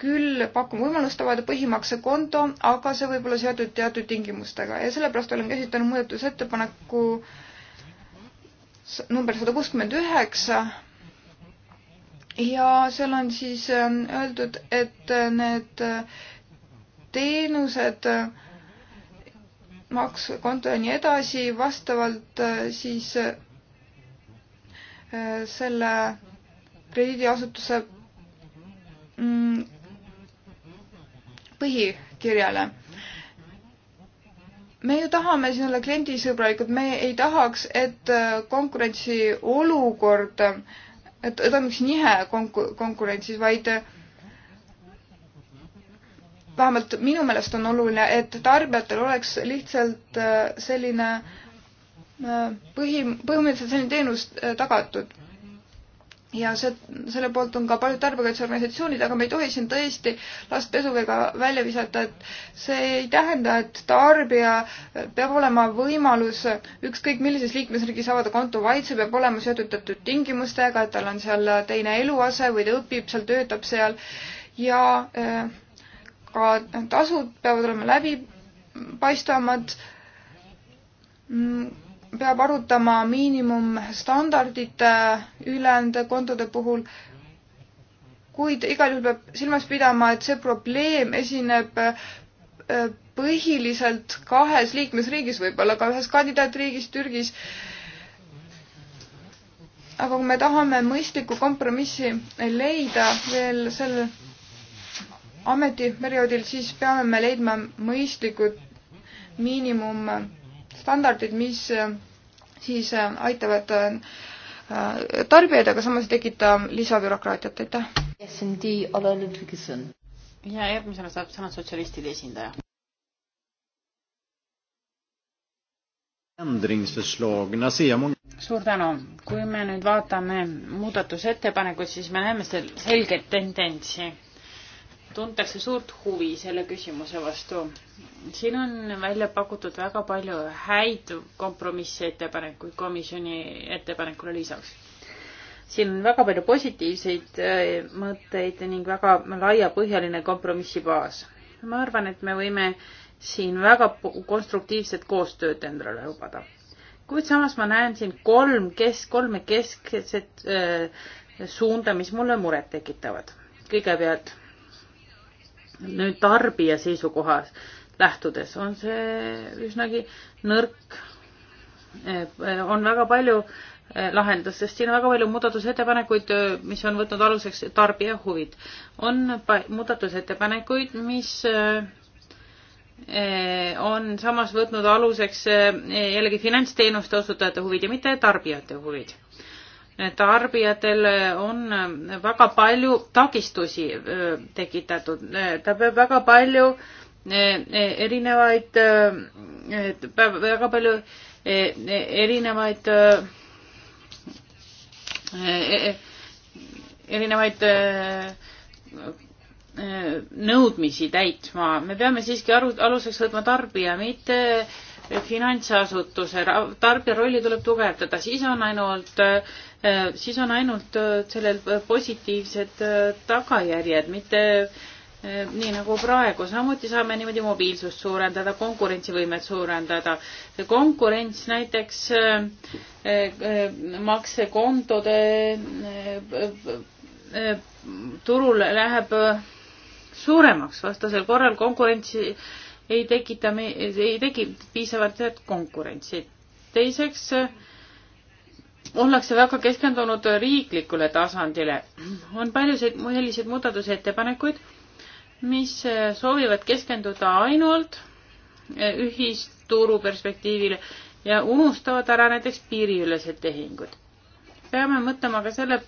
küll pakkuma võimalust avada põhimaksekonto, aga see võib olla seotud teatud tingimustega ja sellepärast olen ka esitanud muudatusettepaneku äh, number sada kuuskümmend üheksa ja seal on siis ähm, öeldud, et äh, need äh, teenused, äh, maksukonto ja nii edasi, vastavalt siis selle krediidiasutuse mm, põhikirjale me ju tahame siin olla kliendisõbralikud, me ei tahaks, et äh, konkurentsiolukord, et toimuks nihe konku-, konkurentsis, vaid äh, vähemalt minu meelest on oluline, et tarbijatel oleks lihtsalt äh, selline põhi, põhimõtteliselt selline teenus tagatud ja see, selle poolt on ka paljud tarbijakaitseorganisatsioonid, aga me ei tohi siin tõesti last pesuveega välja visata, et see ei tähenda, et tarbija peab olema võimalus ükskõik millises liikmesriigis avada konto, vaid see peab olema seotud teatud tingimustega, et tal on seal teine eluase või ta õpib seal, töötab seal ja eh, ka tasud peavad olema läbipaistvamad mm, peab arutama miinimumstandardite üle nende kontode puhul, kuid igal juhul peab silmas pidama, et see probleem esineb äh, põhiliselt kahes liikmesriigis, võib-olla ka ühes kandidaatriigis, Türgis. aga kui me tahame mõistlikku kompromissi leida veel sel ametiperioodil, siis peame me leidma mõistlikud miinimum standardid, mis äh, siis äh, aitavad äh, tarbijaid, aga samas ei tekita lisabürokraatiat, aitäh. ja järgmisena saab sõna sotsialistide esindaja. suur tänu, kui me nüüd vaatame muudatusettepanekuid, siis me näeme seal selget tendentsi tuntakse suurt huvi selle küsimuse vastu. siin on välja pakutud väga palju häid kompromissettepanekuid komisjoni ettepanekule lisaks. siin on väga palju positiivseid äh, mõtteid ning väga laiapõhjaline kompromissibaas. ma arvan, et me võime siin väga konstruktiivset koostööd endale lubada. kuid samas ma näen siin kolm kesk, kolme keskset äh, suunda, mis mulle muret tekitavad. kõigepealt nüüd tarbija seisukohast lähtudes on see üsnagi nõrk. Eh, on väga palju eh, lahendust, sest siin on väga palju muudatusettepanekuid, eh, mis on võtnud aluseks tarbija huvid. on muudatusettepanekuid, mis on samas võtnud aluseks jällegi finantsteenuste osutajate huvid ja mitte tarbijate huvid tarbijatel on väga palju takistusi äh, tekitatud, äh, ta peab väga palju äh, erinevaid, peab väga palju erinevaid, erinevaid nõudmisi täitma, me peame siiski aru, aluseks võtma tarbija, mitte finantsasutuse, tarbija rolli tuleb tugevdada, siis on ainult äh, Äh, siis on ainult äh, sellel äh, positiivsed tagajärjed, mitte nii nagu praegu, samuti saame niimoodi mobiilsust suurendada, konkurentsivõimet suurendada. konkurents näiteks maksekontode turul läheb suuremaks, vastasel korral konkurentsi ei tekita, ei teki piisavalt konkurentsi. teiseks äh, ollakse väga keskendunud riiklikule tasandile. on paljusid selliseid muudatusettepanekuid, mis soovivad keskenduda ainult ühisturu perspektiivile ja unustavad ära näiteks piiriülesed tehingud. peame mõtlema ka selle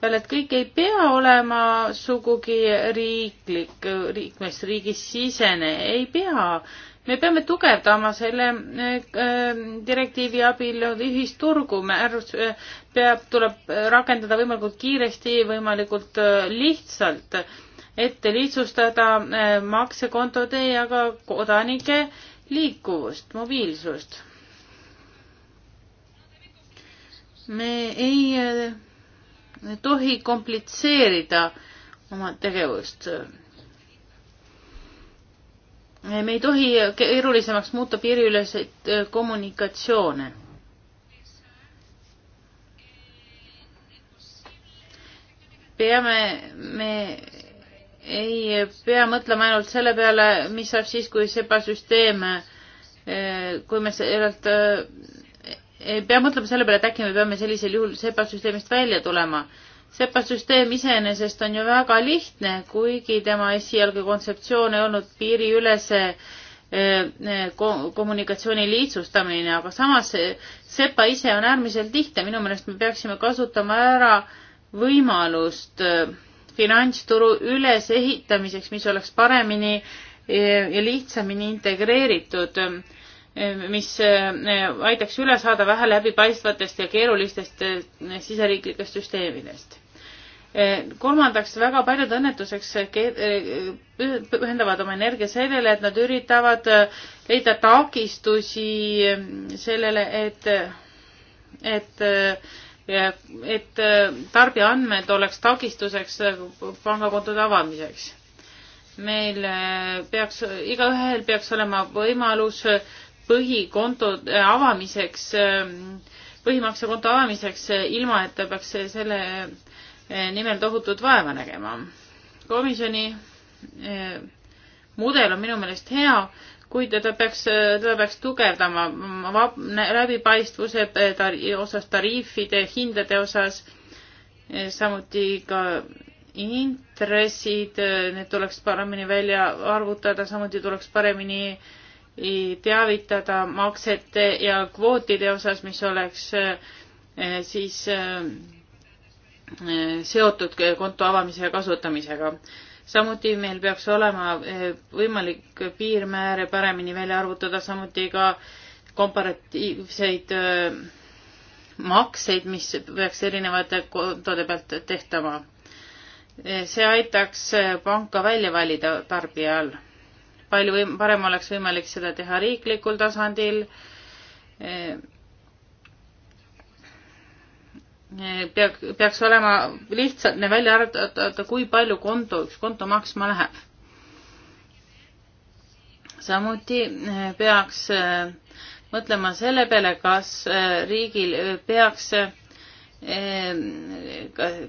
peale, et kõik ei pea olema sugugi riiklik, liikmesriigi sisene, ei pea me peame tugevdama selle äh, direktiivi abil ühisturgu, määrus äh, peab, tuleb rakendada võimalikult kiiresti, võimalikult äh, lihtsalt, et lihtsustada maksekontode ja ka kodanike liikuvust, mobiilsust. me ei tohi komplitseerida oma tegevust me ei tohi keerulisemaks muuta piiriüleseid äh, kommunikatsioone. peame, me ei pea mõtlema ainult selle peale, mis saab siis, kui seba süsteem, äh, kui me sellelt, äh, ei pea mõtlema selle peale, et äkki me peame sellisel juhul seba süsteemist välja tulema sepa süsteem iseenesest on ju väga lihtne, kuigi tema esialgne kontseptsioon ei olnud piiriülese eh, eh, kommunikatsiooni lihtsustamine, aga samas sepa ise on äärmiselt lihtne, minu meelest me peaksime kasutama ära võimalust eh, finantsturu ülesehitamiseks, mis oleks paremini ja lihtsamini integreeritud, mis aitaks üle saada vähe läbipaistvatest ja keerulistest siseriiklikest süsteemidest kolmandaks, väga paljud õnnetuseks eh, pühendavad oma energia sellele, et nad üritavad eh, leida takistusi eh, sellele, et, et, et tarbijaandmed oleks takistuseks pangakontode avamiseks. meil peaks, igaühel peaks olema võimalus põhikonto avamiseks, põhimaksekonto avamiseks, ilma et ta peaks selle Eh, nimel tohutut vaeva nägema. komisjoni eh, mudel on minu meelest hea, kuid teda peaks, teda peaks tugevdama vab-, läbipaistvuse eh, tari, osas, tariifide, hindade osas, samuti ka intressid, need tuleks paremini välja arvutada, samuti tuleks paremini teavitada maksete ja kvootide osas, mis oleks siis äh, Eh, seotud konto avamise ja kasutamisega. samuti meil peaks olema eh, võimalik piirmääre paremini välja arvutada, samuti ka komparatiivseid eh, makseid, mis peaks erinevate kontode pealt tehtama. see aitaks panka välja valida tarbijal. palju võim-, parem oleks võimalik seda teha riiklikul tasandil peaks, peaks olema lihtsalt välja arvata, kui palju konto, üks konto maksma läheb. samuti eh, peaks eh, mõtlema selle peale, kas eh, riigil peaks,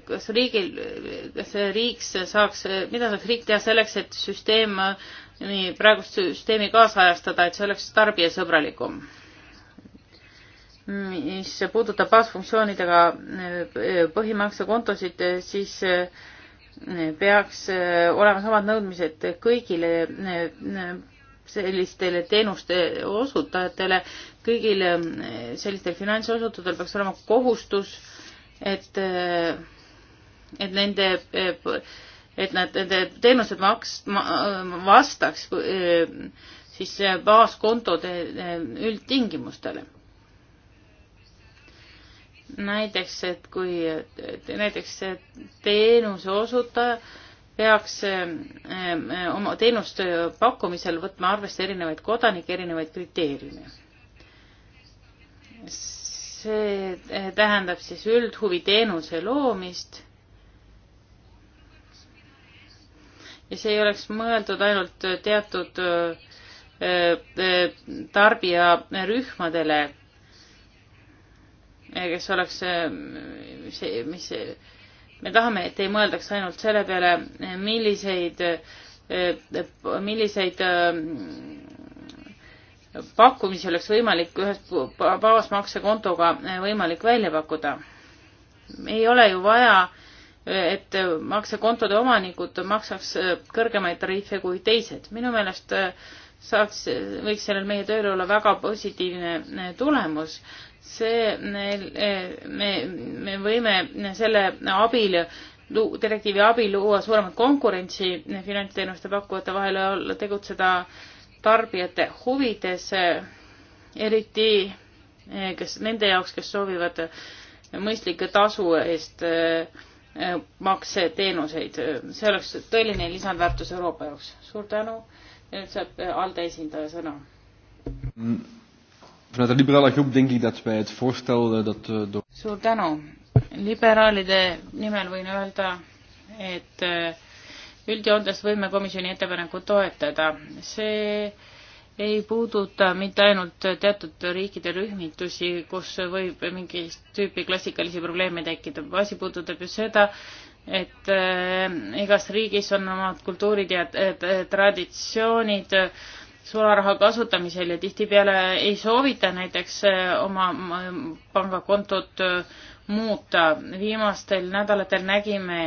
kas riigil, kas riik saaks, mida saaks riik teha selleks, et süsteem, praegust süsteemi kaasajastada, et see oleks tarbijasõbralikum mis puudutab baasfunktsioonidega eh, põhimaksekontosid, eh, siis eh, peaks olema samad nõudmised kõigile sellistele teenuste osutajatele, kõigil sellistel finantsosutajatel peaks olema kohustus, et, et nende, et nad, nende teenused maks-, vastaks siis baaskontode üldtingimustele näiteks, et kui näiteks teenuse osutaja peaks oma teenuste pakkumisel võtma arvesse erinevaid kodanikke, erinevaid kriteeriume. see tähendab siis üldhuviteenuse loomist. ja see ei oleks mõeldud ainult teatud eh, eh, tarbijarühmadele kes oleks eh, see, mis me tahame, et ei mõeldaks ainult selle peale, milliseid, eh, milliseid eh, pakkumisi oleks võimalik ühest baasmaksekontoga võimalik välja pakkuda. ei ole ju vaja, et maksekontode omanikud maksaks kõrgemaid tariife kui teised. minu meelest saaks, võiks sellel meie tööl olla väga positiivne tulemus, see, me, me võime selle abil direktiivi abil luua suuremat konkurentsi finantsteenuste pakkujate vahel ja olla, tegutseda tarbijate huvides, eriti eh, kes, nende jaoks, kes soovivad mõistlike tasu eest eh, makseteenuseid. see oleks tõeline lisandväärtus Euroopa jaoks. suur tänu ja nüüd saab ALDE esindaja sõna mm vanuit de liberale groep denk ik dat wij het voorstel eh, dat eh, door... suur tänu. liberaalide nimel võin öelda, et eh, üldjoontes võime komisjoni ettepanekut toetada. see ei puuduta mitte ainult teatud riikide rühmitusi, kus võib mingist tüüpi klassikalisi probleeme tekkida. asi puudutab ju seda, et äh, igas riigis on omad kultuurid ja traditsioonid äh, sularaha kasutamisel ja tihtipeale ei soovita näiteks eh, oma pangakontot eh, muuta. viimastel nädalatel nägime,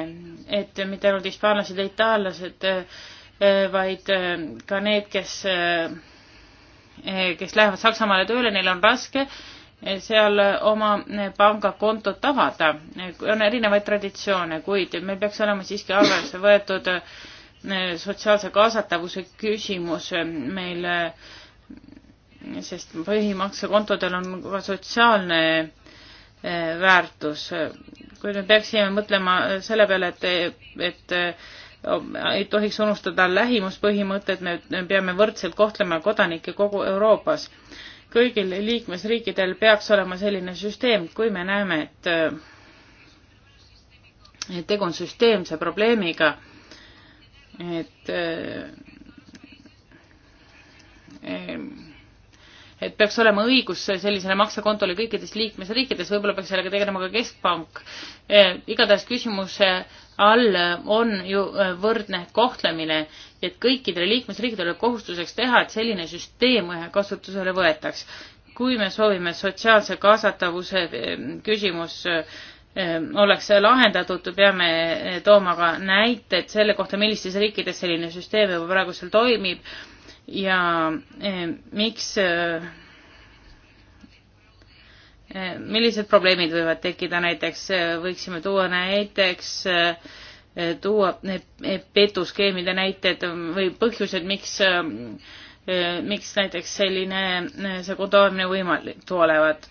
et mitte ainult hispaanlased ja itaallased, eh, vaid ka need, kes, kes lähevad Saksamaale tööle, neil on raske seal oma pangakontot avada. on erinevaid traditsioone, kuid meil peaks olema siiski arvesse võetud Äh, sotsiaalse kaasatavuse küsimus äh, meil, äh, sest põhimaksekontodel on ka sotsiaalne väärtus. kui me peaksime mõtlema selle peale, et, et ei tohiks unustada lähimuspõhimõtet, me peame võrdselt kohtlema kodanikke kogu Euroopas. kõigil liikmesriikidel peaks olema selline süsteem, kui me näeme, et, et tegu on süsteemse probleemiga et ehm, et peaks olema õigus sellisele maksekontole kõikides liikmesriikides, võib-olla peaks sellega tegelema ka Keskpank. Ehm, igatahes küsimuse all on ju ehm, võrdne kohtlemine, et kõikidele liikmesriikidele kohustuseks teha, et selline süsteem ühe kasutusele võetaks. kui me soovime sotsiaalse kaasatavuse küsimus Ehm, oleks lahendatud, peame eh, tooma ka näited selle kohta, millistes riikides selline süsteem juba praegusel toimib ja ehm, miks, eh, eh, millised probleemid võivad tekkida, näiteks võiksime tuua näiteks tuua petuskeemide näited või põhjused, miks, miks näiteks selline sekundaarne võimalik olevat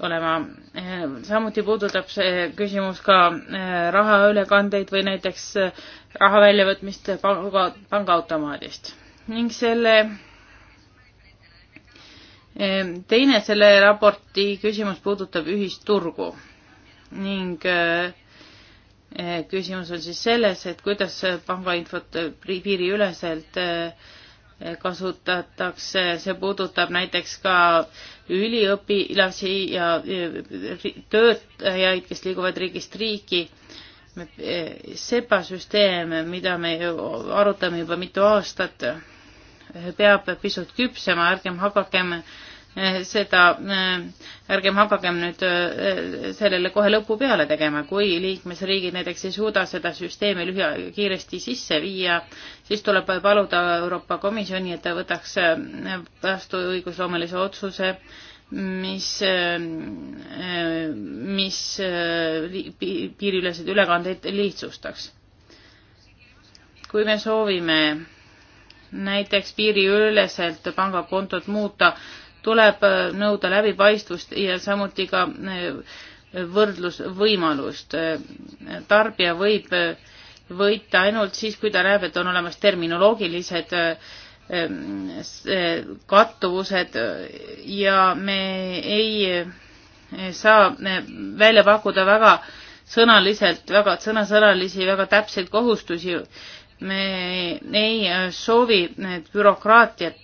olema. Eh, samuti puudutab see küsimus ka eh, rahaülekandeid või näiteks eh, raha väljavõtmist panga, pangaautomaadist ning selle teine selle raporti küsimus puudutab ühist turgu ning küsimus on siis selles, et kuidas pangainfot piiriüleselt kasutatakse, see puudutab näiteks ka äh, üliõpilasi ja töötajaid, kes liiguvad riigist riiki. E, SEPA süsteem, mida me arutame juba mitu aastat, peab pisut küpsema, ärgem hakakem Eh, seda, eh, ärgem hakakem nüüd eh, sellele kohe lõpu peale tegema, kui liikmesriigid näiteks ei suuda seda süsteemi lühia, kiiresti sisse viia, siis tuleb paluda Euroopa Komisjoni, et ta võtaks vastu õigusloomelise otsuse, mis, mis piiriüleseid ülekandeid lihtsustaks. kui me soovime näiteks piiriüleselt pangakontot muuta tuleb äh, nõuda läbipaistvust ja samuti ka äh, võrdlusvõimalust. Äh, tarbija võib võita ainult siis, kui ta näeb, et on olemas terminoloogilised kattuvused ja me ei saa välja pakkuda väga sõnaliselt, väga sõnasõnalisi, väga täpseid kohustusi me ei soovi bürokraatiat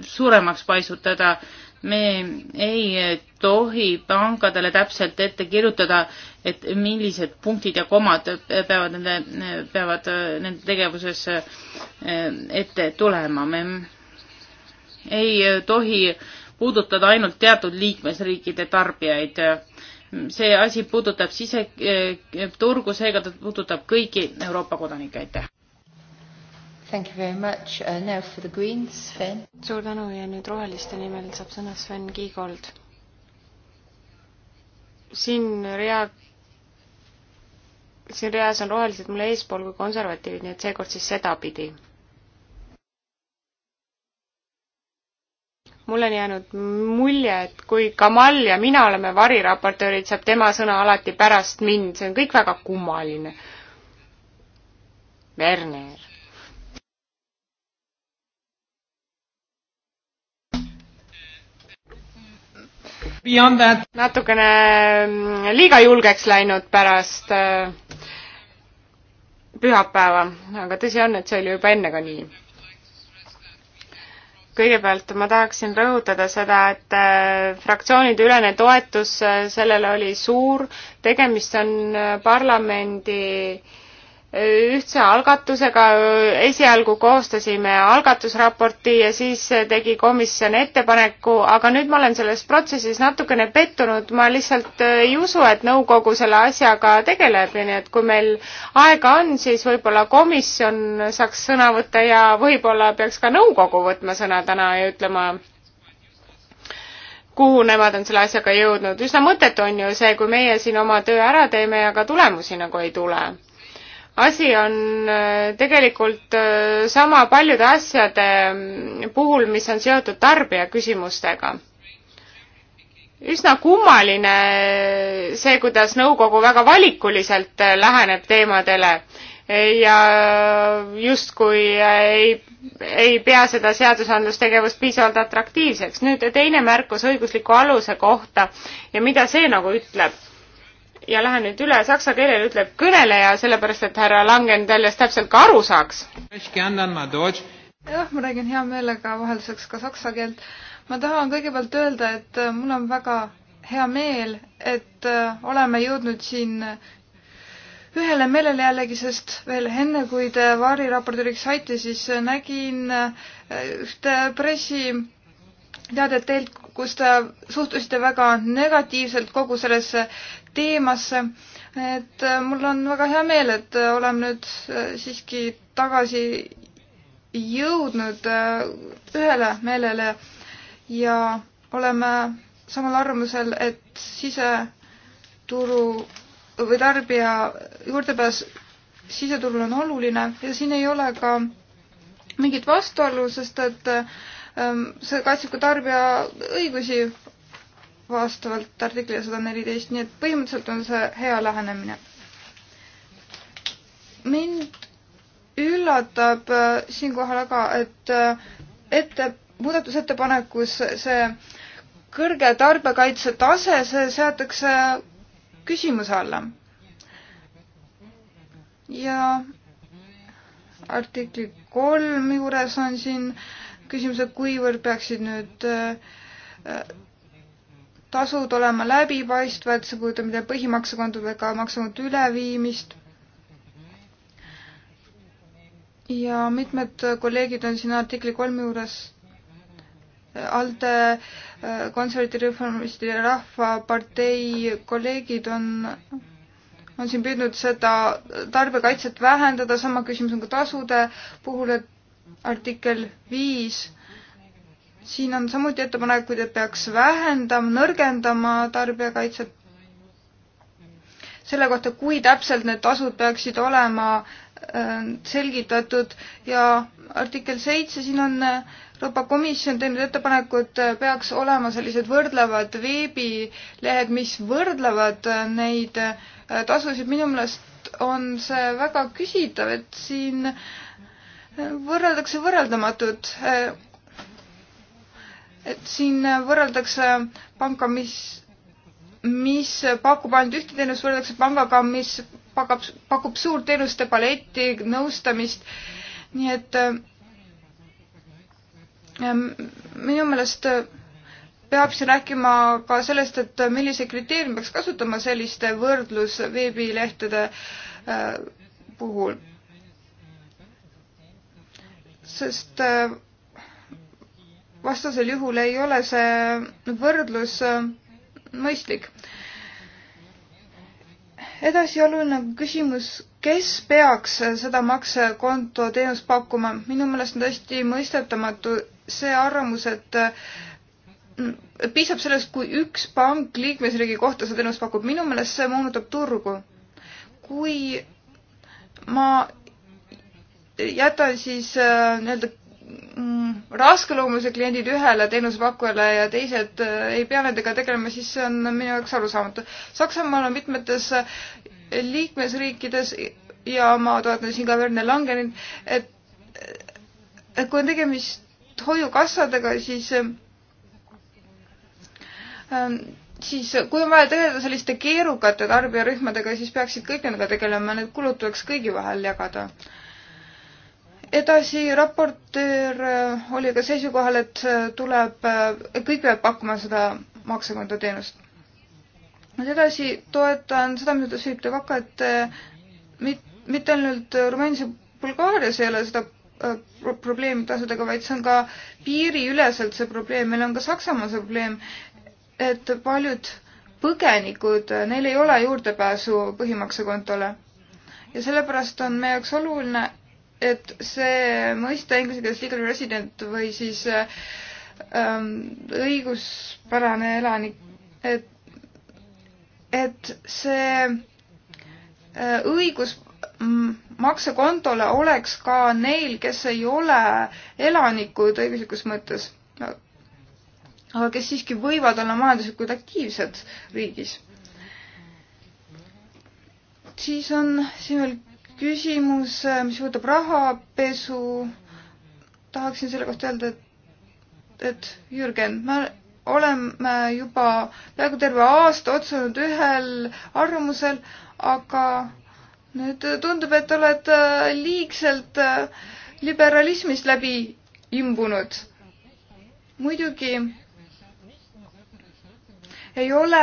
suuremaks paisutada, me ei tohi pankadele täpselt ette kirjutada, et millised punktid ja komad peavad nende, peavad nende tegevuses eh, ette tulema. me ei tohi puudutada ainult teatud liikmesriikide tarbijaid see asi puudutab siseturgu, eh, seega ta puudutab kõiki Euroopa kodanikke, aitäh. Thank you very much uh,. Now for the Greens, Sven. suur tänu ja nüüd Roheliste nimel saab sõna Sven Kiigold. siin rea-, siin reas on rohelised mul eespool kui konservatiivid, nii et seekord siis sedapidi mul on jäänud mulje, et kui Kamal ja mina oleme variraportöörid, saab tema sõna alati pärast mind, see on kõik väga kummaline. Werner. natukene mm, liiga julgeks läinud pärast äh, pühapäeva, aga tõsi on, et see oli juba enne ka nii kõigepealt ma tahaksin rõhutada seda, et äh, fraktsioonide ülene toetus äh, sellele oli suur, tegemist on äh, parlamendi äh, ühtse algatusega, esialgu koostasime algatusraporti ja siis tegi komisjon ettepaneku, aga nüüd ma olen selles protsessis natukene pettunud, ma lihtsalt ei usu, et nõukogu selle asjaga tegeleb ja nii et kui meil aega on, siis võib-olla komisjon saaks sõna võtta ja võib-olla peaks ka nõukogu võtma sõna täna ja ütlema, kuhu nemad on selle asjaga jõudnud. üsna mõttetu on ju see, kui meie siin oma töö ära teeme, aga tulemusi nagu ei tule asi on äh, tegelikult äh, sama paljude asjade mm, puhul, mis on seotud tarbija küsimustega. üsna kummaline äh, see, kuidas nõukogu väga valikuliselt läheneb teemadele ja justkui ei, ei pea seda seadusandlustegevust piisavalt atraktiivseks. nüüd teine märkus õigusliku aluse kohta ja mida see nagu ütleb ja lähen nüüd üle saksa keelele, ütleb kõneleja, sellepärast et härra Langen sellest täpselt ka aru saaks. jah, ma räägin hea meelega vahelduseks ka saksa keelt. ma tahan kõigepealt öelda, et äh, mul on väga hea meel, et äh, oleme jõudnud siin ühele meelele jällegi, sest veel enne, kui te variraportööriks saite, siis äh, nägin ühte pressi teadet teilt, kus te suhtusite väga negatiivselt kogu sellesse teemasse. et äh, mul on väga hea meel, et äh, oleme nüüd äh, siiski tagasi jõudnud ühele meelele ja oleme samal arvamusel, et siseturu või tarbija juurdepääs siseturul on oluline ja siin ei ole ka mingit vastuolu, sest et äh, Ehm, see kaitseb ka tarbija õigusi vastavalt artiklile sada neliteist, nii et põhimõtteliselt on see hea lähenemine. mind üllatab äh, siinkohal aga, et äh, ette, muudatusettepanekus see kõrge tarbijakaitse tase, see seatakse küsimuse alla. ja artikli kolm juures on siin äh, küsimuse, kuivõrd peaksid nüüd äh, äh, tasud olema läbipaistvad, see puudutab mida põhimaksekontodega maksukontode üleviimist. ja mitmed kolleegid on siin artikli kolme juures äh, ALDE konservatiivide reformistide rahvapartei kolleegid on, on siin püüdnud seda tarbijakaitset vähendada, sama küsimus on ka tasude puhul, et artikkel viis, siin on samuti ettepanekuid, et peaks vähendama, nõrgendama tarbijakaitset selle kohta, kui täpselt need tasud peaksid olema äh, selgitatud ja artikkel seitse, siin on äh, Euroopa Komisjon teinud ettepaneku, et äh, peaks olema sellised võrdlevad veebilehed, mis võrdlevad neid tasusid. minu meelest on see väga küsitav, et siin äh, võrreldakse võrreldamatut. et siin võrreldakse panka, mis, mis pakub ainult ühte teenust, võrreldakse pangaga, mis pakab, pakub suurt teenuste paletti, nõustamist. nii et minu meelest peab siin rääkima ka sellest, et milliseid kriteeriume peaks kasutama selliste võrdlus veebilehtede äh, puhul sest äh, vastasel juhul ei ole see võrdlus äh, mõistlik. edasi oluline küsimus, kes peaks seda maksekonto teenust pakkuma? minu meelest on täiesti mõistetamatu see arvamus, et äh, piisab sellest, kui üks pank liikmesriigi kohta seda teenust pakub. minu meelest see moonutab turgu. kui ma jätan siis äh, nii-öelda mm, raskeloomulise kliendid ühele teenusepakkujale ja teised äh, ei pea nendega tegelema, siis see on minu jaoks arusaamatu. Saksamaal on mitmetes äh, liikmesriikides ja ma toetan siin ka Werner Langenit, et, et kui on tegemist hoiukassadega, siis ähm, siis kui on vaja tegeleda selliste keerukate tarbijarühmadega, siis peaksid kõik nendega tegelema, need kulud tuleks kõigi vahel jagada äh, edasi, raportöör äh, oli ka seisukohal, et äh, tuleb, äh, kõik peavad pakkuma seda maksekonto teenust. nüüd edasi toetan seda, mida te süüte vaka, et mit-, mitte ainult Rumeenias ja Bulgaarias ei ole seda probleemi tasudega, vaid see on ka piiriüleselt see probleem, meil on ka Saksamaal see probleem, et paljud põgenikud, neil ei ole juurdepääsu põhimaksekontole. ja sellepärast on meie jaoks oluline, et see mõiste inglise keeles legal resident või siis ähm, õiguspärane elanik, et, et see äh, õigus maksekontole oleks ka neil, kes ei ole elanikud õiguslikus mõttes, aga kes siiski võivad olla majanduslikult aktiivsed riigis. siis on siin veel küsimus, äh, mis puudutab rahapesu, tahaksin selle kohta öelda, et, et Jürgen, me oleme juba peaaegu terve aasta otsanud ühel arvamusel, aga nüüd tundub, et oled äh, liigselt äh, liberalismist läbi imbunud. muidugi ei ole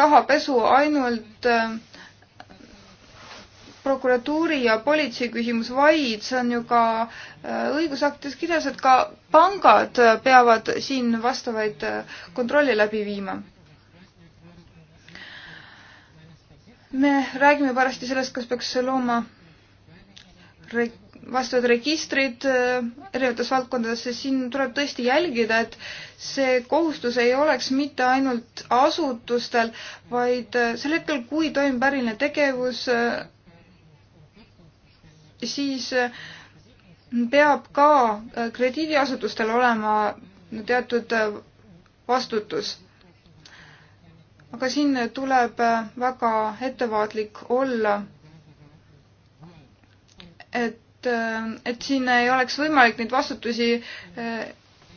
rahapesu ainult äh, prokuratuuri ja politsei küsimus, vaid see on ju ka äh, õigusaktides kirjas, et ka pangad äh, peavad siin vastavaid äh, kontrolle läbi viima. me räägime parajasti sellest, kas peaks looma re-, vastavad registrid erinevates valdkondades, sest siin tuleb tõesti jälgida, et see kohustus ei oleks mitte ainult asutustel, vaid sel hetkel, kui toimub äriline tegevus, siis äh, peab ka äh, krediidiasutustel olema teatud äh, vastutus. aga siin tuleb väga ettevaatlik olla. et, et siin ei oleks võimalik neid vastutusi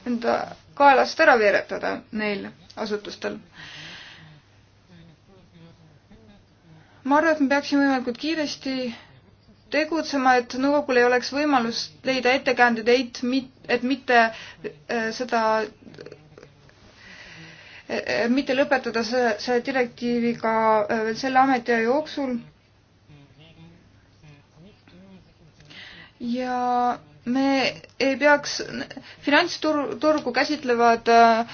enda kaelast ära veeretada neil asutustel. ma arvan, et me peaksime võimalikult kiiresti tegutsema, et nõukogul ei oleks võimalust leida ettekäändeid, et mit-, et mitte äh, seda, äh, mitte lõpetada selle, selle direktiiviga veel äh, selle ametiaja jooksul. ja me ei peaks, finantsturgu käsitlevad äh,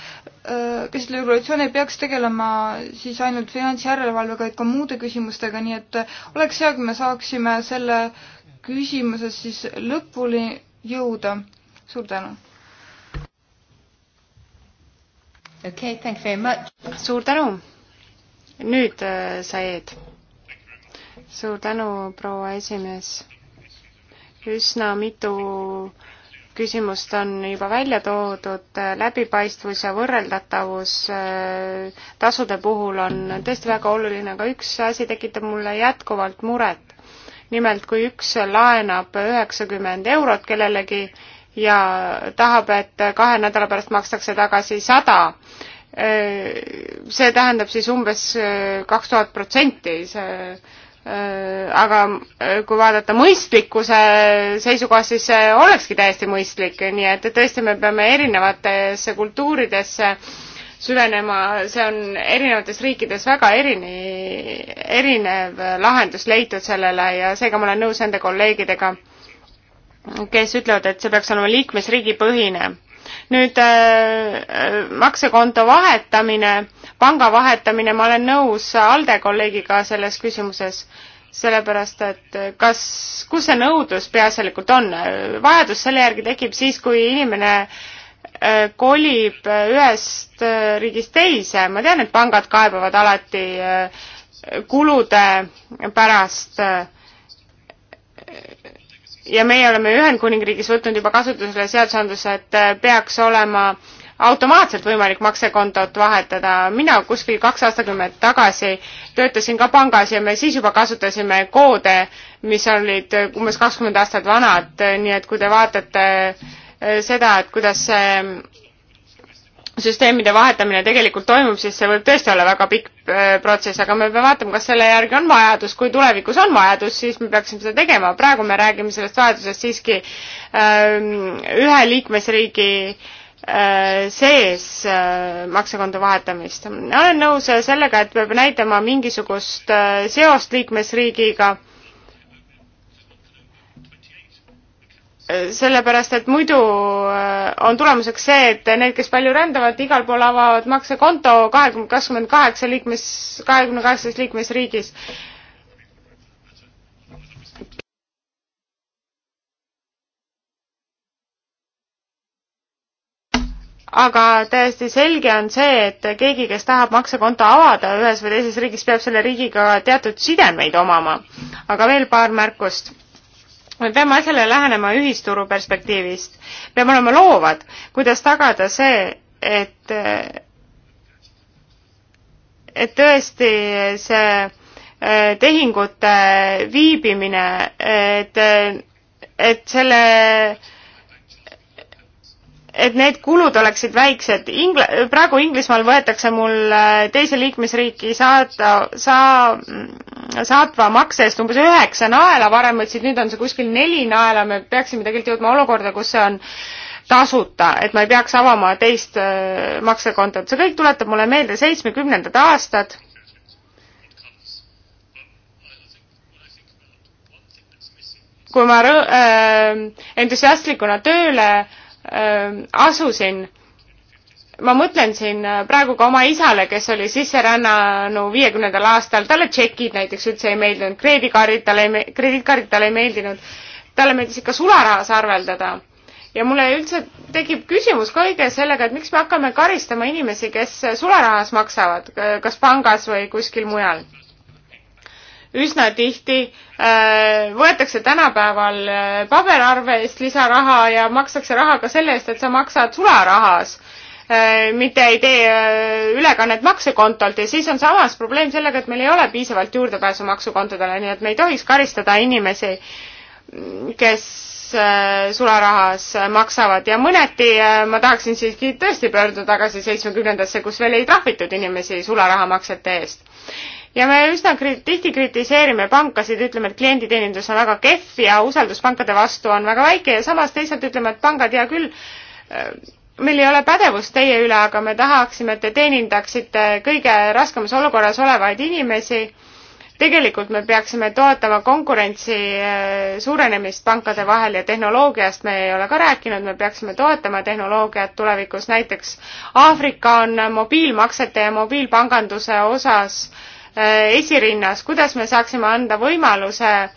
käsitlev regulatsioon ei peaks tegelema siis ainult finantsjärelevalvega, vaid ka muude küsimustega, nii et oleks hea, kui me saaksime selle küsimuses siis lõpuni jõuda. suur tänu! okei okay,, thank you very much! suur tänu! nüüd äh, sa, Ed. suur tänu, proua esimees! üsna mitu äh, küsimust on juba välja toodud, läbipaistvus ja võrreldatavus äh, tasude puhul on tõesti väga oluline, aga üks asi tekitab mulle jätkuvalt muret. nimelt, kui üks laenab üheksakümmend eurot kellelegi ja tahab, et kahe nädala pärast makstakse tagasi sada, äh, see tähendab siis umbes äh, kaks tuhat protsenti see Äh, aga äh, kui vaadata mõistlikkuse seisukohast, siis see olekski täiesti mõistlik, nii et tõesti, me peame erinevatesse kultuuridesse süvenema, see on erinevates riikides väga erine, erinev lahendus leitud sellele ja seega ma olen nõus nende kolleegidega, kes ütlevad, et see peaks olema liikmesriigi põhine nüüd äh, äh, maksekonto vahetamine, panga vahetamine, ma olen nõus Alde kolleegiga selles küsimuses, sellepärast et äh, kas, kus see nõudlus peaasjalikult on, vajadus selle järgi tekib siis, kui inimene äh, kolib äh, ühest äh, riigist teise, ma tean, et pangad kaebavad alati äh, kulude pärast ja meie oleme Ühendkuningriigis võtnud juba kasutusele seadusandluse, et äh, peaks olema automaatselt võimalik maksekontot vahetada. mina kuskil kaks aastakümmet tagasi töötasin ka pangas ja me siis juba kasutasime koode, mis olid äh, umbes kakskümmend aastat vanad, nii et kui te vaatate äh, seda, et kuidas see süsteemide vahetamine tegelikult toimub, siis see võib tõesti olla väga pikk äh, protsess, aga me peame vaatama, kas selle järgi on vajadus, kui tulevikus on vajadus, siis me peaksime seda tegema, praegu me räägime sellest vajadusest siiski ähm, ühe liikmesriigi äh, sees äh, maksekonto vahetamist. olen nõus sellega, et peab näitama mingisugust seost liikmesriigiga sellepärast, et muidu äh, on tulemuseks see, et need, kes palju rändavad, igal pool avavad maksekonto kahekümne, kakskümmend kaheksa liikmes, kahekümne kaheksas liikmesriigis. aga täiesti selge on see, et keegi, kes tahab maksekonto avada ühes või teises riigis, peab selle riigiga teatud sidemeid omama. aga veel paar märkust me peame asjale lähenema ühisturu perspektiivist. peame olema loovad, kuidas tagada see, et, et tõesti see äh, tehingute viibimine, et, et selle, et need kulud oleksid väiksed. Ingl-, praegu Inglismaal võetakse mul äh, teise liikmesriiki saada, saa-, saatva makse eest umbes üheksa naela, varem võtsid, nüüd on see kuskil neli naela, me peaksime tegelikult jõudma olukorda, kus see on tasuta, et ma ei peaks avama teist äh, maksekontot, see kõik tuletab mulle meelde seitsmekümnendad aastad kui ma rõ- äh,, entusiastlikuna tööle äh, asusin, ma mõtlen siin äh, praegu ka oma isale, kes oli sisserännanu viiekümnendal aastal, talle tšekid näiteks üldse ei meeldinud, kreedikaardid talle ei me-, krediitkaardid talle ei meeldinud, talle meeldis ikka sularahas arveldada. ja mulle üldse tekib küsimus kõige sellega, et miks me hakkame karistama inimesi, kes äh, sularahas maksavad, kas pangas või kuskil mujal. üsna tihti äh, võetakse tänapäeval äh, paberarve eest lisaraha ja makstakse raha ka selle eest, et sa maksad sularahas Äh, mitte ei tee äh, ülekannet maksekontolt ja siis on samas probleem sellega, et meil ei ole piisavalt juurdepääsu maksukontodele, nii et me ei tohiks karistada inimesi, kes äh, sularahas maksavad ja mõneti ma tahaksin siiski tõesti pöörduda tagasi seitsmekümnendasse, kus veel ei trahvitud inimesi sularahamaksete eest ja me üsna kri-, tihti kritiseerime pankasid, ütleme, et klienditeenindus on väga kehv ja usaldus pankade vastu on väga väike ja samas teisalt ütleme, et pangad, hea küll, meil ei ole pädevust teie üle, aga me tahaksime, et te teenindaksite kõige raskemas olukorras olevaid inimesi. tegelikult me peaksime toetama konkurentsi eh, suurenemist pankade vahel ja tehnoloogiast me ei ole ka rääkinud, me peaksime toetama tehnoloogiat tulevikus, näiteks Aafrika on mobiilmaksete ja mobiilpanganduse osas eh, esirinnas, kuidas me saaksime anda võimaluse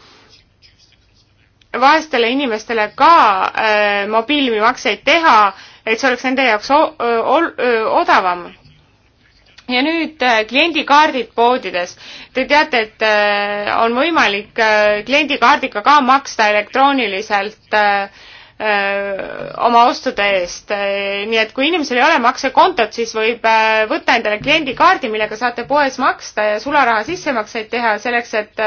vaestele inimestele ka äh, eh, mobiilmakseid teha et see oleks nende jaoks odavam ja nüüd äh, kliendikaardid poodides. Te teate, et äh, on võimalik äh, kliendikaardiga ka maksta elektrooniliselt äh, Äh, oma ostude eest. Äh, nii et kui inimesel ei ole maksekontot, siis võib äh, võtta endale kliendikaardi, millega saate poes maksta ja sularaha sissemakseid teha selleks, et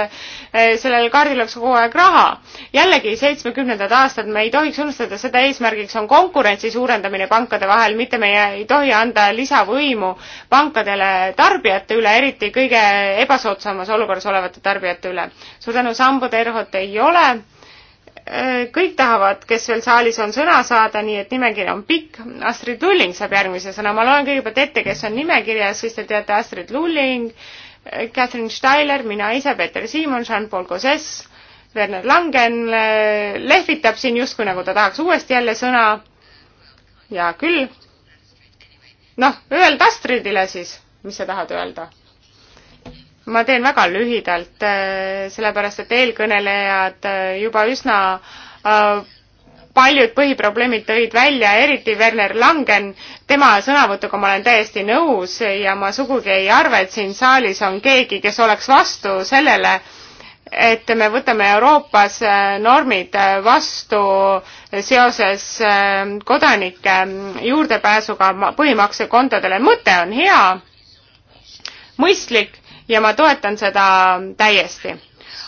sellel kaardil oleks kogu aeg raha. jällegi seitsmekümnendad aastad, me ei tohiks unustada seda, eesmärgiks on konkurentsi suurendamine pankade vahel, mitte me ei tohi anda lisavõimu pankadele tarbijate üle, eriti kõige ebasoodsamas olukorras olevate tarbijate üle. suur tänu, Sambo Terhot ei ole Äh, kõik tahavad, kes veel saalis on, sõna saada, nii et nimekiri on pikk. Astrid Lulling saab järgmise sõna, ma loen kõigepealt ette, kes on nimekirjas, siis te teate Astrid Lulling, äh, Catherine Steiler, mina ise, Peeter Siimon, Jean-Paul Gosses, Werner Langen äh, lehvitab siin justkui nagu ta tahaks uuesti jälle sõna. hea küll. noh, öelda Astridile siis, mis sa tahad öelda ma teen väga lühidalt, äh, sellepärast et eelkõnelejad äh, juba üsna äh, paljud põhiprobleemid tõid välja, eriti Werner Langen, tema sõnavõtuga ma olen täiesti nõus ja ma sugugi ei arva, et siin saalis on keegi, kes oleks vastu sellele, et me võtame Euroopas normid vastu seoses kodanike mm, juurdepääsuga põhimaksekontodele. mõte on hea, mõistlik ja ma toetan seda täiesti.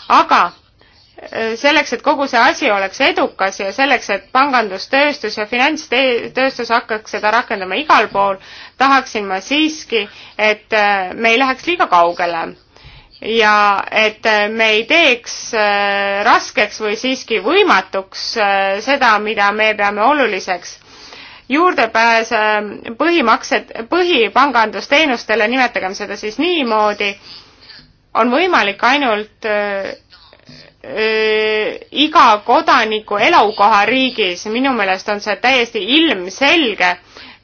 aga äh, selleks, et kogu see asi oleks edukas ja selleks, et pangandustööstus ja finantstööstus hakkaks seda rakendama igal pool, tahaksin ma siiski, et äh, me ei läheks liiga kaugele. ja et äh, me ei teeks raskeks või siiski võimatuks seda, mida me peame oluliseks juurdepääse äh, põhimaksed, põhipangandusteenustele, nimetagem seda siis niimoodi, on võimalik ainult öö, äh, öö, äh, iga kodaniku elukohariigis, minu meelest on see täiesti ilmselge.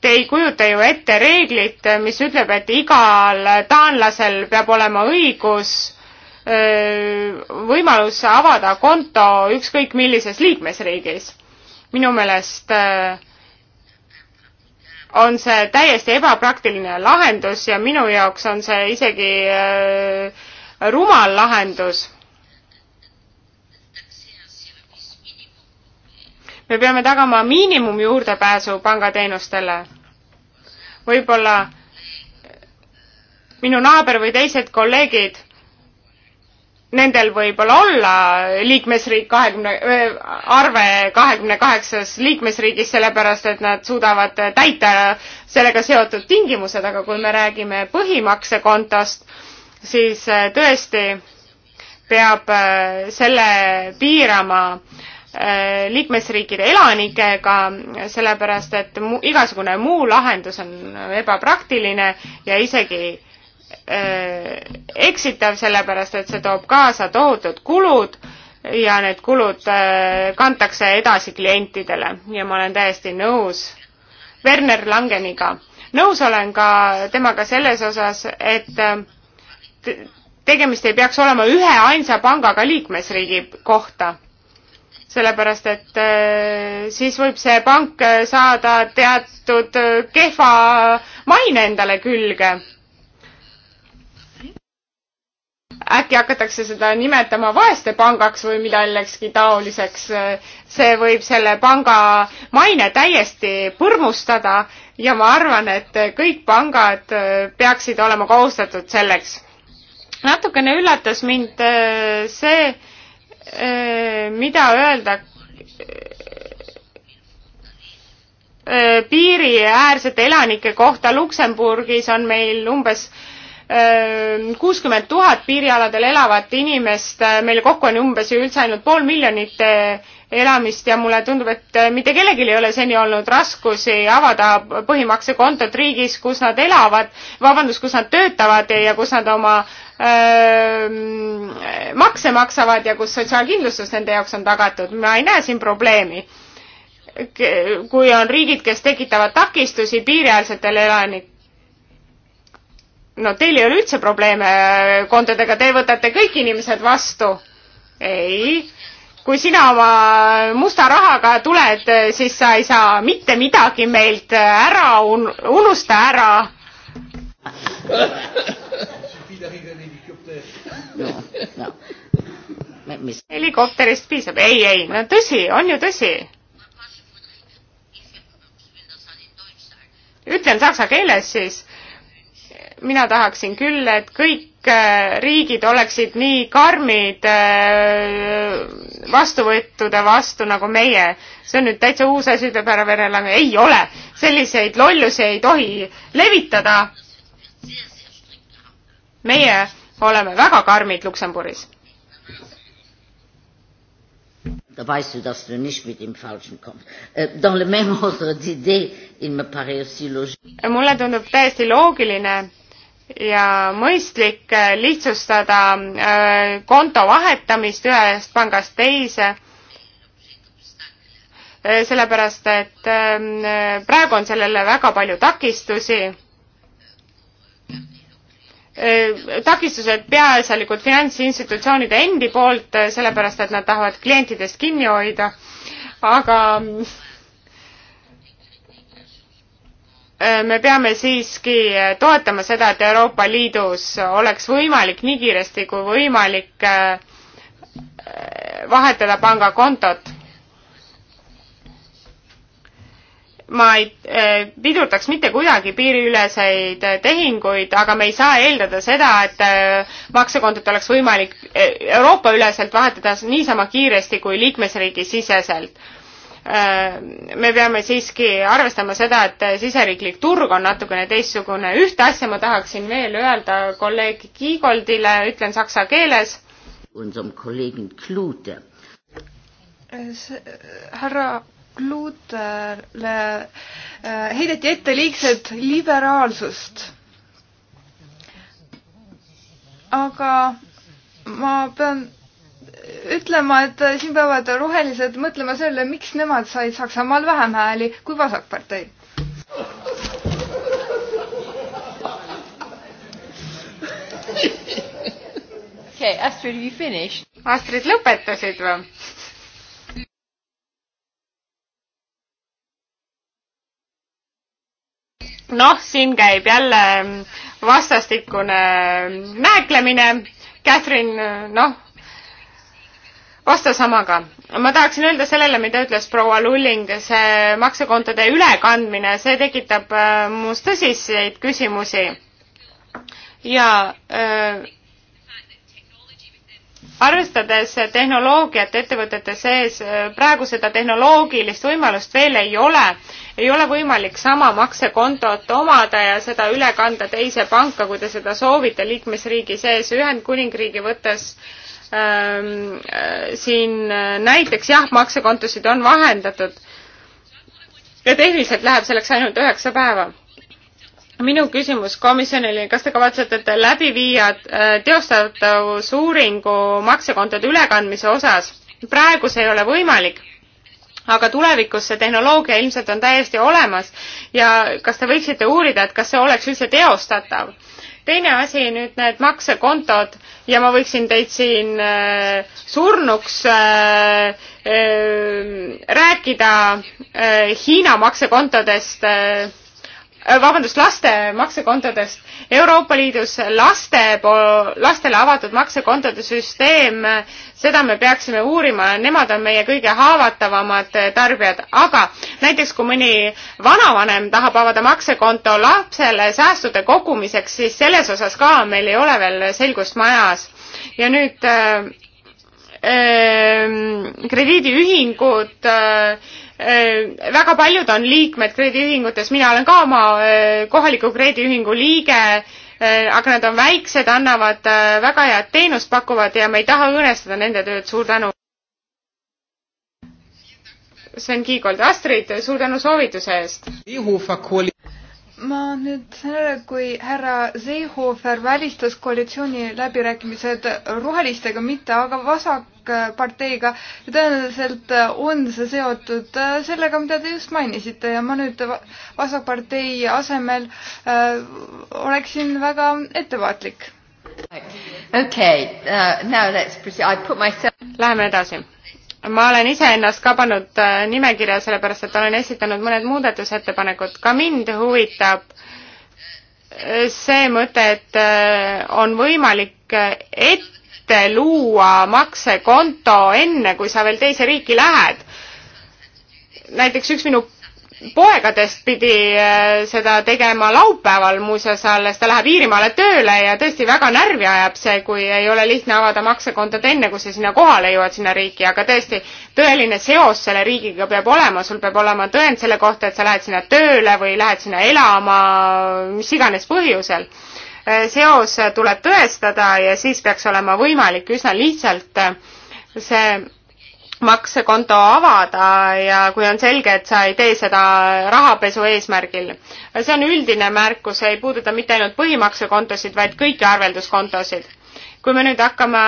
Te ei kujuta ju ette reeglit, mis ütleb, et igal taanlasel peab olema õigus öö, võimalus avada konto ükskõik millises liikmesriigis. minu meelest öö, on see täiesti ebapraktiline lahendus ja minu jaoks on see isegi äh, rumal lahendus. me peame tagama miinimum juurdepääsu pangateenustele. võib-olla minu naaber või teised kolleegid nendel võib-olla olla liikmesriik kahekümne, arve kahekümne kaheksas liikmesriigis, sellepärast et nad suudavad täita sellega seotud tingimused, aga kui me räägime põhimaksekontost, siis tõesti peab selle piirama liikmesriikide elanikega, sellepärast et mu, igasugune muu lahendus on ebapraktiline ja isegi äh, Äh, eksitav, sellepärast et see toob kaasa tohutud kulud ja need kulud äh, kantakse edasi klientidele ja ma olen täiesti nõus Werner Langeniga. nõus olen ka temaga selles osas, et äh, tegemist ei peaks olema ühe ainsa pangaga liikmesriigi kohta. sellepärast, et siis võib see pank saada teatud kehva maine endale külge äkki hakatakse seda nimetama vaestepangaks või millekski taoliseks. see võib selle panga maine täiesti põrmustada ja ma arvan, et kõik pangad peaksid olema kohustatud selleks. natukene üllatas mind äh, see, äh, mida öelda äh, piiriäärsete elanike kohta Luksemburgis on meil umbes kakssada Ehm, kuuskümmend tuhat piirialadel elavat inimest, äh, meil kokku on umbes ju üldse ainult pool miljonit elamist ja mulle tundub, et äh, mitte kellelgi ei ole seni olnud raskusi avada põhimaksekontot riigis, kus nad elavad, vabandust, kus nad töötavad ja kus nad oma öö, ehm, makse maksavad ja kus sotsiaalkindlustus nende jaoks on tagatud. ma ei näe siin probleemi. kui on riigid, kes tekitavad takistusi piiriäärsetele elanikele, no teil ei ole üldse probleeme äh, kontodega, te võtate kõik inimesed vastu. ei, kui sina oma musta rahaga tuled, äh, siis sa ei saa mitte midagi meilt äh, ära un-, unusta ära. helikopterist piisab, ei, ei, no tõsi, on ju tõsi. ütlen saksa keeles siis mina tahaksin küll, et kõik äh, riigid oleksid nii karmid äh, vastuvõttude vastu nagu meie. see on nüüd täitsa uus asi, ütleb härra Verelang, ei ole, selliseid lollusi ei tohi levitada. meie oleme väga karmid Luksemburgis. Da weißt du, dass du nicht mit dem Falschen kommst. Äh, dans le même ordre d'idée, il me paraît aussi logique. mulle tundub täiesti loogiline ja mõistlik lihtsustada äh, konto vahetamist ühest pangast teise, äh, sellepärast et ähm, praegu on sellele väga palju takistusi äh, takistused peaasjalikult finantsinstitutsioonide endi poolt, sellepärast et nad tahavad klientidest kinni hoida, aga Äh, me peame siiski äh, toetama seda, et Euroopa Liidus oleks võimalik nii kiiresti kui võimalik äh, vahetada pangakontot. ma ei pidurdaks mitte kuidagi piiriüleseid tehinguid, aga me ei saa eeldada seda, et maksekontot oleks võimalik Euroopa üleselt vahetada niisama kiiresti kui liikmesriigi siseselt Äh, me peame siiski arvestama seda, et siseriiklik turg on natukene teistsugune. ühte asja ma tahaksin veel öelda kolleeg Kiigoldile, ütlen saksa keeles. härra Klutele äh, heideti ette liigset liberaalsust. aga ma pean ütlema, et siin peavad rohelised mõtlema sellele, miks nemad said Saksamaal vähem hääli kui vasakpartei. okei okay,, Astrid, you finished? Astrid, lõpetasid või? noh, siin käib jälle vastastikune ähm, nääklemine. Catherine, äh, noh vastas samaga. ma tahaksin öelda sellele, mida ütles proua Lulling, see maksekontode ülekandmine, see tekitab äh, must tõsiseid küsimusi. ja äh, arvestades tehnoloogiat ettevõtete sees, äh, praegu seda tehnoloogilist võimalust veel ei ole, ei ole võimalik sama maksekontot omada ja seda üle kanda teise panka, kui te seda soovite liikmesriigi sees, Ühendkuningriigi võttes äh, ähm, siin äh, näiteks jah, maksekontosid on vahendatud ja tehniliselt läheb selleks ainult üheksa päeva. minu küsimus komisjonile, kas te kavatsete läbi viia äh, teostatavusuuringu maksekontode ülekandmise osas? praegu see ei ole võimalik aga tulevikus see tehnoloogia ilmselt on täiesti olemas ja kas te võiksite uurida, et kas see oleks üldse teostatav? teine asi nüüd need maksekontod, ja ma võiksin teid siin äh, surnuks äh, äh, rääkida äh, Hiina maksekontodest äh, Äh, vabandust, laste maksekontodest. Euroopa Liidus laste, lastele avatud maksekontode süsteem, seda me peaksime uurima, nemad on meie kõige haavatavamad tarbijad, aga näiteks kui mõni vanavanem tahab avada maksekonto lapsele säästude kogumiseks, siis selles osas ka meil ei ole veel selgust majas. ja nüüd äh, äh, krediidiühingud äh, Äh, väga paljud on liikmed krediidiühingutes, mina olen ka oma äh, kohaliku krediidiühingu liige, äh, aga nad on väiksed, annavad väga head teenust, pakuvad ja me ei taha õõnestada nende tööd, suur tänu. Sven Kiigold, Astrid, suur tänu soovituse eest ma nüüd, kui härra Seehofer välistas koalitsiooni läbirääkimised rohelistega, mitte aga vasakparteiga, tõenäoliselt on see seotud äh, sellega, mida te just mainisite ja ma nüüd vasakpartei asemel äh, oleksin väga ettevaatlik. okei okay, uh,, now let's proceed, I put myself. Läheme edasi ma olen iseennast ka pannud äh, nimekirja, sellepärast et olen esitanud mõned muudatusettepanekud. ka mind huvitab äh, see mõte, et äh, on võimalik ette luua maksekonto enne, kui sa veel teise riiki lähed. näiteks üks minu poegadest pidi eh, seda tegema laupäeval muuseas alles, ta läheb Iirimaale tööle ja tõesti väga närvi ajab see, kui ei ole lihtne avada maksekontot enne, kui sa sinna kohale jõuad, sinna riiki, aga tõesti, tõeline seos selle riigiga peab olema, sul peab olema tõend selle kohta, et sa lähed sinna tööle või lähed sinna elama, mis iganes põhjusel. Eh, seos tuleb tõestada ja siis peaks olema võimalik üsna lihtsalt eh, see maksekonto avada ja kui on selge, et sa ei tee seda rahapesu eesmärgil. see on üldine märkus, ei puuduta mitte ainult põhimaksekontosid, vaid kõiki arvelduskontosid. kui me nüüd hakkame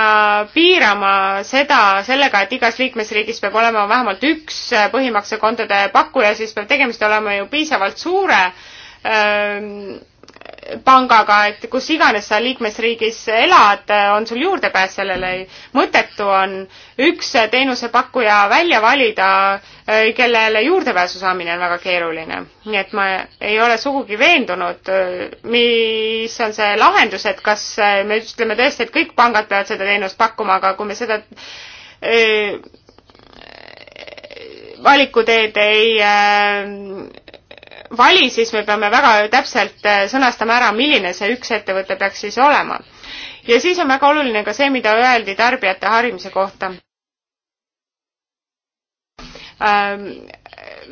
piirama seda sellega, et igas liikmesriigis peab olema vähemalt üks põhimaksekontode pakkuja, siis peab tegemist olema ju piisavalt suure öö, ähm, pangaga, et kus iganes sa liikmesriigis elad, on sul juurdepääs sellele. mõttetu on üks teenusepakkuja välja valida, eh, kellele juurdepääsu saamine on väga keeruline. nii et ma ei ole sugugi veendunud, eh, mis on see lahendus, et kas eh, me ütleme tõesti, et kõik pangad peavad seda teenust pakkuma, aga kui me seda valikuteed ei vali, siis me peame väga täpselt äh, sõnastama ära, milline see üks ettevõte peaks siis olema. ja siis on väga oluline ka see, mida öeldi tarbijate harimise kohta. Ähm,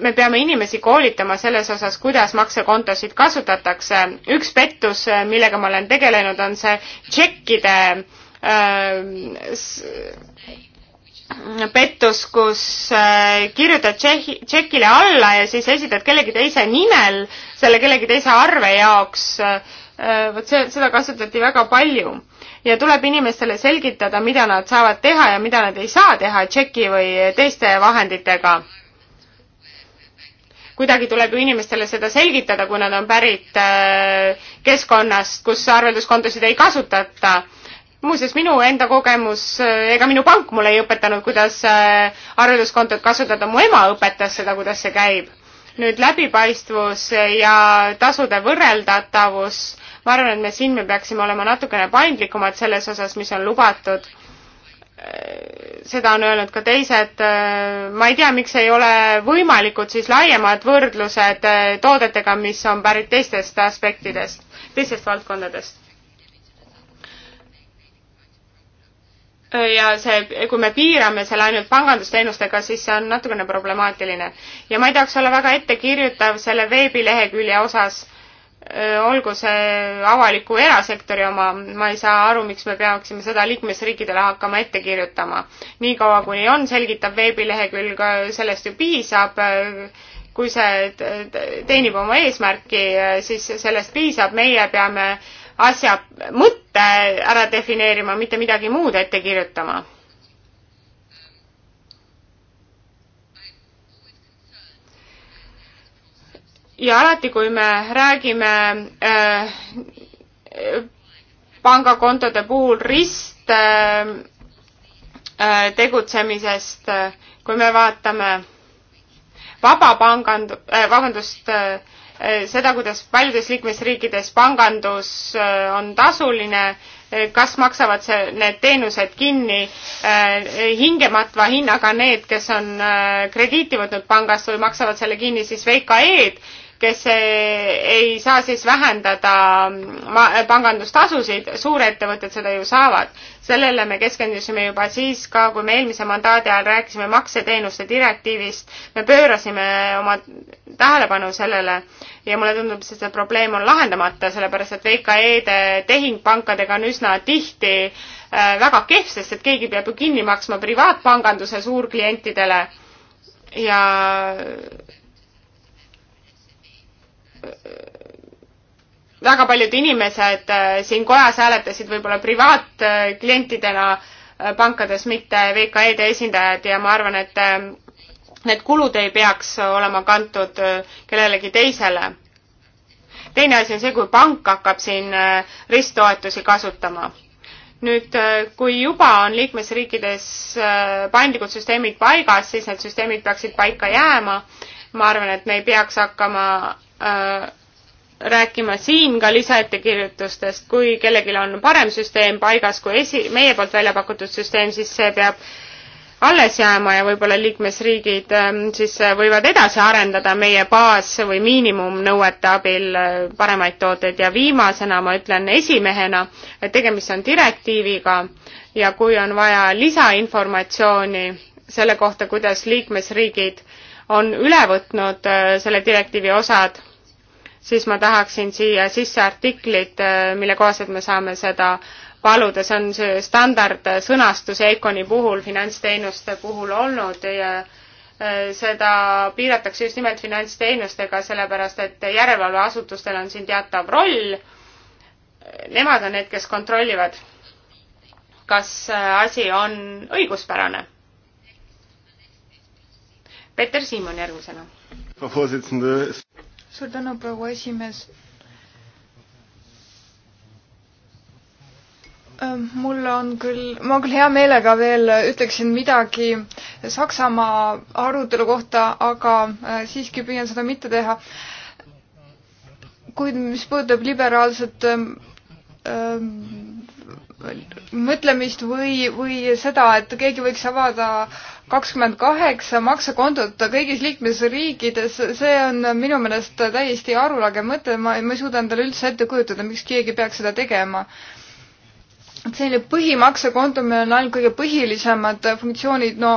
me peame inimesi koolitama selles osas, kuidas maksekontosid kasutatakse. üks pettus, äh, millega ma olen tegelenud, on see tšekkide ähm, pettus, kus äh, kirjutad tšehhi, tšekile alla ja siis esitad kellegi teise nimel selle kellegi teise arve jaoks. Äh, vot see, seda kasutati väga palju ja tuleb inimestele selgitada, mida nad saavad teha ja mida nad ei saa teha tšeki või teiste vahenditega. kuidagi tuleb ju inimestele seda selgitada, kui nad on pärit äh, keskkonnast, kus arvelduskontosid ei kasutata muuseas, minu enda kogemus, ega minu pank mulle ei õpetanud, kuidas äh, arvelduskontot kasutada, mu ema õpetas seda, kuidas see käib. nüüd läbipaistvus ja tasude võrreldatavus, ma arvan, et me siin me peaksime olema natukene paindlikumad selles osas, mis on lubatud äh, seda on öelnud ka teised, äh, ma ei tea, miks ei ole võimalikud siis laiemad võrdlused toodetega, mis on pärit teistest aspektidest, teistest valdkondadest. ja see, kui me piirame selle ainult pangandusteenustega, siis see on natukene problemaatiline. ja ma ei tahaks olla väga ettekirjutav selle veebilehekülje osas, olgu see avaliku erasektori oma, ma ei saa aru, miks me peaksime seda liikmesriikidele hakkama ette kirjutama. niikaua, kuni on selgitav veebilehekülg, sellest ju piisab, kui see teenib oma eesmärki, siis sellest piisab, meie peame äh, asja mõtte ära defineerima, mitte midagi muud ette kirjutama. ja alati, kui me räägime äh, pangakontode puhul rist äh, tegutsemisest, äh, kui me vaatame vaba pangand- äh,, vabandust äh,, Eh, seda, kuidas paljudes liikmesriikides pangandus eh, on tasuline, eh, kas maksavad see, need teenused kinni hingematva hinnaga need, kes on krediiti võtnud pangast või maksavad selle kinni siis VKE-d kes eh, ei saa siis vähendada mm, pangandustasusid, suurettevõtted seda ju saavad. sellele me keskendusime juba siis ka, kui me eelmise mandaadi ajal rääkisime makseteenuste direktiivist, me pöörasime oma tähelepanu sellele ja mulle tundub, et see probleem on lahendamata, sellepärast et VKE-de tehing pankadega on üsna tihti eh, väga kehv, sest et keegi peab ju kinni maksma privaatpanganduse suurklientidele ja väga paljud inimesed äh, siin kojas hääletasid võib-olla privaatklientidena äh, pankades, mitte VKE-de esindajad ja ma arvan, et äh, need kulud ei peaks olema kantud kellelegi teisele. teine asi on see, kui pank hakkab siin risttoetusi kasutama. nüüd, kui juba on liikmesriikides paindlikud süsteemid paigas, siis need süsteemid peaksid paika jääma. ma arvan, et me ei peaks hakkama äh, rääkima siin ka lisaettekirjutustest, kui kellelgi on parem süsteem paigas kui esi, meie poolt välja pakutud süsteem, siis see peab alles jääma ja võib-olla liikmesriigid ähm, siis äh, võivad edasi arendada meie baas- või miinimumnõuete abil äh, paremaid tooteid ja viimasena ma ütlen esimehena, et tegemist on direktiiviga ja kui on vaja lisainformatsiooni selle kohta, kuidas liikmesriigid on üle võtnud äh, selle direktiivi osad, siis ma tahaksin siia sisse artiklit, äh, mille kohaselt me saame seda paluda, see on see standardsõnastus EKONi puhul, finantsteenuste puhul olnud ja äh, seda piiratakse just nimelt finantsteenustega, sellepärast et järelevalveasutustel on siin teatav roll. Nemad on need, kes kontrollivad, kas äh, asi on õiguspärane. Peeter Siimon järgmisena suur tänu, proua esimees. Äh, mul on küll, ma küll hea meelega veel ütleksin midagi Saksamaa arutelu kohta, aga äh, siiski püüan seda mitte teha. kuid mis puudutab liberaalset ähm, ähm mõtlemist või, või seda, et keegi võiks avada kakskümmend kaheksa maksekontot kõigis liikmesriikides, see on minu meelest täiesti arulage mõte, ma, ma ei suuda endale üldse ette kujutada, miks keegi peaks seda tegema. et selline põhimaksekonto, meil on ainult kõige põhilisemad funktsioonid, no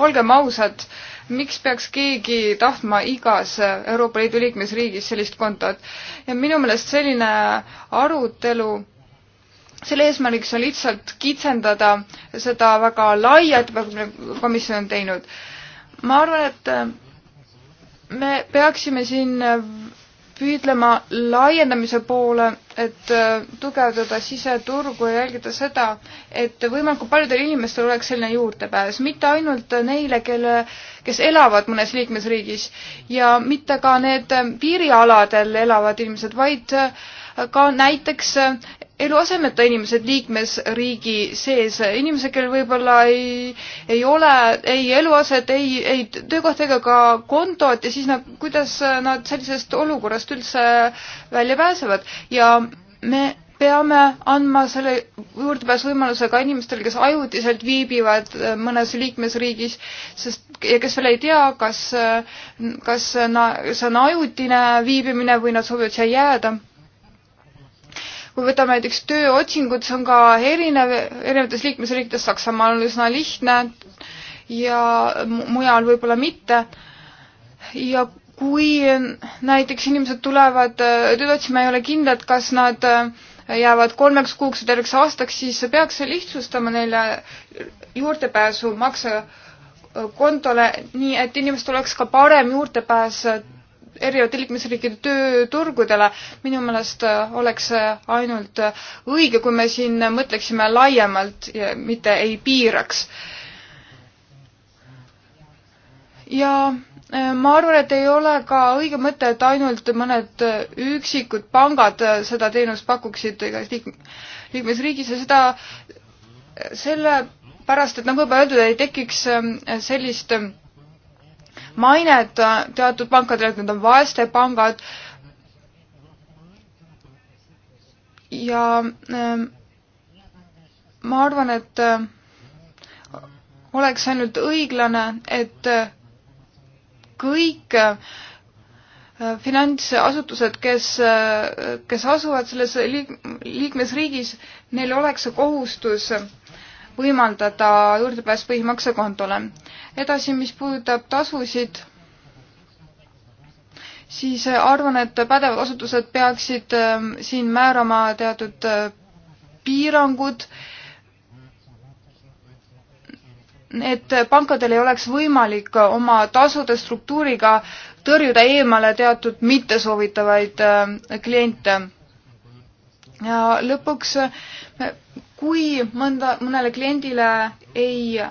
olgem ausad, miks peaks keegi tahtma igas Euroopa Liidu liikmesriigis sellist kontot? ja minu meelest selline arutelu selle eesmärgiks on lihtsalt kitsendada seda väga laia ettepanekut, komisjon on teinud. ma arvan, et äh, me peaksime siin äh, püüdlema laiendamise poole, et äh, tugevdada siseturgu ja jälgida seda, et võimalikult paljudel inimestel oleks selline juurdepääs, mitte ainult neile, kelle, kes elavad mõnes liikmesriigis ja mitte ka need piirialadel elavad inimesed, vaid ka näiteks eluasemeta inimesed liikmesriigi sees, inimesed, kellel võib-olla ei, ei ole ei eluaset, ei, ei töökohta ega ka kontot ja siis nad, kuidas nad sellisest olukorrast üldse välja pääsevad ja me peame andma selle juurdepääsuvõimaluse ka inimestele, kes ajutiselt viibivad mõnes liikmesriigis, sest ja kes veel ei tea, kas, kas na, see on ajutine viibimine või nad soovivad siia jääda kui võtame näiteks tööotsingud, see on ka erinev, erinevates liikmesriikides, Saksamaal on üsna lihtne ja mujal võib-olla mitte. ja kui näiteks inimesed tulevad äh, tööd otsima, ei ole kindlad, kas nad äh, jäävad kolmeks kuuks või terveks aastaks, siis peaks see lihtsustama neile juurdepääsu maksekontole, nii et inimestel oleks ka parem juurdepääs erinevate liikmesriikide tööturgudele, minu meelest äh, oleks see ainult äh, õige, kui me siin mõtleksime laiemalt ja mitte ei piiraks. ja äh, ma arvan, et ei ole ka õige mõte, et ainult mõned üksikud pangad seda teenust pakuksid igas liik-, liikmesriigis ja seda, selle pärast, et nagu juba öeldud, ei tekiks sellist mainet äh, teatud pankadele, et need on vaeste pangad. ja ähm, ma arvan, et äh, oleks ainult õiglane, et äh, kõik finantsasutused, kes, kes asuvad selles liik-, liikmesriigis, neil oleks see kohustus võimaldada juurdepääs põhimaksekontole. edasi, mis puudutab tasusid, siis arvan, et pädevad asutused peaksid ähm, siin määrama teatud äh, piirangud, et pankadel ei oleks võimalik oma tasude struktuuriga tõrjuda eemale teatud mittesoovitavaid äh, kliente. ja lõpuks äh, kui mõnda, mõnele kliendile ei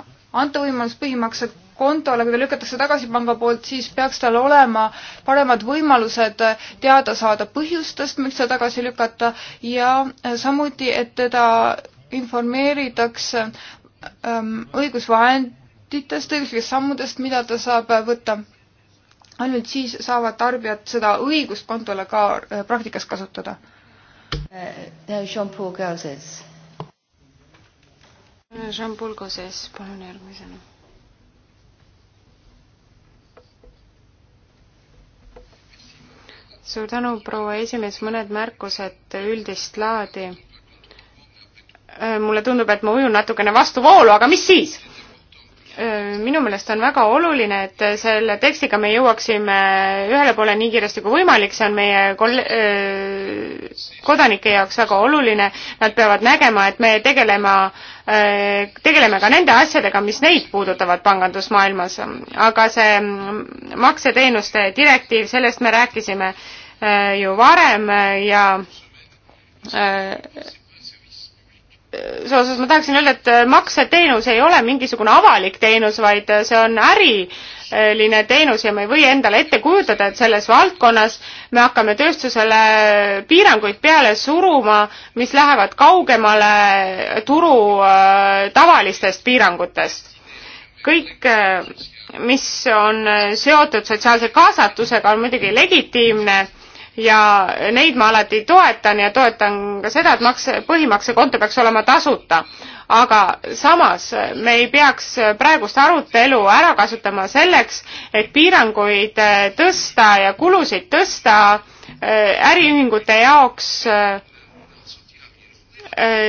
anta võimalust põhimakset kontole, kui ta lükatakse tagasi panga poolt, siis peaks tal olema paremad võimalused teada saada põhjustest, miks ta tagasi lükata ja samuti, et teda informeeritakse ähm, õigusvahenditest, õiguslikest sammudest, mida ta saab võtta. ainult siis saavad tarbijad seda õigust kontole ka äh, praktikas kasutada. Uh, Jean-Paul Gauzes Jean Paul Gosses, palun järgmisena. suur tänu, proua esimees, mõned märkused üldist laadi. mulle tundub, et ma ujun natukene vastuvoolu, aga mis siis? minu meelest on väga oluline, et selle tekstiga me jõuaksime ühele poole nii kiiresti kui võimalik, see on meie kol-, kodanike jaoks väga oluline, nad peavad nägema, et me tegelema, tegeleme ka nende asjadega, mis neid puudutavad pangandusmaailmas. aga see mm, makseteenuste direktiiv, sellest me rääkisime ju varem ja seoses ma tahaksin öelda, et äh, makseteenus ei ole mingisugune avalik teenus, vaid äh, see on äriline teenus ja me ei või endale ette kujutada, et selles valdkonnas me hakkame tööstusele piiranguid peale suruma, mis lähevad kaugemale turu äh, tavalistest piirangutest. kõik, mis on seotud sotsiaalse kaasatusega, on muidugi legitiimne ja neid ma alati toetan ja toetan ka seda, et makse, põhimaksekonto peaks olema tasuta. aga samas me ei peaks praegust arutelu ära kasutama selleks, et piiranguid äh, tõsta ja kulusid tõsta äh, äriühingute jaoks, äh,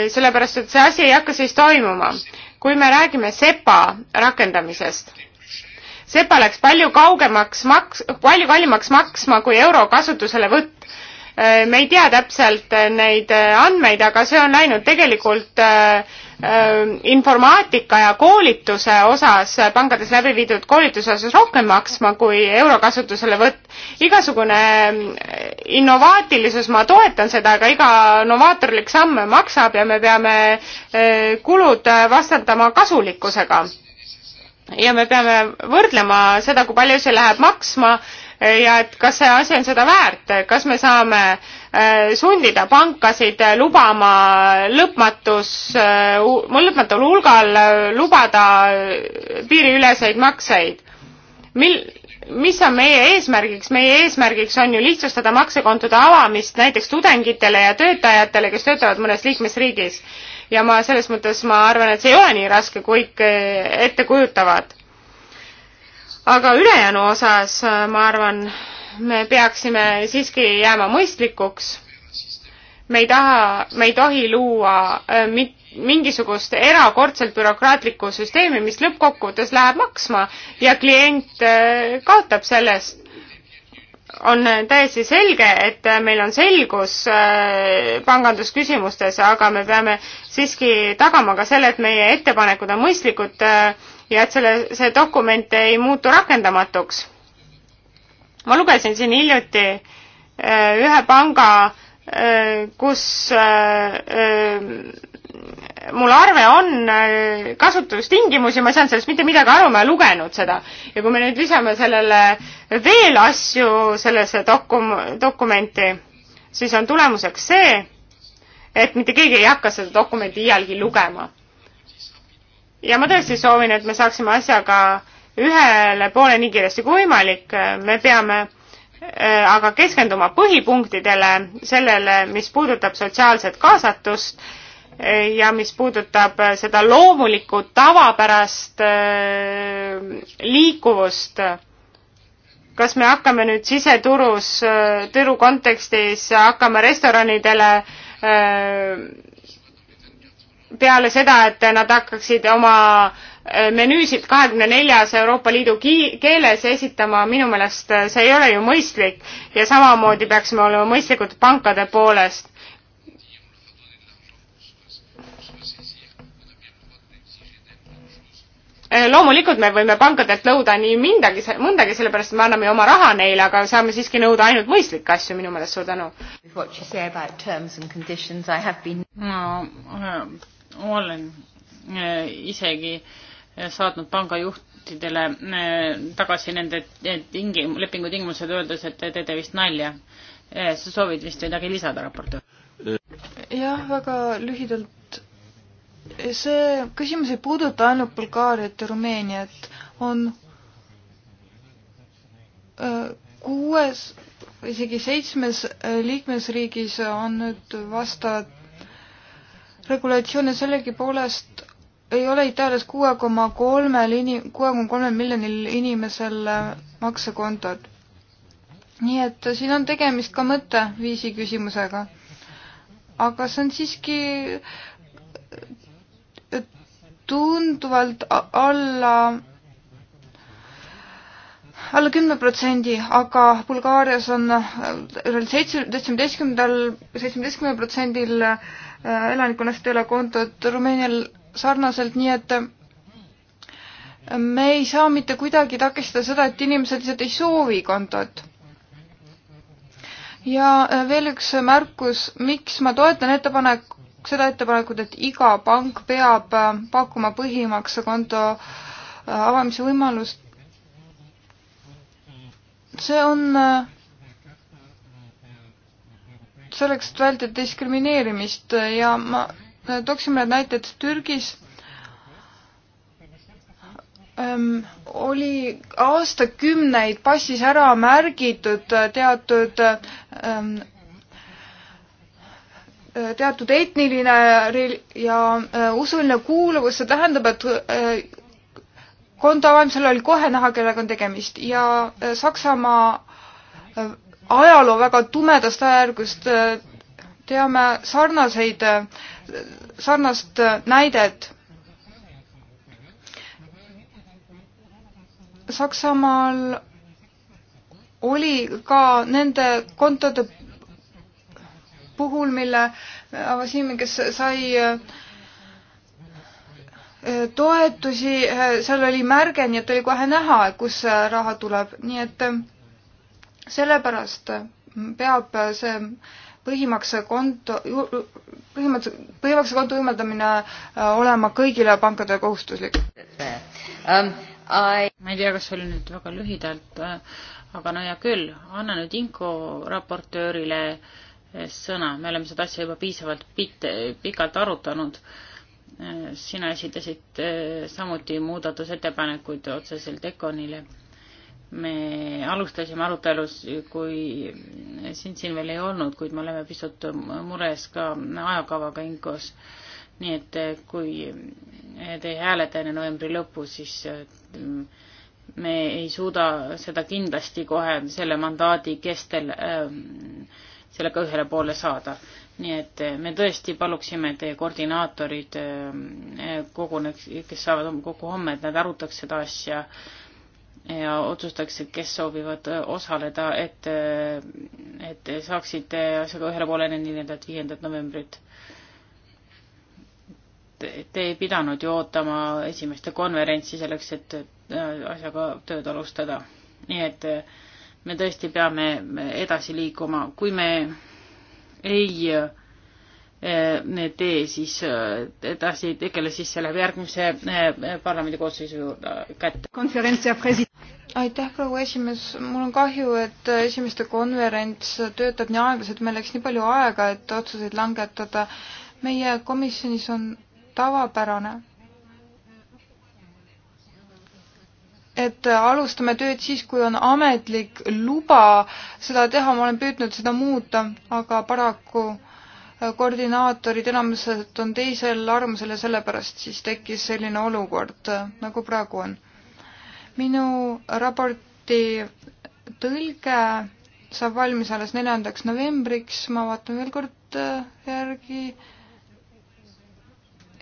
sellepärast et see asi ei hakka siis toimuma. kui me räägime SEPA rakendamisest sepa läks palju kaugemaks maks-, palju kallimaks maksma kui euro kasutuselevõtt. Äh, me ei tea täpselt äh, neid äh, andmeid, aga see on läinud tegelikult informaatika ja koolituse osas, pankades läbi viidud koolituse osas rohkem maksma kui euro kasutuselevõtt. igasugune innovaatilisus, ma toetan seda, aga iga novaatorlik samm maksab ja me peame kulud vastandama kasulikkusega ja me peame võrdlema seda, kui palju see läheb maksma e, ja et kas see asi on seda väärt, kas me saame e, sundida pankasid lubama lõpmatus, e, lõpmatul hulgal lubada piiriüleseid makseid. mil-, mis on meie eesmärgiks, meie eesmärgiks on ju lihtsustada maksekontode avamist näiteks tudengitele ja töötajatele, kes töötavad mõnes liikmesriigis ja ma selles mõttes, ma arvan, et see ei ole nii raske, kui ette kujutavad. aga ülejäänu osas, äh, ma arvan, me peaksime siiski jääma mõistlikuks. me ei taha, me ei tohi luua äh, mit-, mingisugust erakordselt bürokraatlikku süsteemi, mis lõppkokkuvõttes läheb maksma ja klient äh, kaotab sellest on täiesti selge, et meil on selgus äh, pangandusküsimustes, aga me peame siiski tagama ka selle, et meie ettepanekud on mõistlikud äh, ja et selle, see dokument ei muutu rakendamatuks. ma lugesin siin hiljuti äh, ühe panga, kus mul arve on äh, kasutustingimusi, ma ei saanud sellest mitte midagi aru, ma ei lugenud seda. ja kui me nüüd lisame sellele veel asju sellesse dokum-, dokumenti, siis on tulemuseks see, et mitte keegi ei hakka seda dokumenti iialgi lugema. ja ma tõesti soovin, et me saaksime asjaga ühele poole nii kiiresti kui võimalik, me peame äh, aga keskenduma põhipunktidele, sellele, mis puudutab sotsiaalset kaasatust ja mis puudutab äh, seda loomulikku tavapärast äh, liikuvust, kas me hakkame nüüd siseturus, äh, turu kontekstis hakkame restoranidele peale seda, et nad hakkaksid oma menüüsid kahekümne neljas Euroopa Liidu keeles esitama, minu meelest see ei ole ju mõistlik ja samamoodi peaksime olema mõistlikud pankade poolest Äh, loomulikult me võime pankadelt nõuda nii mindagi, mõndagi, sellepärast et me anname ju oma raha neile, aga saame siiski nõuda ainult mõistlikke asju minu meelest, suur tänu. ma äh, olen äh, isegi saatnud pangajuhtidele tagasi nende tingim-, lepingu tingimused, öeldes, et te teete vist nalja. sa soovid vist midagi lisada raportööri? jah, väga lühidalt see küsimus ei puuduta ainult Bulgaariat ja Rumeeniat, on äh, kuues või isegi seitsmes äh, liikmesriigis on nüüd vastavad regulatsioone, sellegipoolest ei ole Itaalias kuue koma kolmel ini-, kuue koma kolmel miljonil inimesel äh, maksekontod. nii et siin on tegemist ka mõtteviisi küsimusega. aga see on siiski tunduvalt alla alla kümne protsendi, aga Bulgaarias on seitse, seitsmeteistkümnendal, seitsmeteistkümnel protsendil äh, elanikkonnast ei ole kontot, Rumeenial sarnaselt, nii et äh, me ei saa mitte kuidagi takistada seda, et inimesed lihtsalt ei soovi kontot. ja äh, veel üks märkus, miks ma toetan ettepanekut, seda ettepanekut, et iga pank peab äh, pakkuma põhimaksekonto äh, avamise võimalust. see on äh, selleks, et vältida diskrimineerimist ja ma tooksin mõned näited Türgis ähm, oli aastakümneid passis ära märgitud teatud ähm, Äh, teatud etniline ja äh, usuline kuuluvus, see tähendab, et äh, konto avamisel oli kohe näha, kellega on tegemist ja Saksamaa ajaloo väga tumedast ajajärgust teame sarnaseid, sarnast näidet. Saksamaal oli ka nende kontode puhul, mille äh, Avasimi, kes sai äh, äh, toetusi, seal oli märge, nii et oli kohe näha, kust see raha tuleb, nii et sellepärast peab see põhimaksekonto, põhimõtteliselt põhimaksekonto võimaldamine olema kõigile pankadele kohustuslik um,. I... ma ei tea, kas see oli nüüd väga lühidalt, aga no hea küll, anna nüüd Inko raportöörile äh, sõna, me oleme seda asja juba piisavalt pit-, pikalt arutanud. sina esitasid samuti muudatusettepanekuid otseselt Econile. me alustasime arutelus, kui sind siin veel ei olnud, kuid me oleme pisut mures ka ajakavaga Inkos. nii et kui te ei hääleta enne novembri lõppu, siis me ei suuda seda kindlasti kohe selle mandaadi kestel äh, sellega ühele poole saada. nii et eh, me tõesti paluksime, et teie koordinaatorid eh, eh, koguneks, kes saavad kokku homme, et nad arutaks seda asja ja otsustaksid, kes soovivad osaleda, et, et saaksid asjaga ühele poole enne neljandat, viiendat novembrit. Te ei pidanud ju ootama esimeste konverentsi selleks, et asjaga tööd alustada. nii et äh, me tõesti peame edasi liikuma, kui me ei eh, tee, siis eh, edasi ei tegele, siis see läheb järgmise eh, parlamendi koosseisu kätte. aitäh, proua esimees, mul on kahju, et esimeste konverents töötab nii aeglaselt, meil läks nii palju aega, et otsuseid langetada. meie komisjonis on tavapärane, et alustame tööd siis, kui on ametlik luba seda teha, ma olen püüdnud seda muuta, aga paraku koordinaatorid enamuselt on teisel arvamusel ja sellepärast siis tekkis selline olukord, nagu praegu on. minu raporti tõlge saab valmis alles neljandaks novembriks, ma vaatan veel kord järgi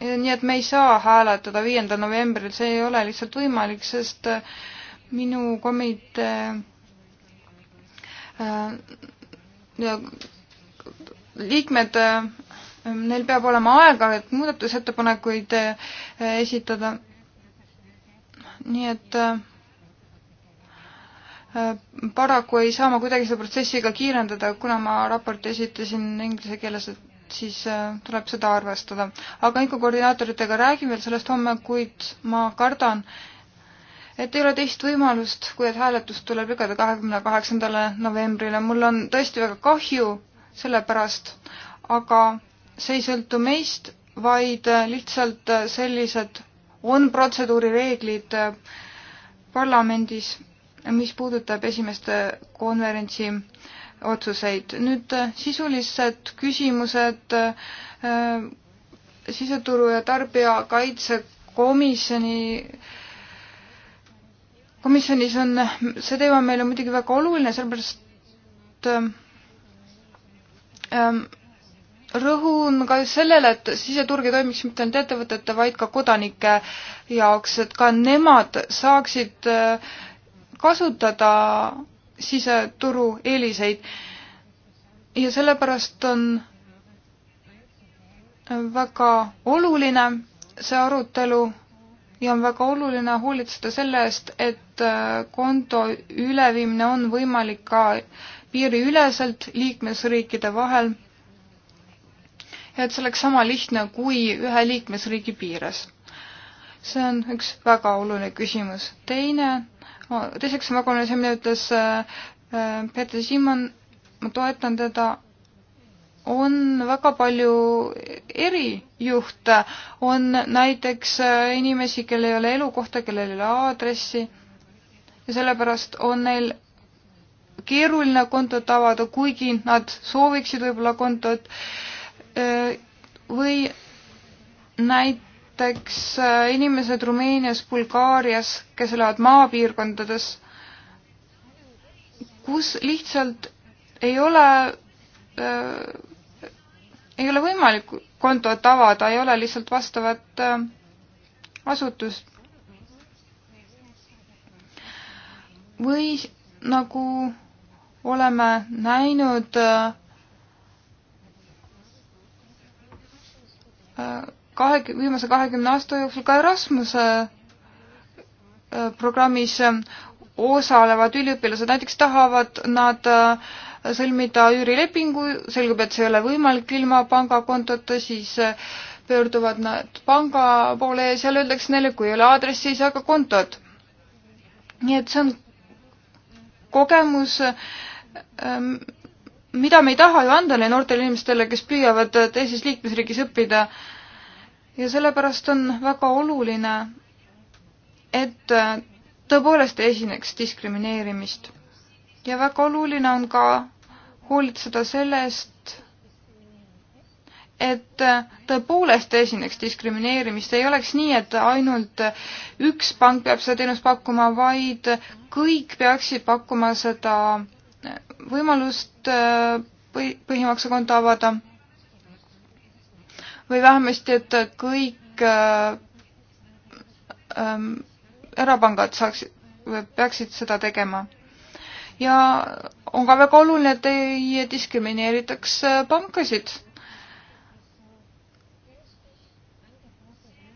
nii et me ei saa hääletada viiendal novembril, see ei ole lihtsalt võimalik, sest äh, minu komitee äh, liikmed, äh, neil peab olema aega, et muudatusettepanekuid esitada. nii et paraku ei saa ma kuidagi seda protsessi ka kiirendada, kuna ma raporti esitasin inglise keeles, et siis äh, tuleb seda arvestada. aga ikka koordinaatoritega räägin veel sellest homme, kuid ma kardan, et ei ole teist võimalust, kui et hääletus tuleb lükata kahekümne kaheksandale novembrile. mul on tõesti väga kahju selle pärast, aga see ei sõltu meist, vaid äh, lihtsalt äh, sellised on protseduurireeglid parlamendis, mis puudutab esimeste konverentsi äh, otsuseid. nüüd äh, sisulised küsimused äh, siseturu ja tarbijakaitsekomisjoni komisjonis on see teema meile muidugi väga oluline, sellepärast äh, ähm, rõhun ka sellele, et siseturg ei toimiks mitte ainult ettevõtete, vaid ka kodanike jaoks, et ka nemad saaksid kasutada siseturu eeliseid. ja sellepärast on väga oluline see arutelu ja on väga oluline hoolitseda selle eest, et äh, konto üleviimine on võimalik ka piiriüleselt liikmesriikide vahel. ja et see oleks sama lihtne kui ühe liikmesriigi piires. see on üks väga oluline küsimus. teine teiseks on väga oluline see, mida ütles äh, äh, Peeter Simon, ma toetan teda, on väga palju erijuhte, on näiteks äh, inimesi, kellel ei ole elukohta, kellel ei ole aadressi ja sellepärast on neil keeruline kontot avada, kuigi nad sooviksid võib-olla kontot või näit-, näiteks äh, inimesed Rumeenias, Bulgaarias, kes elavad maapiirkondades, kus lihtsalt ei ole äh,, ei ole võimalik kontot avada, ei ole lihtsalt vastavat äh, asutust. või nagu oleme näinud äh, äh kahekümne, viimase kahekümne aasta jooksul ka Erasmuse äh, programmis äh, osalevad üliõpilased, näiteks tahavad nad äh, sõlmida üürilepingu, selgub, et see ei ole võimalik ilma pangakontota, siis pöörduvad nad panga poole ja seal öeldakse neile, kui ei ole aadressi, ei saa ka kontot. nii et see on kogemus, mida me ei taha ju anda neile noortele inimestele, kes püüavad teises liikmesriigis õppida äh, ja sellepärast on väga oluline, et tõepoolest ei esineks diskrimineerimist. ja väga oluline on ka hoolitseda selle eest, et tõepoolest ei esineks diskrimineerimist, ei oleks nii, et ainult üks pank peab seda teenust pakkuma, vaid kõik peaksid pakkuma seda võimalust äh, põhimaksekonto avada või vähemasti, et kõik äh, ähm, erapangad saaks, peaksid seda tegema. ja on ka väga oluline, et ei diskrimineeritaks äh, pankasid.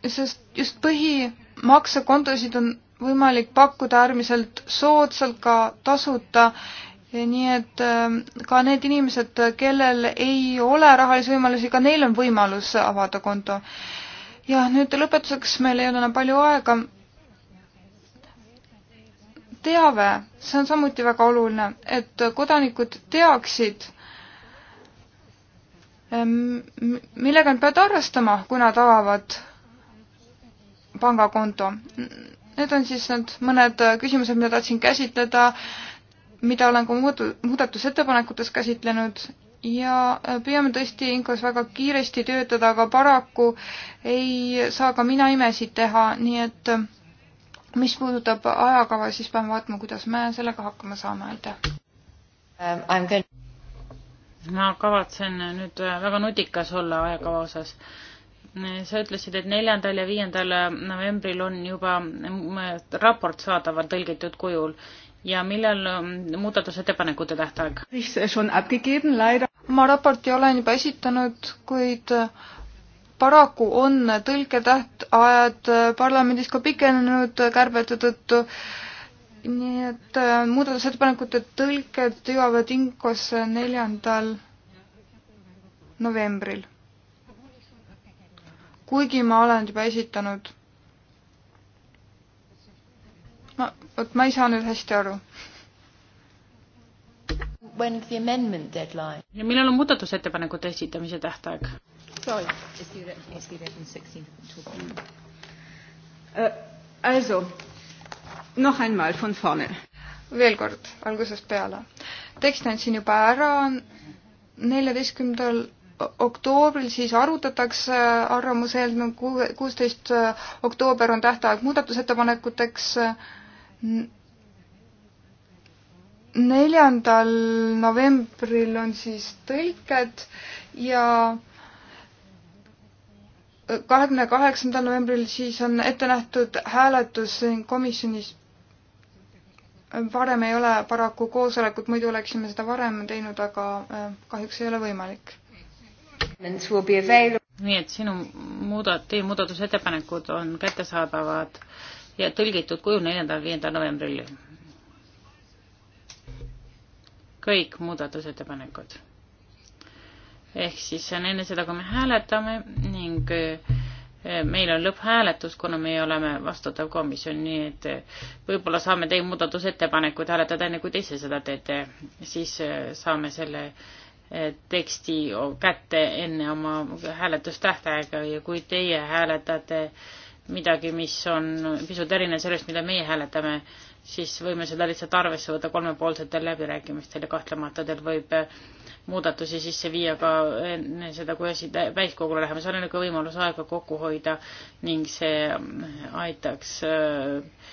sest just põhimaksekontosid on võimalik pakkuda äärmiselt soodsalt ka tasuta nii et ähm, ka need inimesed, kellel ei ole rahalisi võimalusi, ka neil on võimalus avada konto. ja nüüd lõpetuseks, meil ei ole enam palju aega. teave, see on samuti väga oluline, et kodanikud teaksid, ähm, millega nad peavad arvestama, kui nad avavad pangakonto. Need on siis need mõned äh, küsimused, mida tahtsin käsitleda mida olen ka muudatusettepanekutes käsitlenud ja äh, püüame tõesti Inkos väga kiiresti töötada, aga paraku ei saa ka mina imesid teha, nii et äh, mis puudutab ajakava, siis peame vaatama, kuidas me sellega hakkama saame, aitäh. Um, ma kavatsen nüüd äh, väga nutikas olla ajakava osas. sa ütlesid, et neljandal ja viiendal novembril on juba mm, raport saadaval tõlgitud kujul ja millal ähm, muudatusettepanekute tähtaeg? Er ma raporti olen juba esitanud, kuid äh, paraku on tõlketähtajad äh, parlamendis ka pikenenud äh, kärbete tõttu, nii et muudatusettepanekute tõlked jõuavad Inkosse neljandal novembril. kuigi ma olen juba esitanud ma, vot ma ei saa nüüd hästi aru. When the amendment deadline? ja millal on muudatusettepanekute esitamise tähtaeg? Sorry, it's the eleven sixteen. Also, noch einmal von vorne. veel kord, algusest peale. tekst andsin juba ära neljateistkümnendal oktoobril siis arutatakse arvamuse eelnõu, kuusteist äh, oktoober on tähtaeg muudatusettepanekuteks neljandal novembril on siis tõlked ja kahekümne kaheksandal novembril siis on ette nähtud hääletus komisjonis. varem ei ole paraku koosolekut, muidu oleksime seda varem teinud, aga äh, kahjuks ei ole võimalik. nii et sinu muudat-, teie muudatusettepanekud on kättesaadavad ja tõlgitud kujul neljandal, viiendal novembril. kõik muudatusettepanekud. ehk siis see on enne seda, kui me hääletame ning eh, meil on lõpphääletus, kuna meie oleme vastutav komisjon, nii et eh, võib-olla saame teie muudatusettepanekuid hääletada enne, kui te ise seda teete, siis eh, saame selle teksti kätte enne oma hääletustähtaega ja kui teie hääletate äh, midagi, mis on pisut erinev sellest, mida meie hääletame, siis võime seda lihtsalt arvesse võtta kolmepoolsetel läbirääkimistel ja kahtlemata teil võib muudatusi sisse viia ka enne seda, kui asi täiskogule läheme, seal on ikka võimalus aega kokku hoida ning see aitaks äh,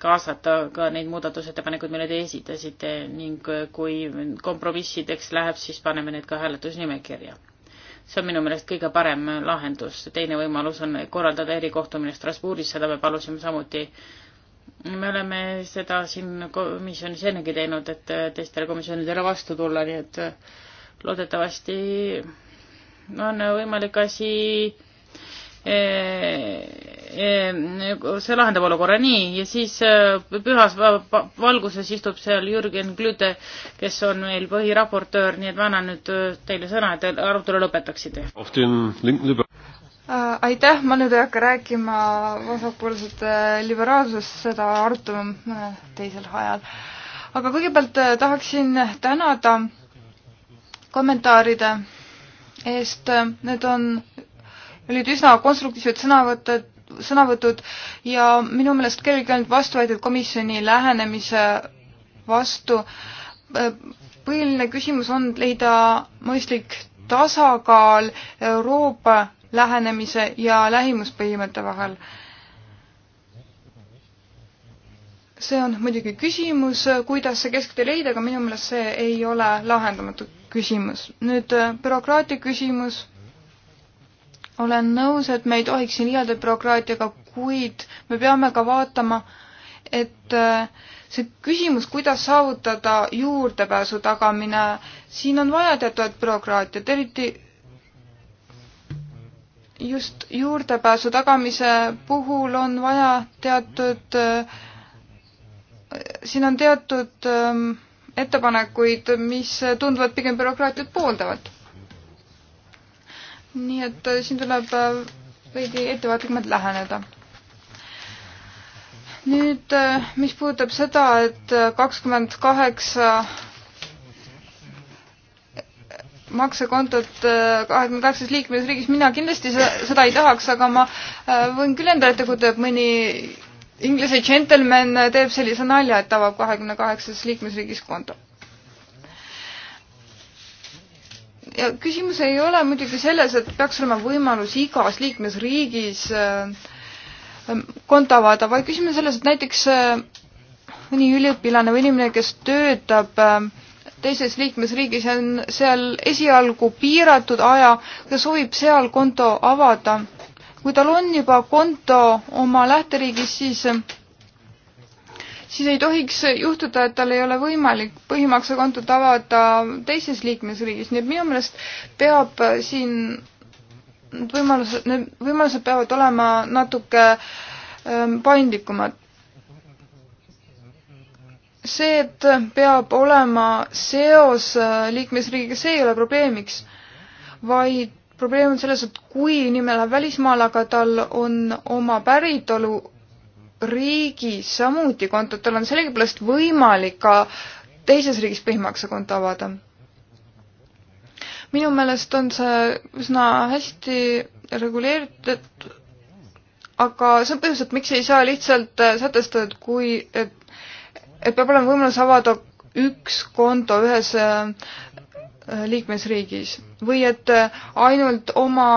kaasata ka neid muudatusettepanekuid, mille te esitasite ning kui kompromissideks läheb, siis paneme need ka hääletusnimekirja see on minu meelest kõige parem lahendus. teine võimalus on korraldada erikohtumine Strasbourgis, seda me palusime samuti. me oleme seda siin komisjonis ennegi teinud, et teistele komisjonidele vastu tulla, nii et loodetavasti on võimalik asi see lahendab olukorra nii ja siis äh, pühas valguses istub seal Jürgen Glüte, kes on meil põhiraportöör, nii et ma annan nüüd äh, teile sõna, et te arutelu lõpetaksite. Äh, aitäh, ma nüüd ei hakka rääkima vasakpoolsete liberaalsusest, seda arutame mõnel teisel ajal. aga kõigepealt tahaksin tänada kommentaaride eest, need on olid üsna konstruktiivsed sõnavõtted, sõnavõtud ja minu meelest kellelgi ei olnud vastuväidet komisjoni lähenemise vastu. põhiline küsimus on leida mõistlik tasakaal Euroopa lähenemise ja lähimuspõhimõtte vahel. see on muidugi küsimus, kuidas see kesktee leida, aga minu meelest see ei ole lahendamatu küsimus. nüüd bürokraatia küsimus olen nõus, et me ei tohiks siin liialda bürokraatiaga, kuid me peame ka vaatama, et äh, see küsimus, kuidas saavutada juurdepääsu tagamine, siin on vaja teatavat bürokraatiat, eriti just juurdepääsu tagamise puhul on vaja teatud, äh, siin on teatud ähm, ettepanekuid, mis tunduvad pigem bürokraatiat pooldavat nii et äh, siin tuleb äh, veidi ettevaatlikumalt läheneda. nüüd, äh, mis puudutab seda, et kakskümmend kaheksa maksekontot kahekümne kaheksas liikmesriigis, mina kindlasti seda, seda ei tahaks, aga ma võin küll endale ette kujutada, et mõni Inglise džentelmen teeb sellise nalja, et avab kahekümne kaheksas liikmesriigis konto ja küsimus ei ole muidugi selles, et peaks olema võimalus igas liikmesriigis äh, ähm, konto avada, vaid küsimus on selles, et näiteks mõni äh, üliõpilane või inimene, kes töötab ähm, teises liikmesriigis ja on seal esialgu piiratud aja, ta soovib seal konto avada. kui tal on juba konto oma lähteriigis, siis äh, siis ei tohiks juhtuda, et tal ei ole võimalik põhimaksekontot avada teises liikmesriigis, nii et minu meelest peab siin need võimalused, need võimalused peavad olema natuke ähm, paindlikumad. see, et peab olema seos äh, liikmesriigiga, see ei ole probleemiks, vaid probleem on selles, et kui inimene läheb välismaale, aga tal on oma päritolu riigis samuti kontot olla, on sellegipärast võimalik ka teises riigis põhimaksekonto avada. minu meelest on see üsna hästi reguleeritud, aga see on põhjus, et miks ei saa lihtsalt äh, sätestada, et kui, et, et peab olema võimalus avada üks konto ühes äh, liikmesriigis või et äh, ainult oma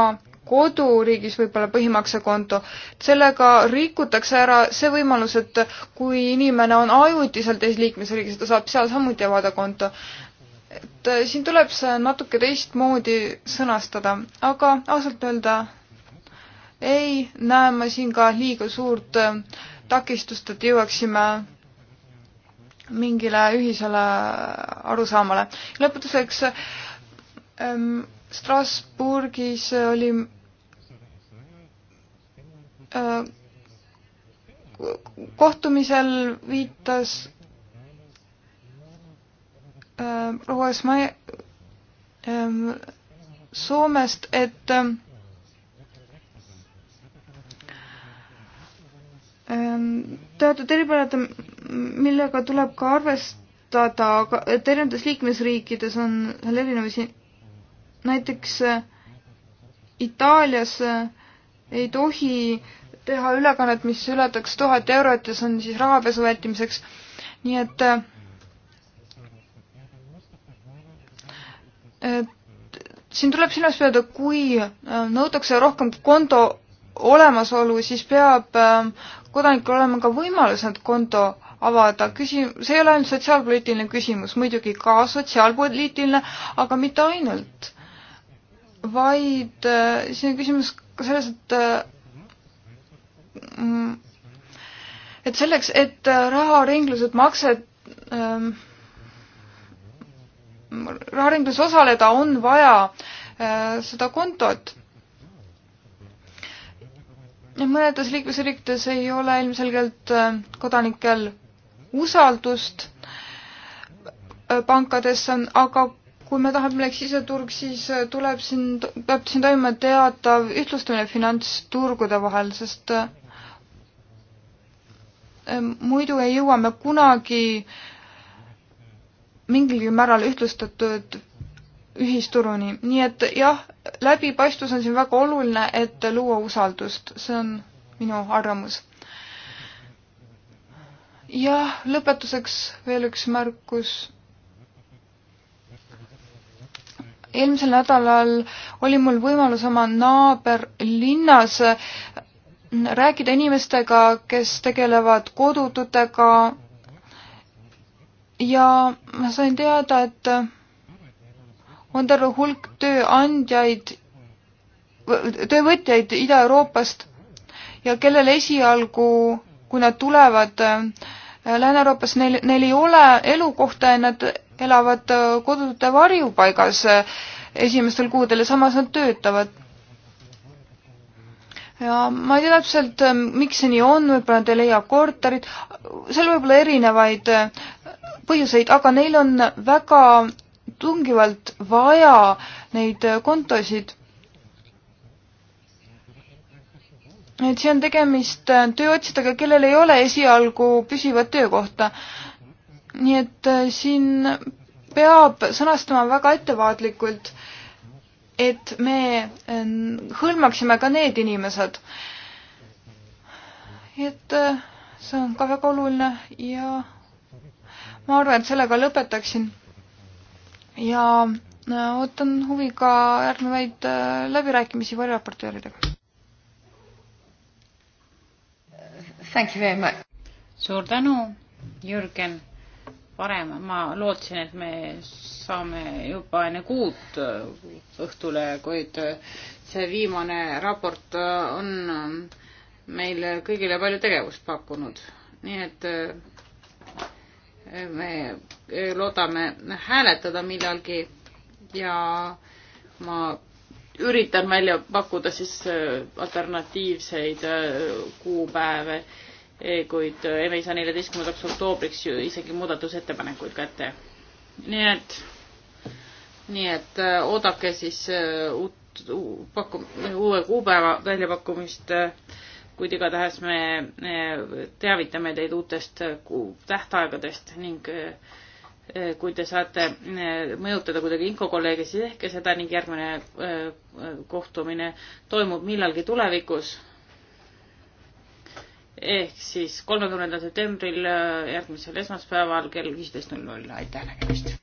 koduriigis võib-olla põhimaksekonto, sellega rikutakse ära see võimalus, et kui inimene on ajutiselt teises liikmesriigis, ta saab seal samuti avada konto. et äh, siin tuleb see natuke teistmoodi sõnastada, aga ausalt öelda ei näe ma siin ka liiga suurt äh, takistust, et jõuaksime mingile ühisele arusaamale. lõpetuseks ähm, Strasbourgis oli kohtumisel viitas proua Esmae Soomest, et teatud eripärade, millega tuleb ka arvestada, aga et erinevates liikmesriikides on seal erinevusi. näiteks Itaalias äh, ei tohi teha ülekannet, mis ületaks tuhat eurot ja see on siis rahapesu vältimiseks. nii et, äh, et siin tuleb silmas pidada, kui äh, nõutakse rohkem konto olemasolu, siis peab äh, kodanikul olema ka võimalus nad konto avada. küsi-, see ei ole ainult sotsiaalpoliitiline küsimus, muidugi ka sotsiaalpoliitiline, aga mitte ainult, vaid siin on küsimus ka selles, et äh, mm, et selleks, et äh, raharinglused maksed ähm, raharingluses osaleda, on vaja äh, seda kontot. ja mõnedes liikmesriikides ei ole ilmselgelt kodanikel usaldust pankadesse, aga kui me tahame millegi siseturg, siis äh, tuleb siin, peab siin toimuma teatav ühtlustamine finantsturgude vahel, sest äh, äh, muidu ei jõua me kunagi mingilgi määral ühtlustatud ühisturuni. nii et jah, läbipaistvus on siin väga oluline, et luua usaldust, see on minu arvamus. jah, lõpetuseks veel üks märkus eelmisel nädalal oli mul võimalus oma naaberlinnas rääkida inimestega, kes tegelevad kodututega ja ma sain teada, et on terve hulk tööandjaid, töövõtjaid Ida-Euroopast ja kellel esialgu, kui nad tulevad Lääne-Euroopasse, neil, neil ei ole elukohta ja nad elavad äh, kodute varjupaigas äh, esimestel kuudel ja samas nad töötavad. ja ma ei tea täpselt, äh, miks see nii on, võib-olla nad ei leia korterit, seal võib olla erinevaid põhjuseid, aga neil on väga tungivalt vaja neid kontosid. et siin on tegemist tööotsijatega, kellel ei ole esialgu püsivat töökohta nii et äh, siin peab sõnastama väga ettevaatlikult, et me äh, hõlmaksime ka need inimesed. et äh, see on ka väga oluline ja ma arvan, et sellega lõpetaksin. ja ootan huviga järgnevaid läbirääkimisi variraportööridega. Thank you very much. suur tänu, Jürgen varem, ma lootsin, et me saame juba enne kuud õhtule, kuid see viimane raport on meile kõigile palju tegevust pakkunud, nii et eh, me loodame hääletada millalgi ja ma üritan välja pakkuda siis eh, alternatiivseid eh, kuupäeve E, kuid e, me ei saa neljateistkümnendaks oktoobriks ju isegi muudatusettepanekuid kätte. nii et, nii et e, oodake siis uut, uut pakku-, uue kuupäeva väljapakkumist, kuid igatahes me teavitame teid uutest kuu tähtaegadest ning kui te saate mõjutada kuidagi Inko kolleege, siis tehke seda ning järgmine kohtumine toimub millalgi tulevikus ehk siis kolmekümnendal septembril äh, järgmisel esmaspäeval kell viisteist null null, aitäh nägemist!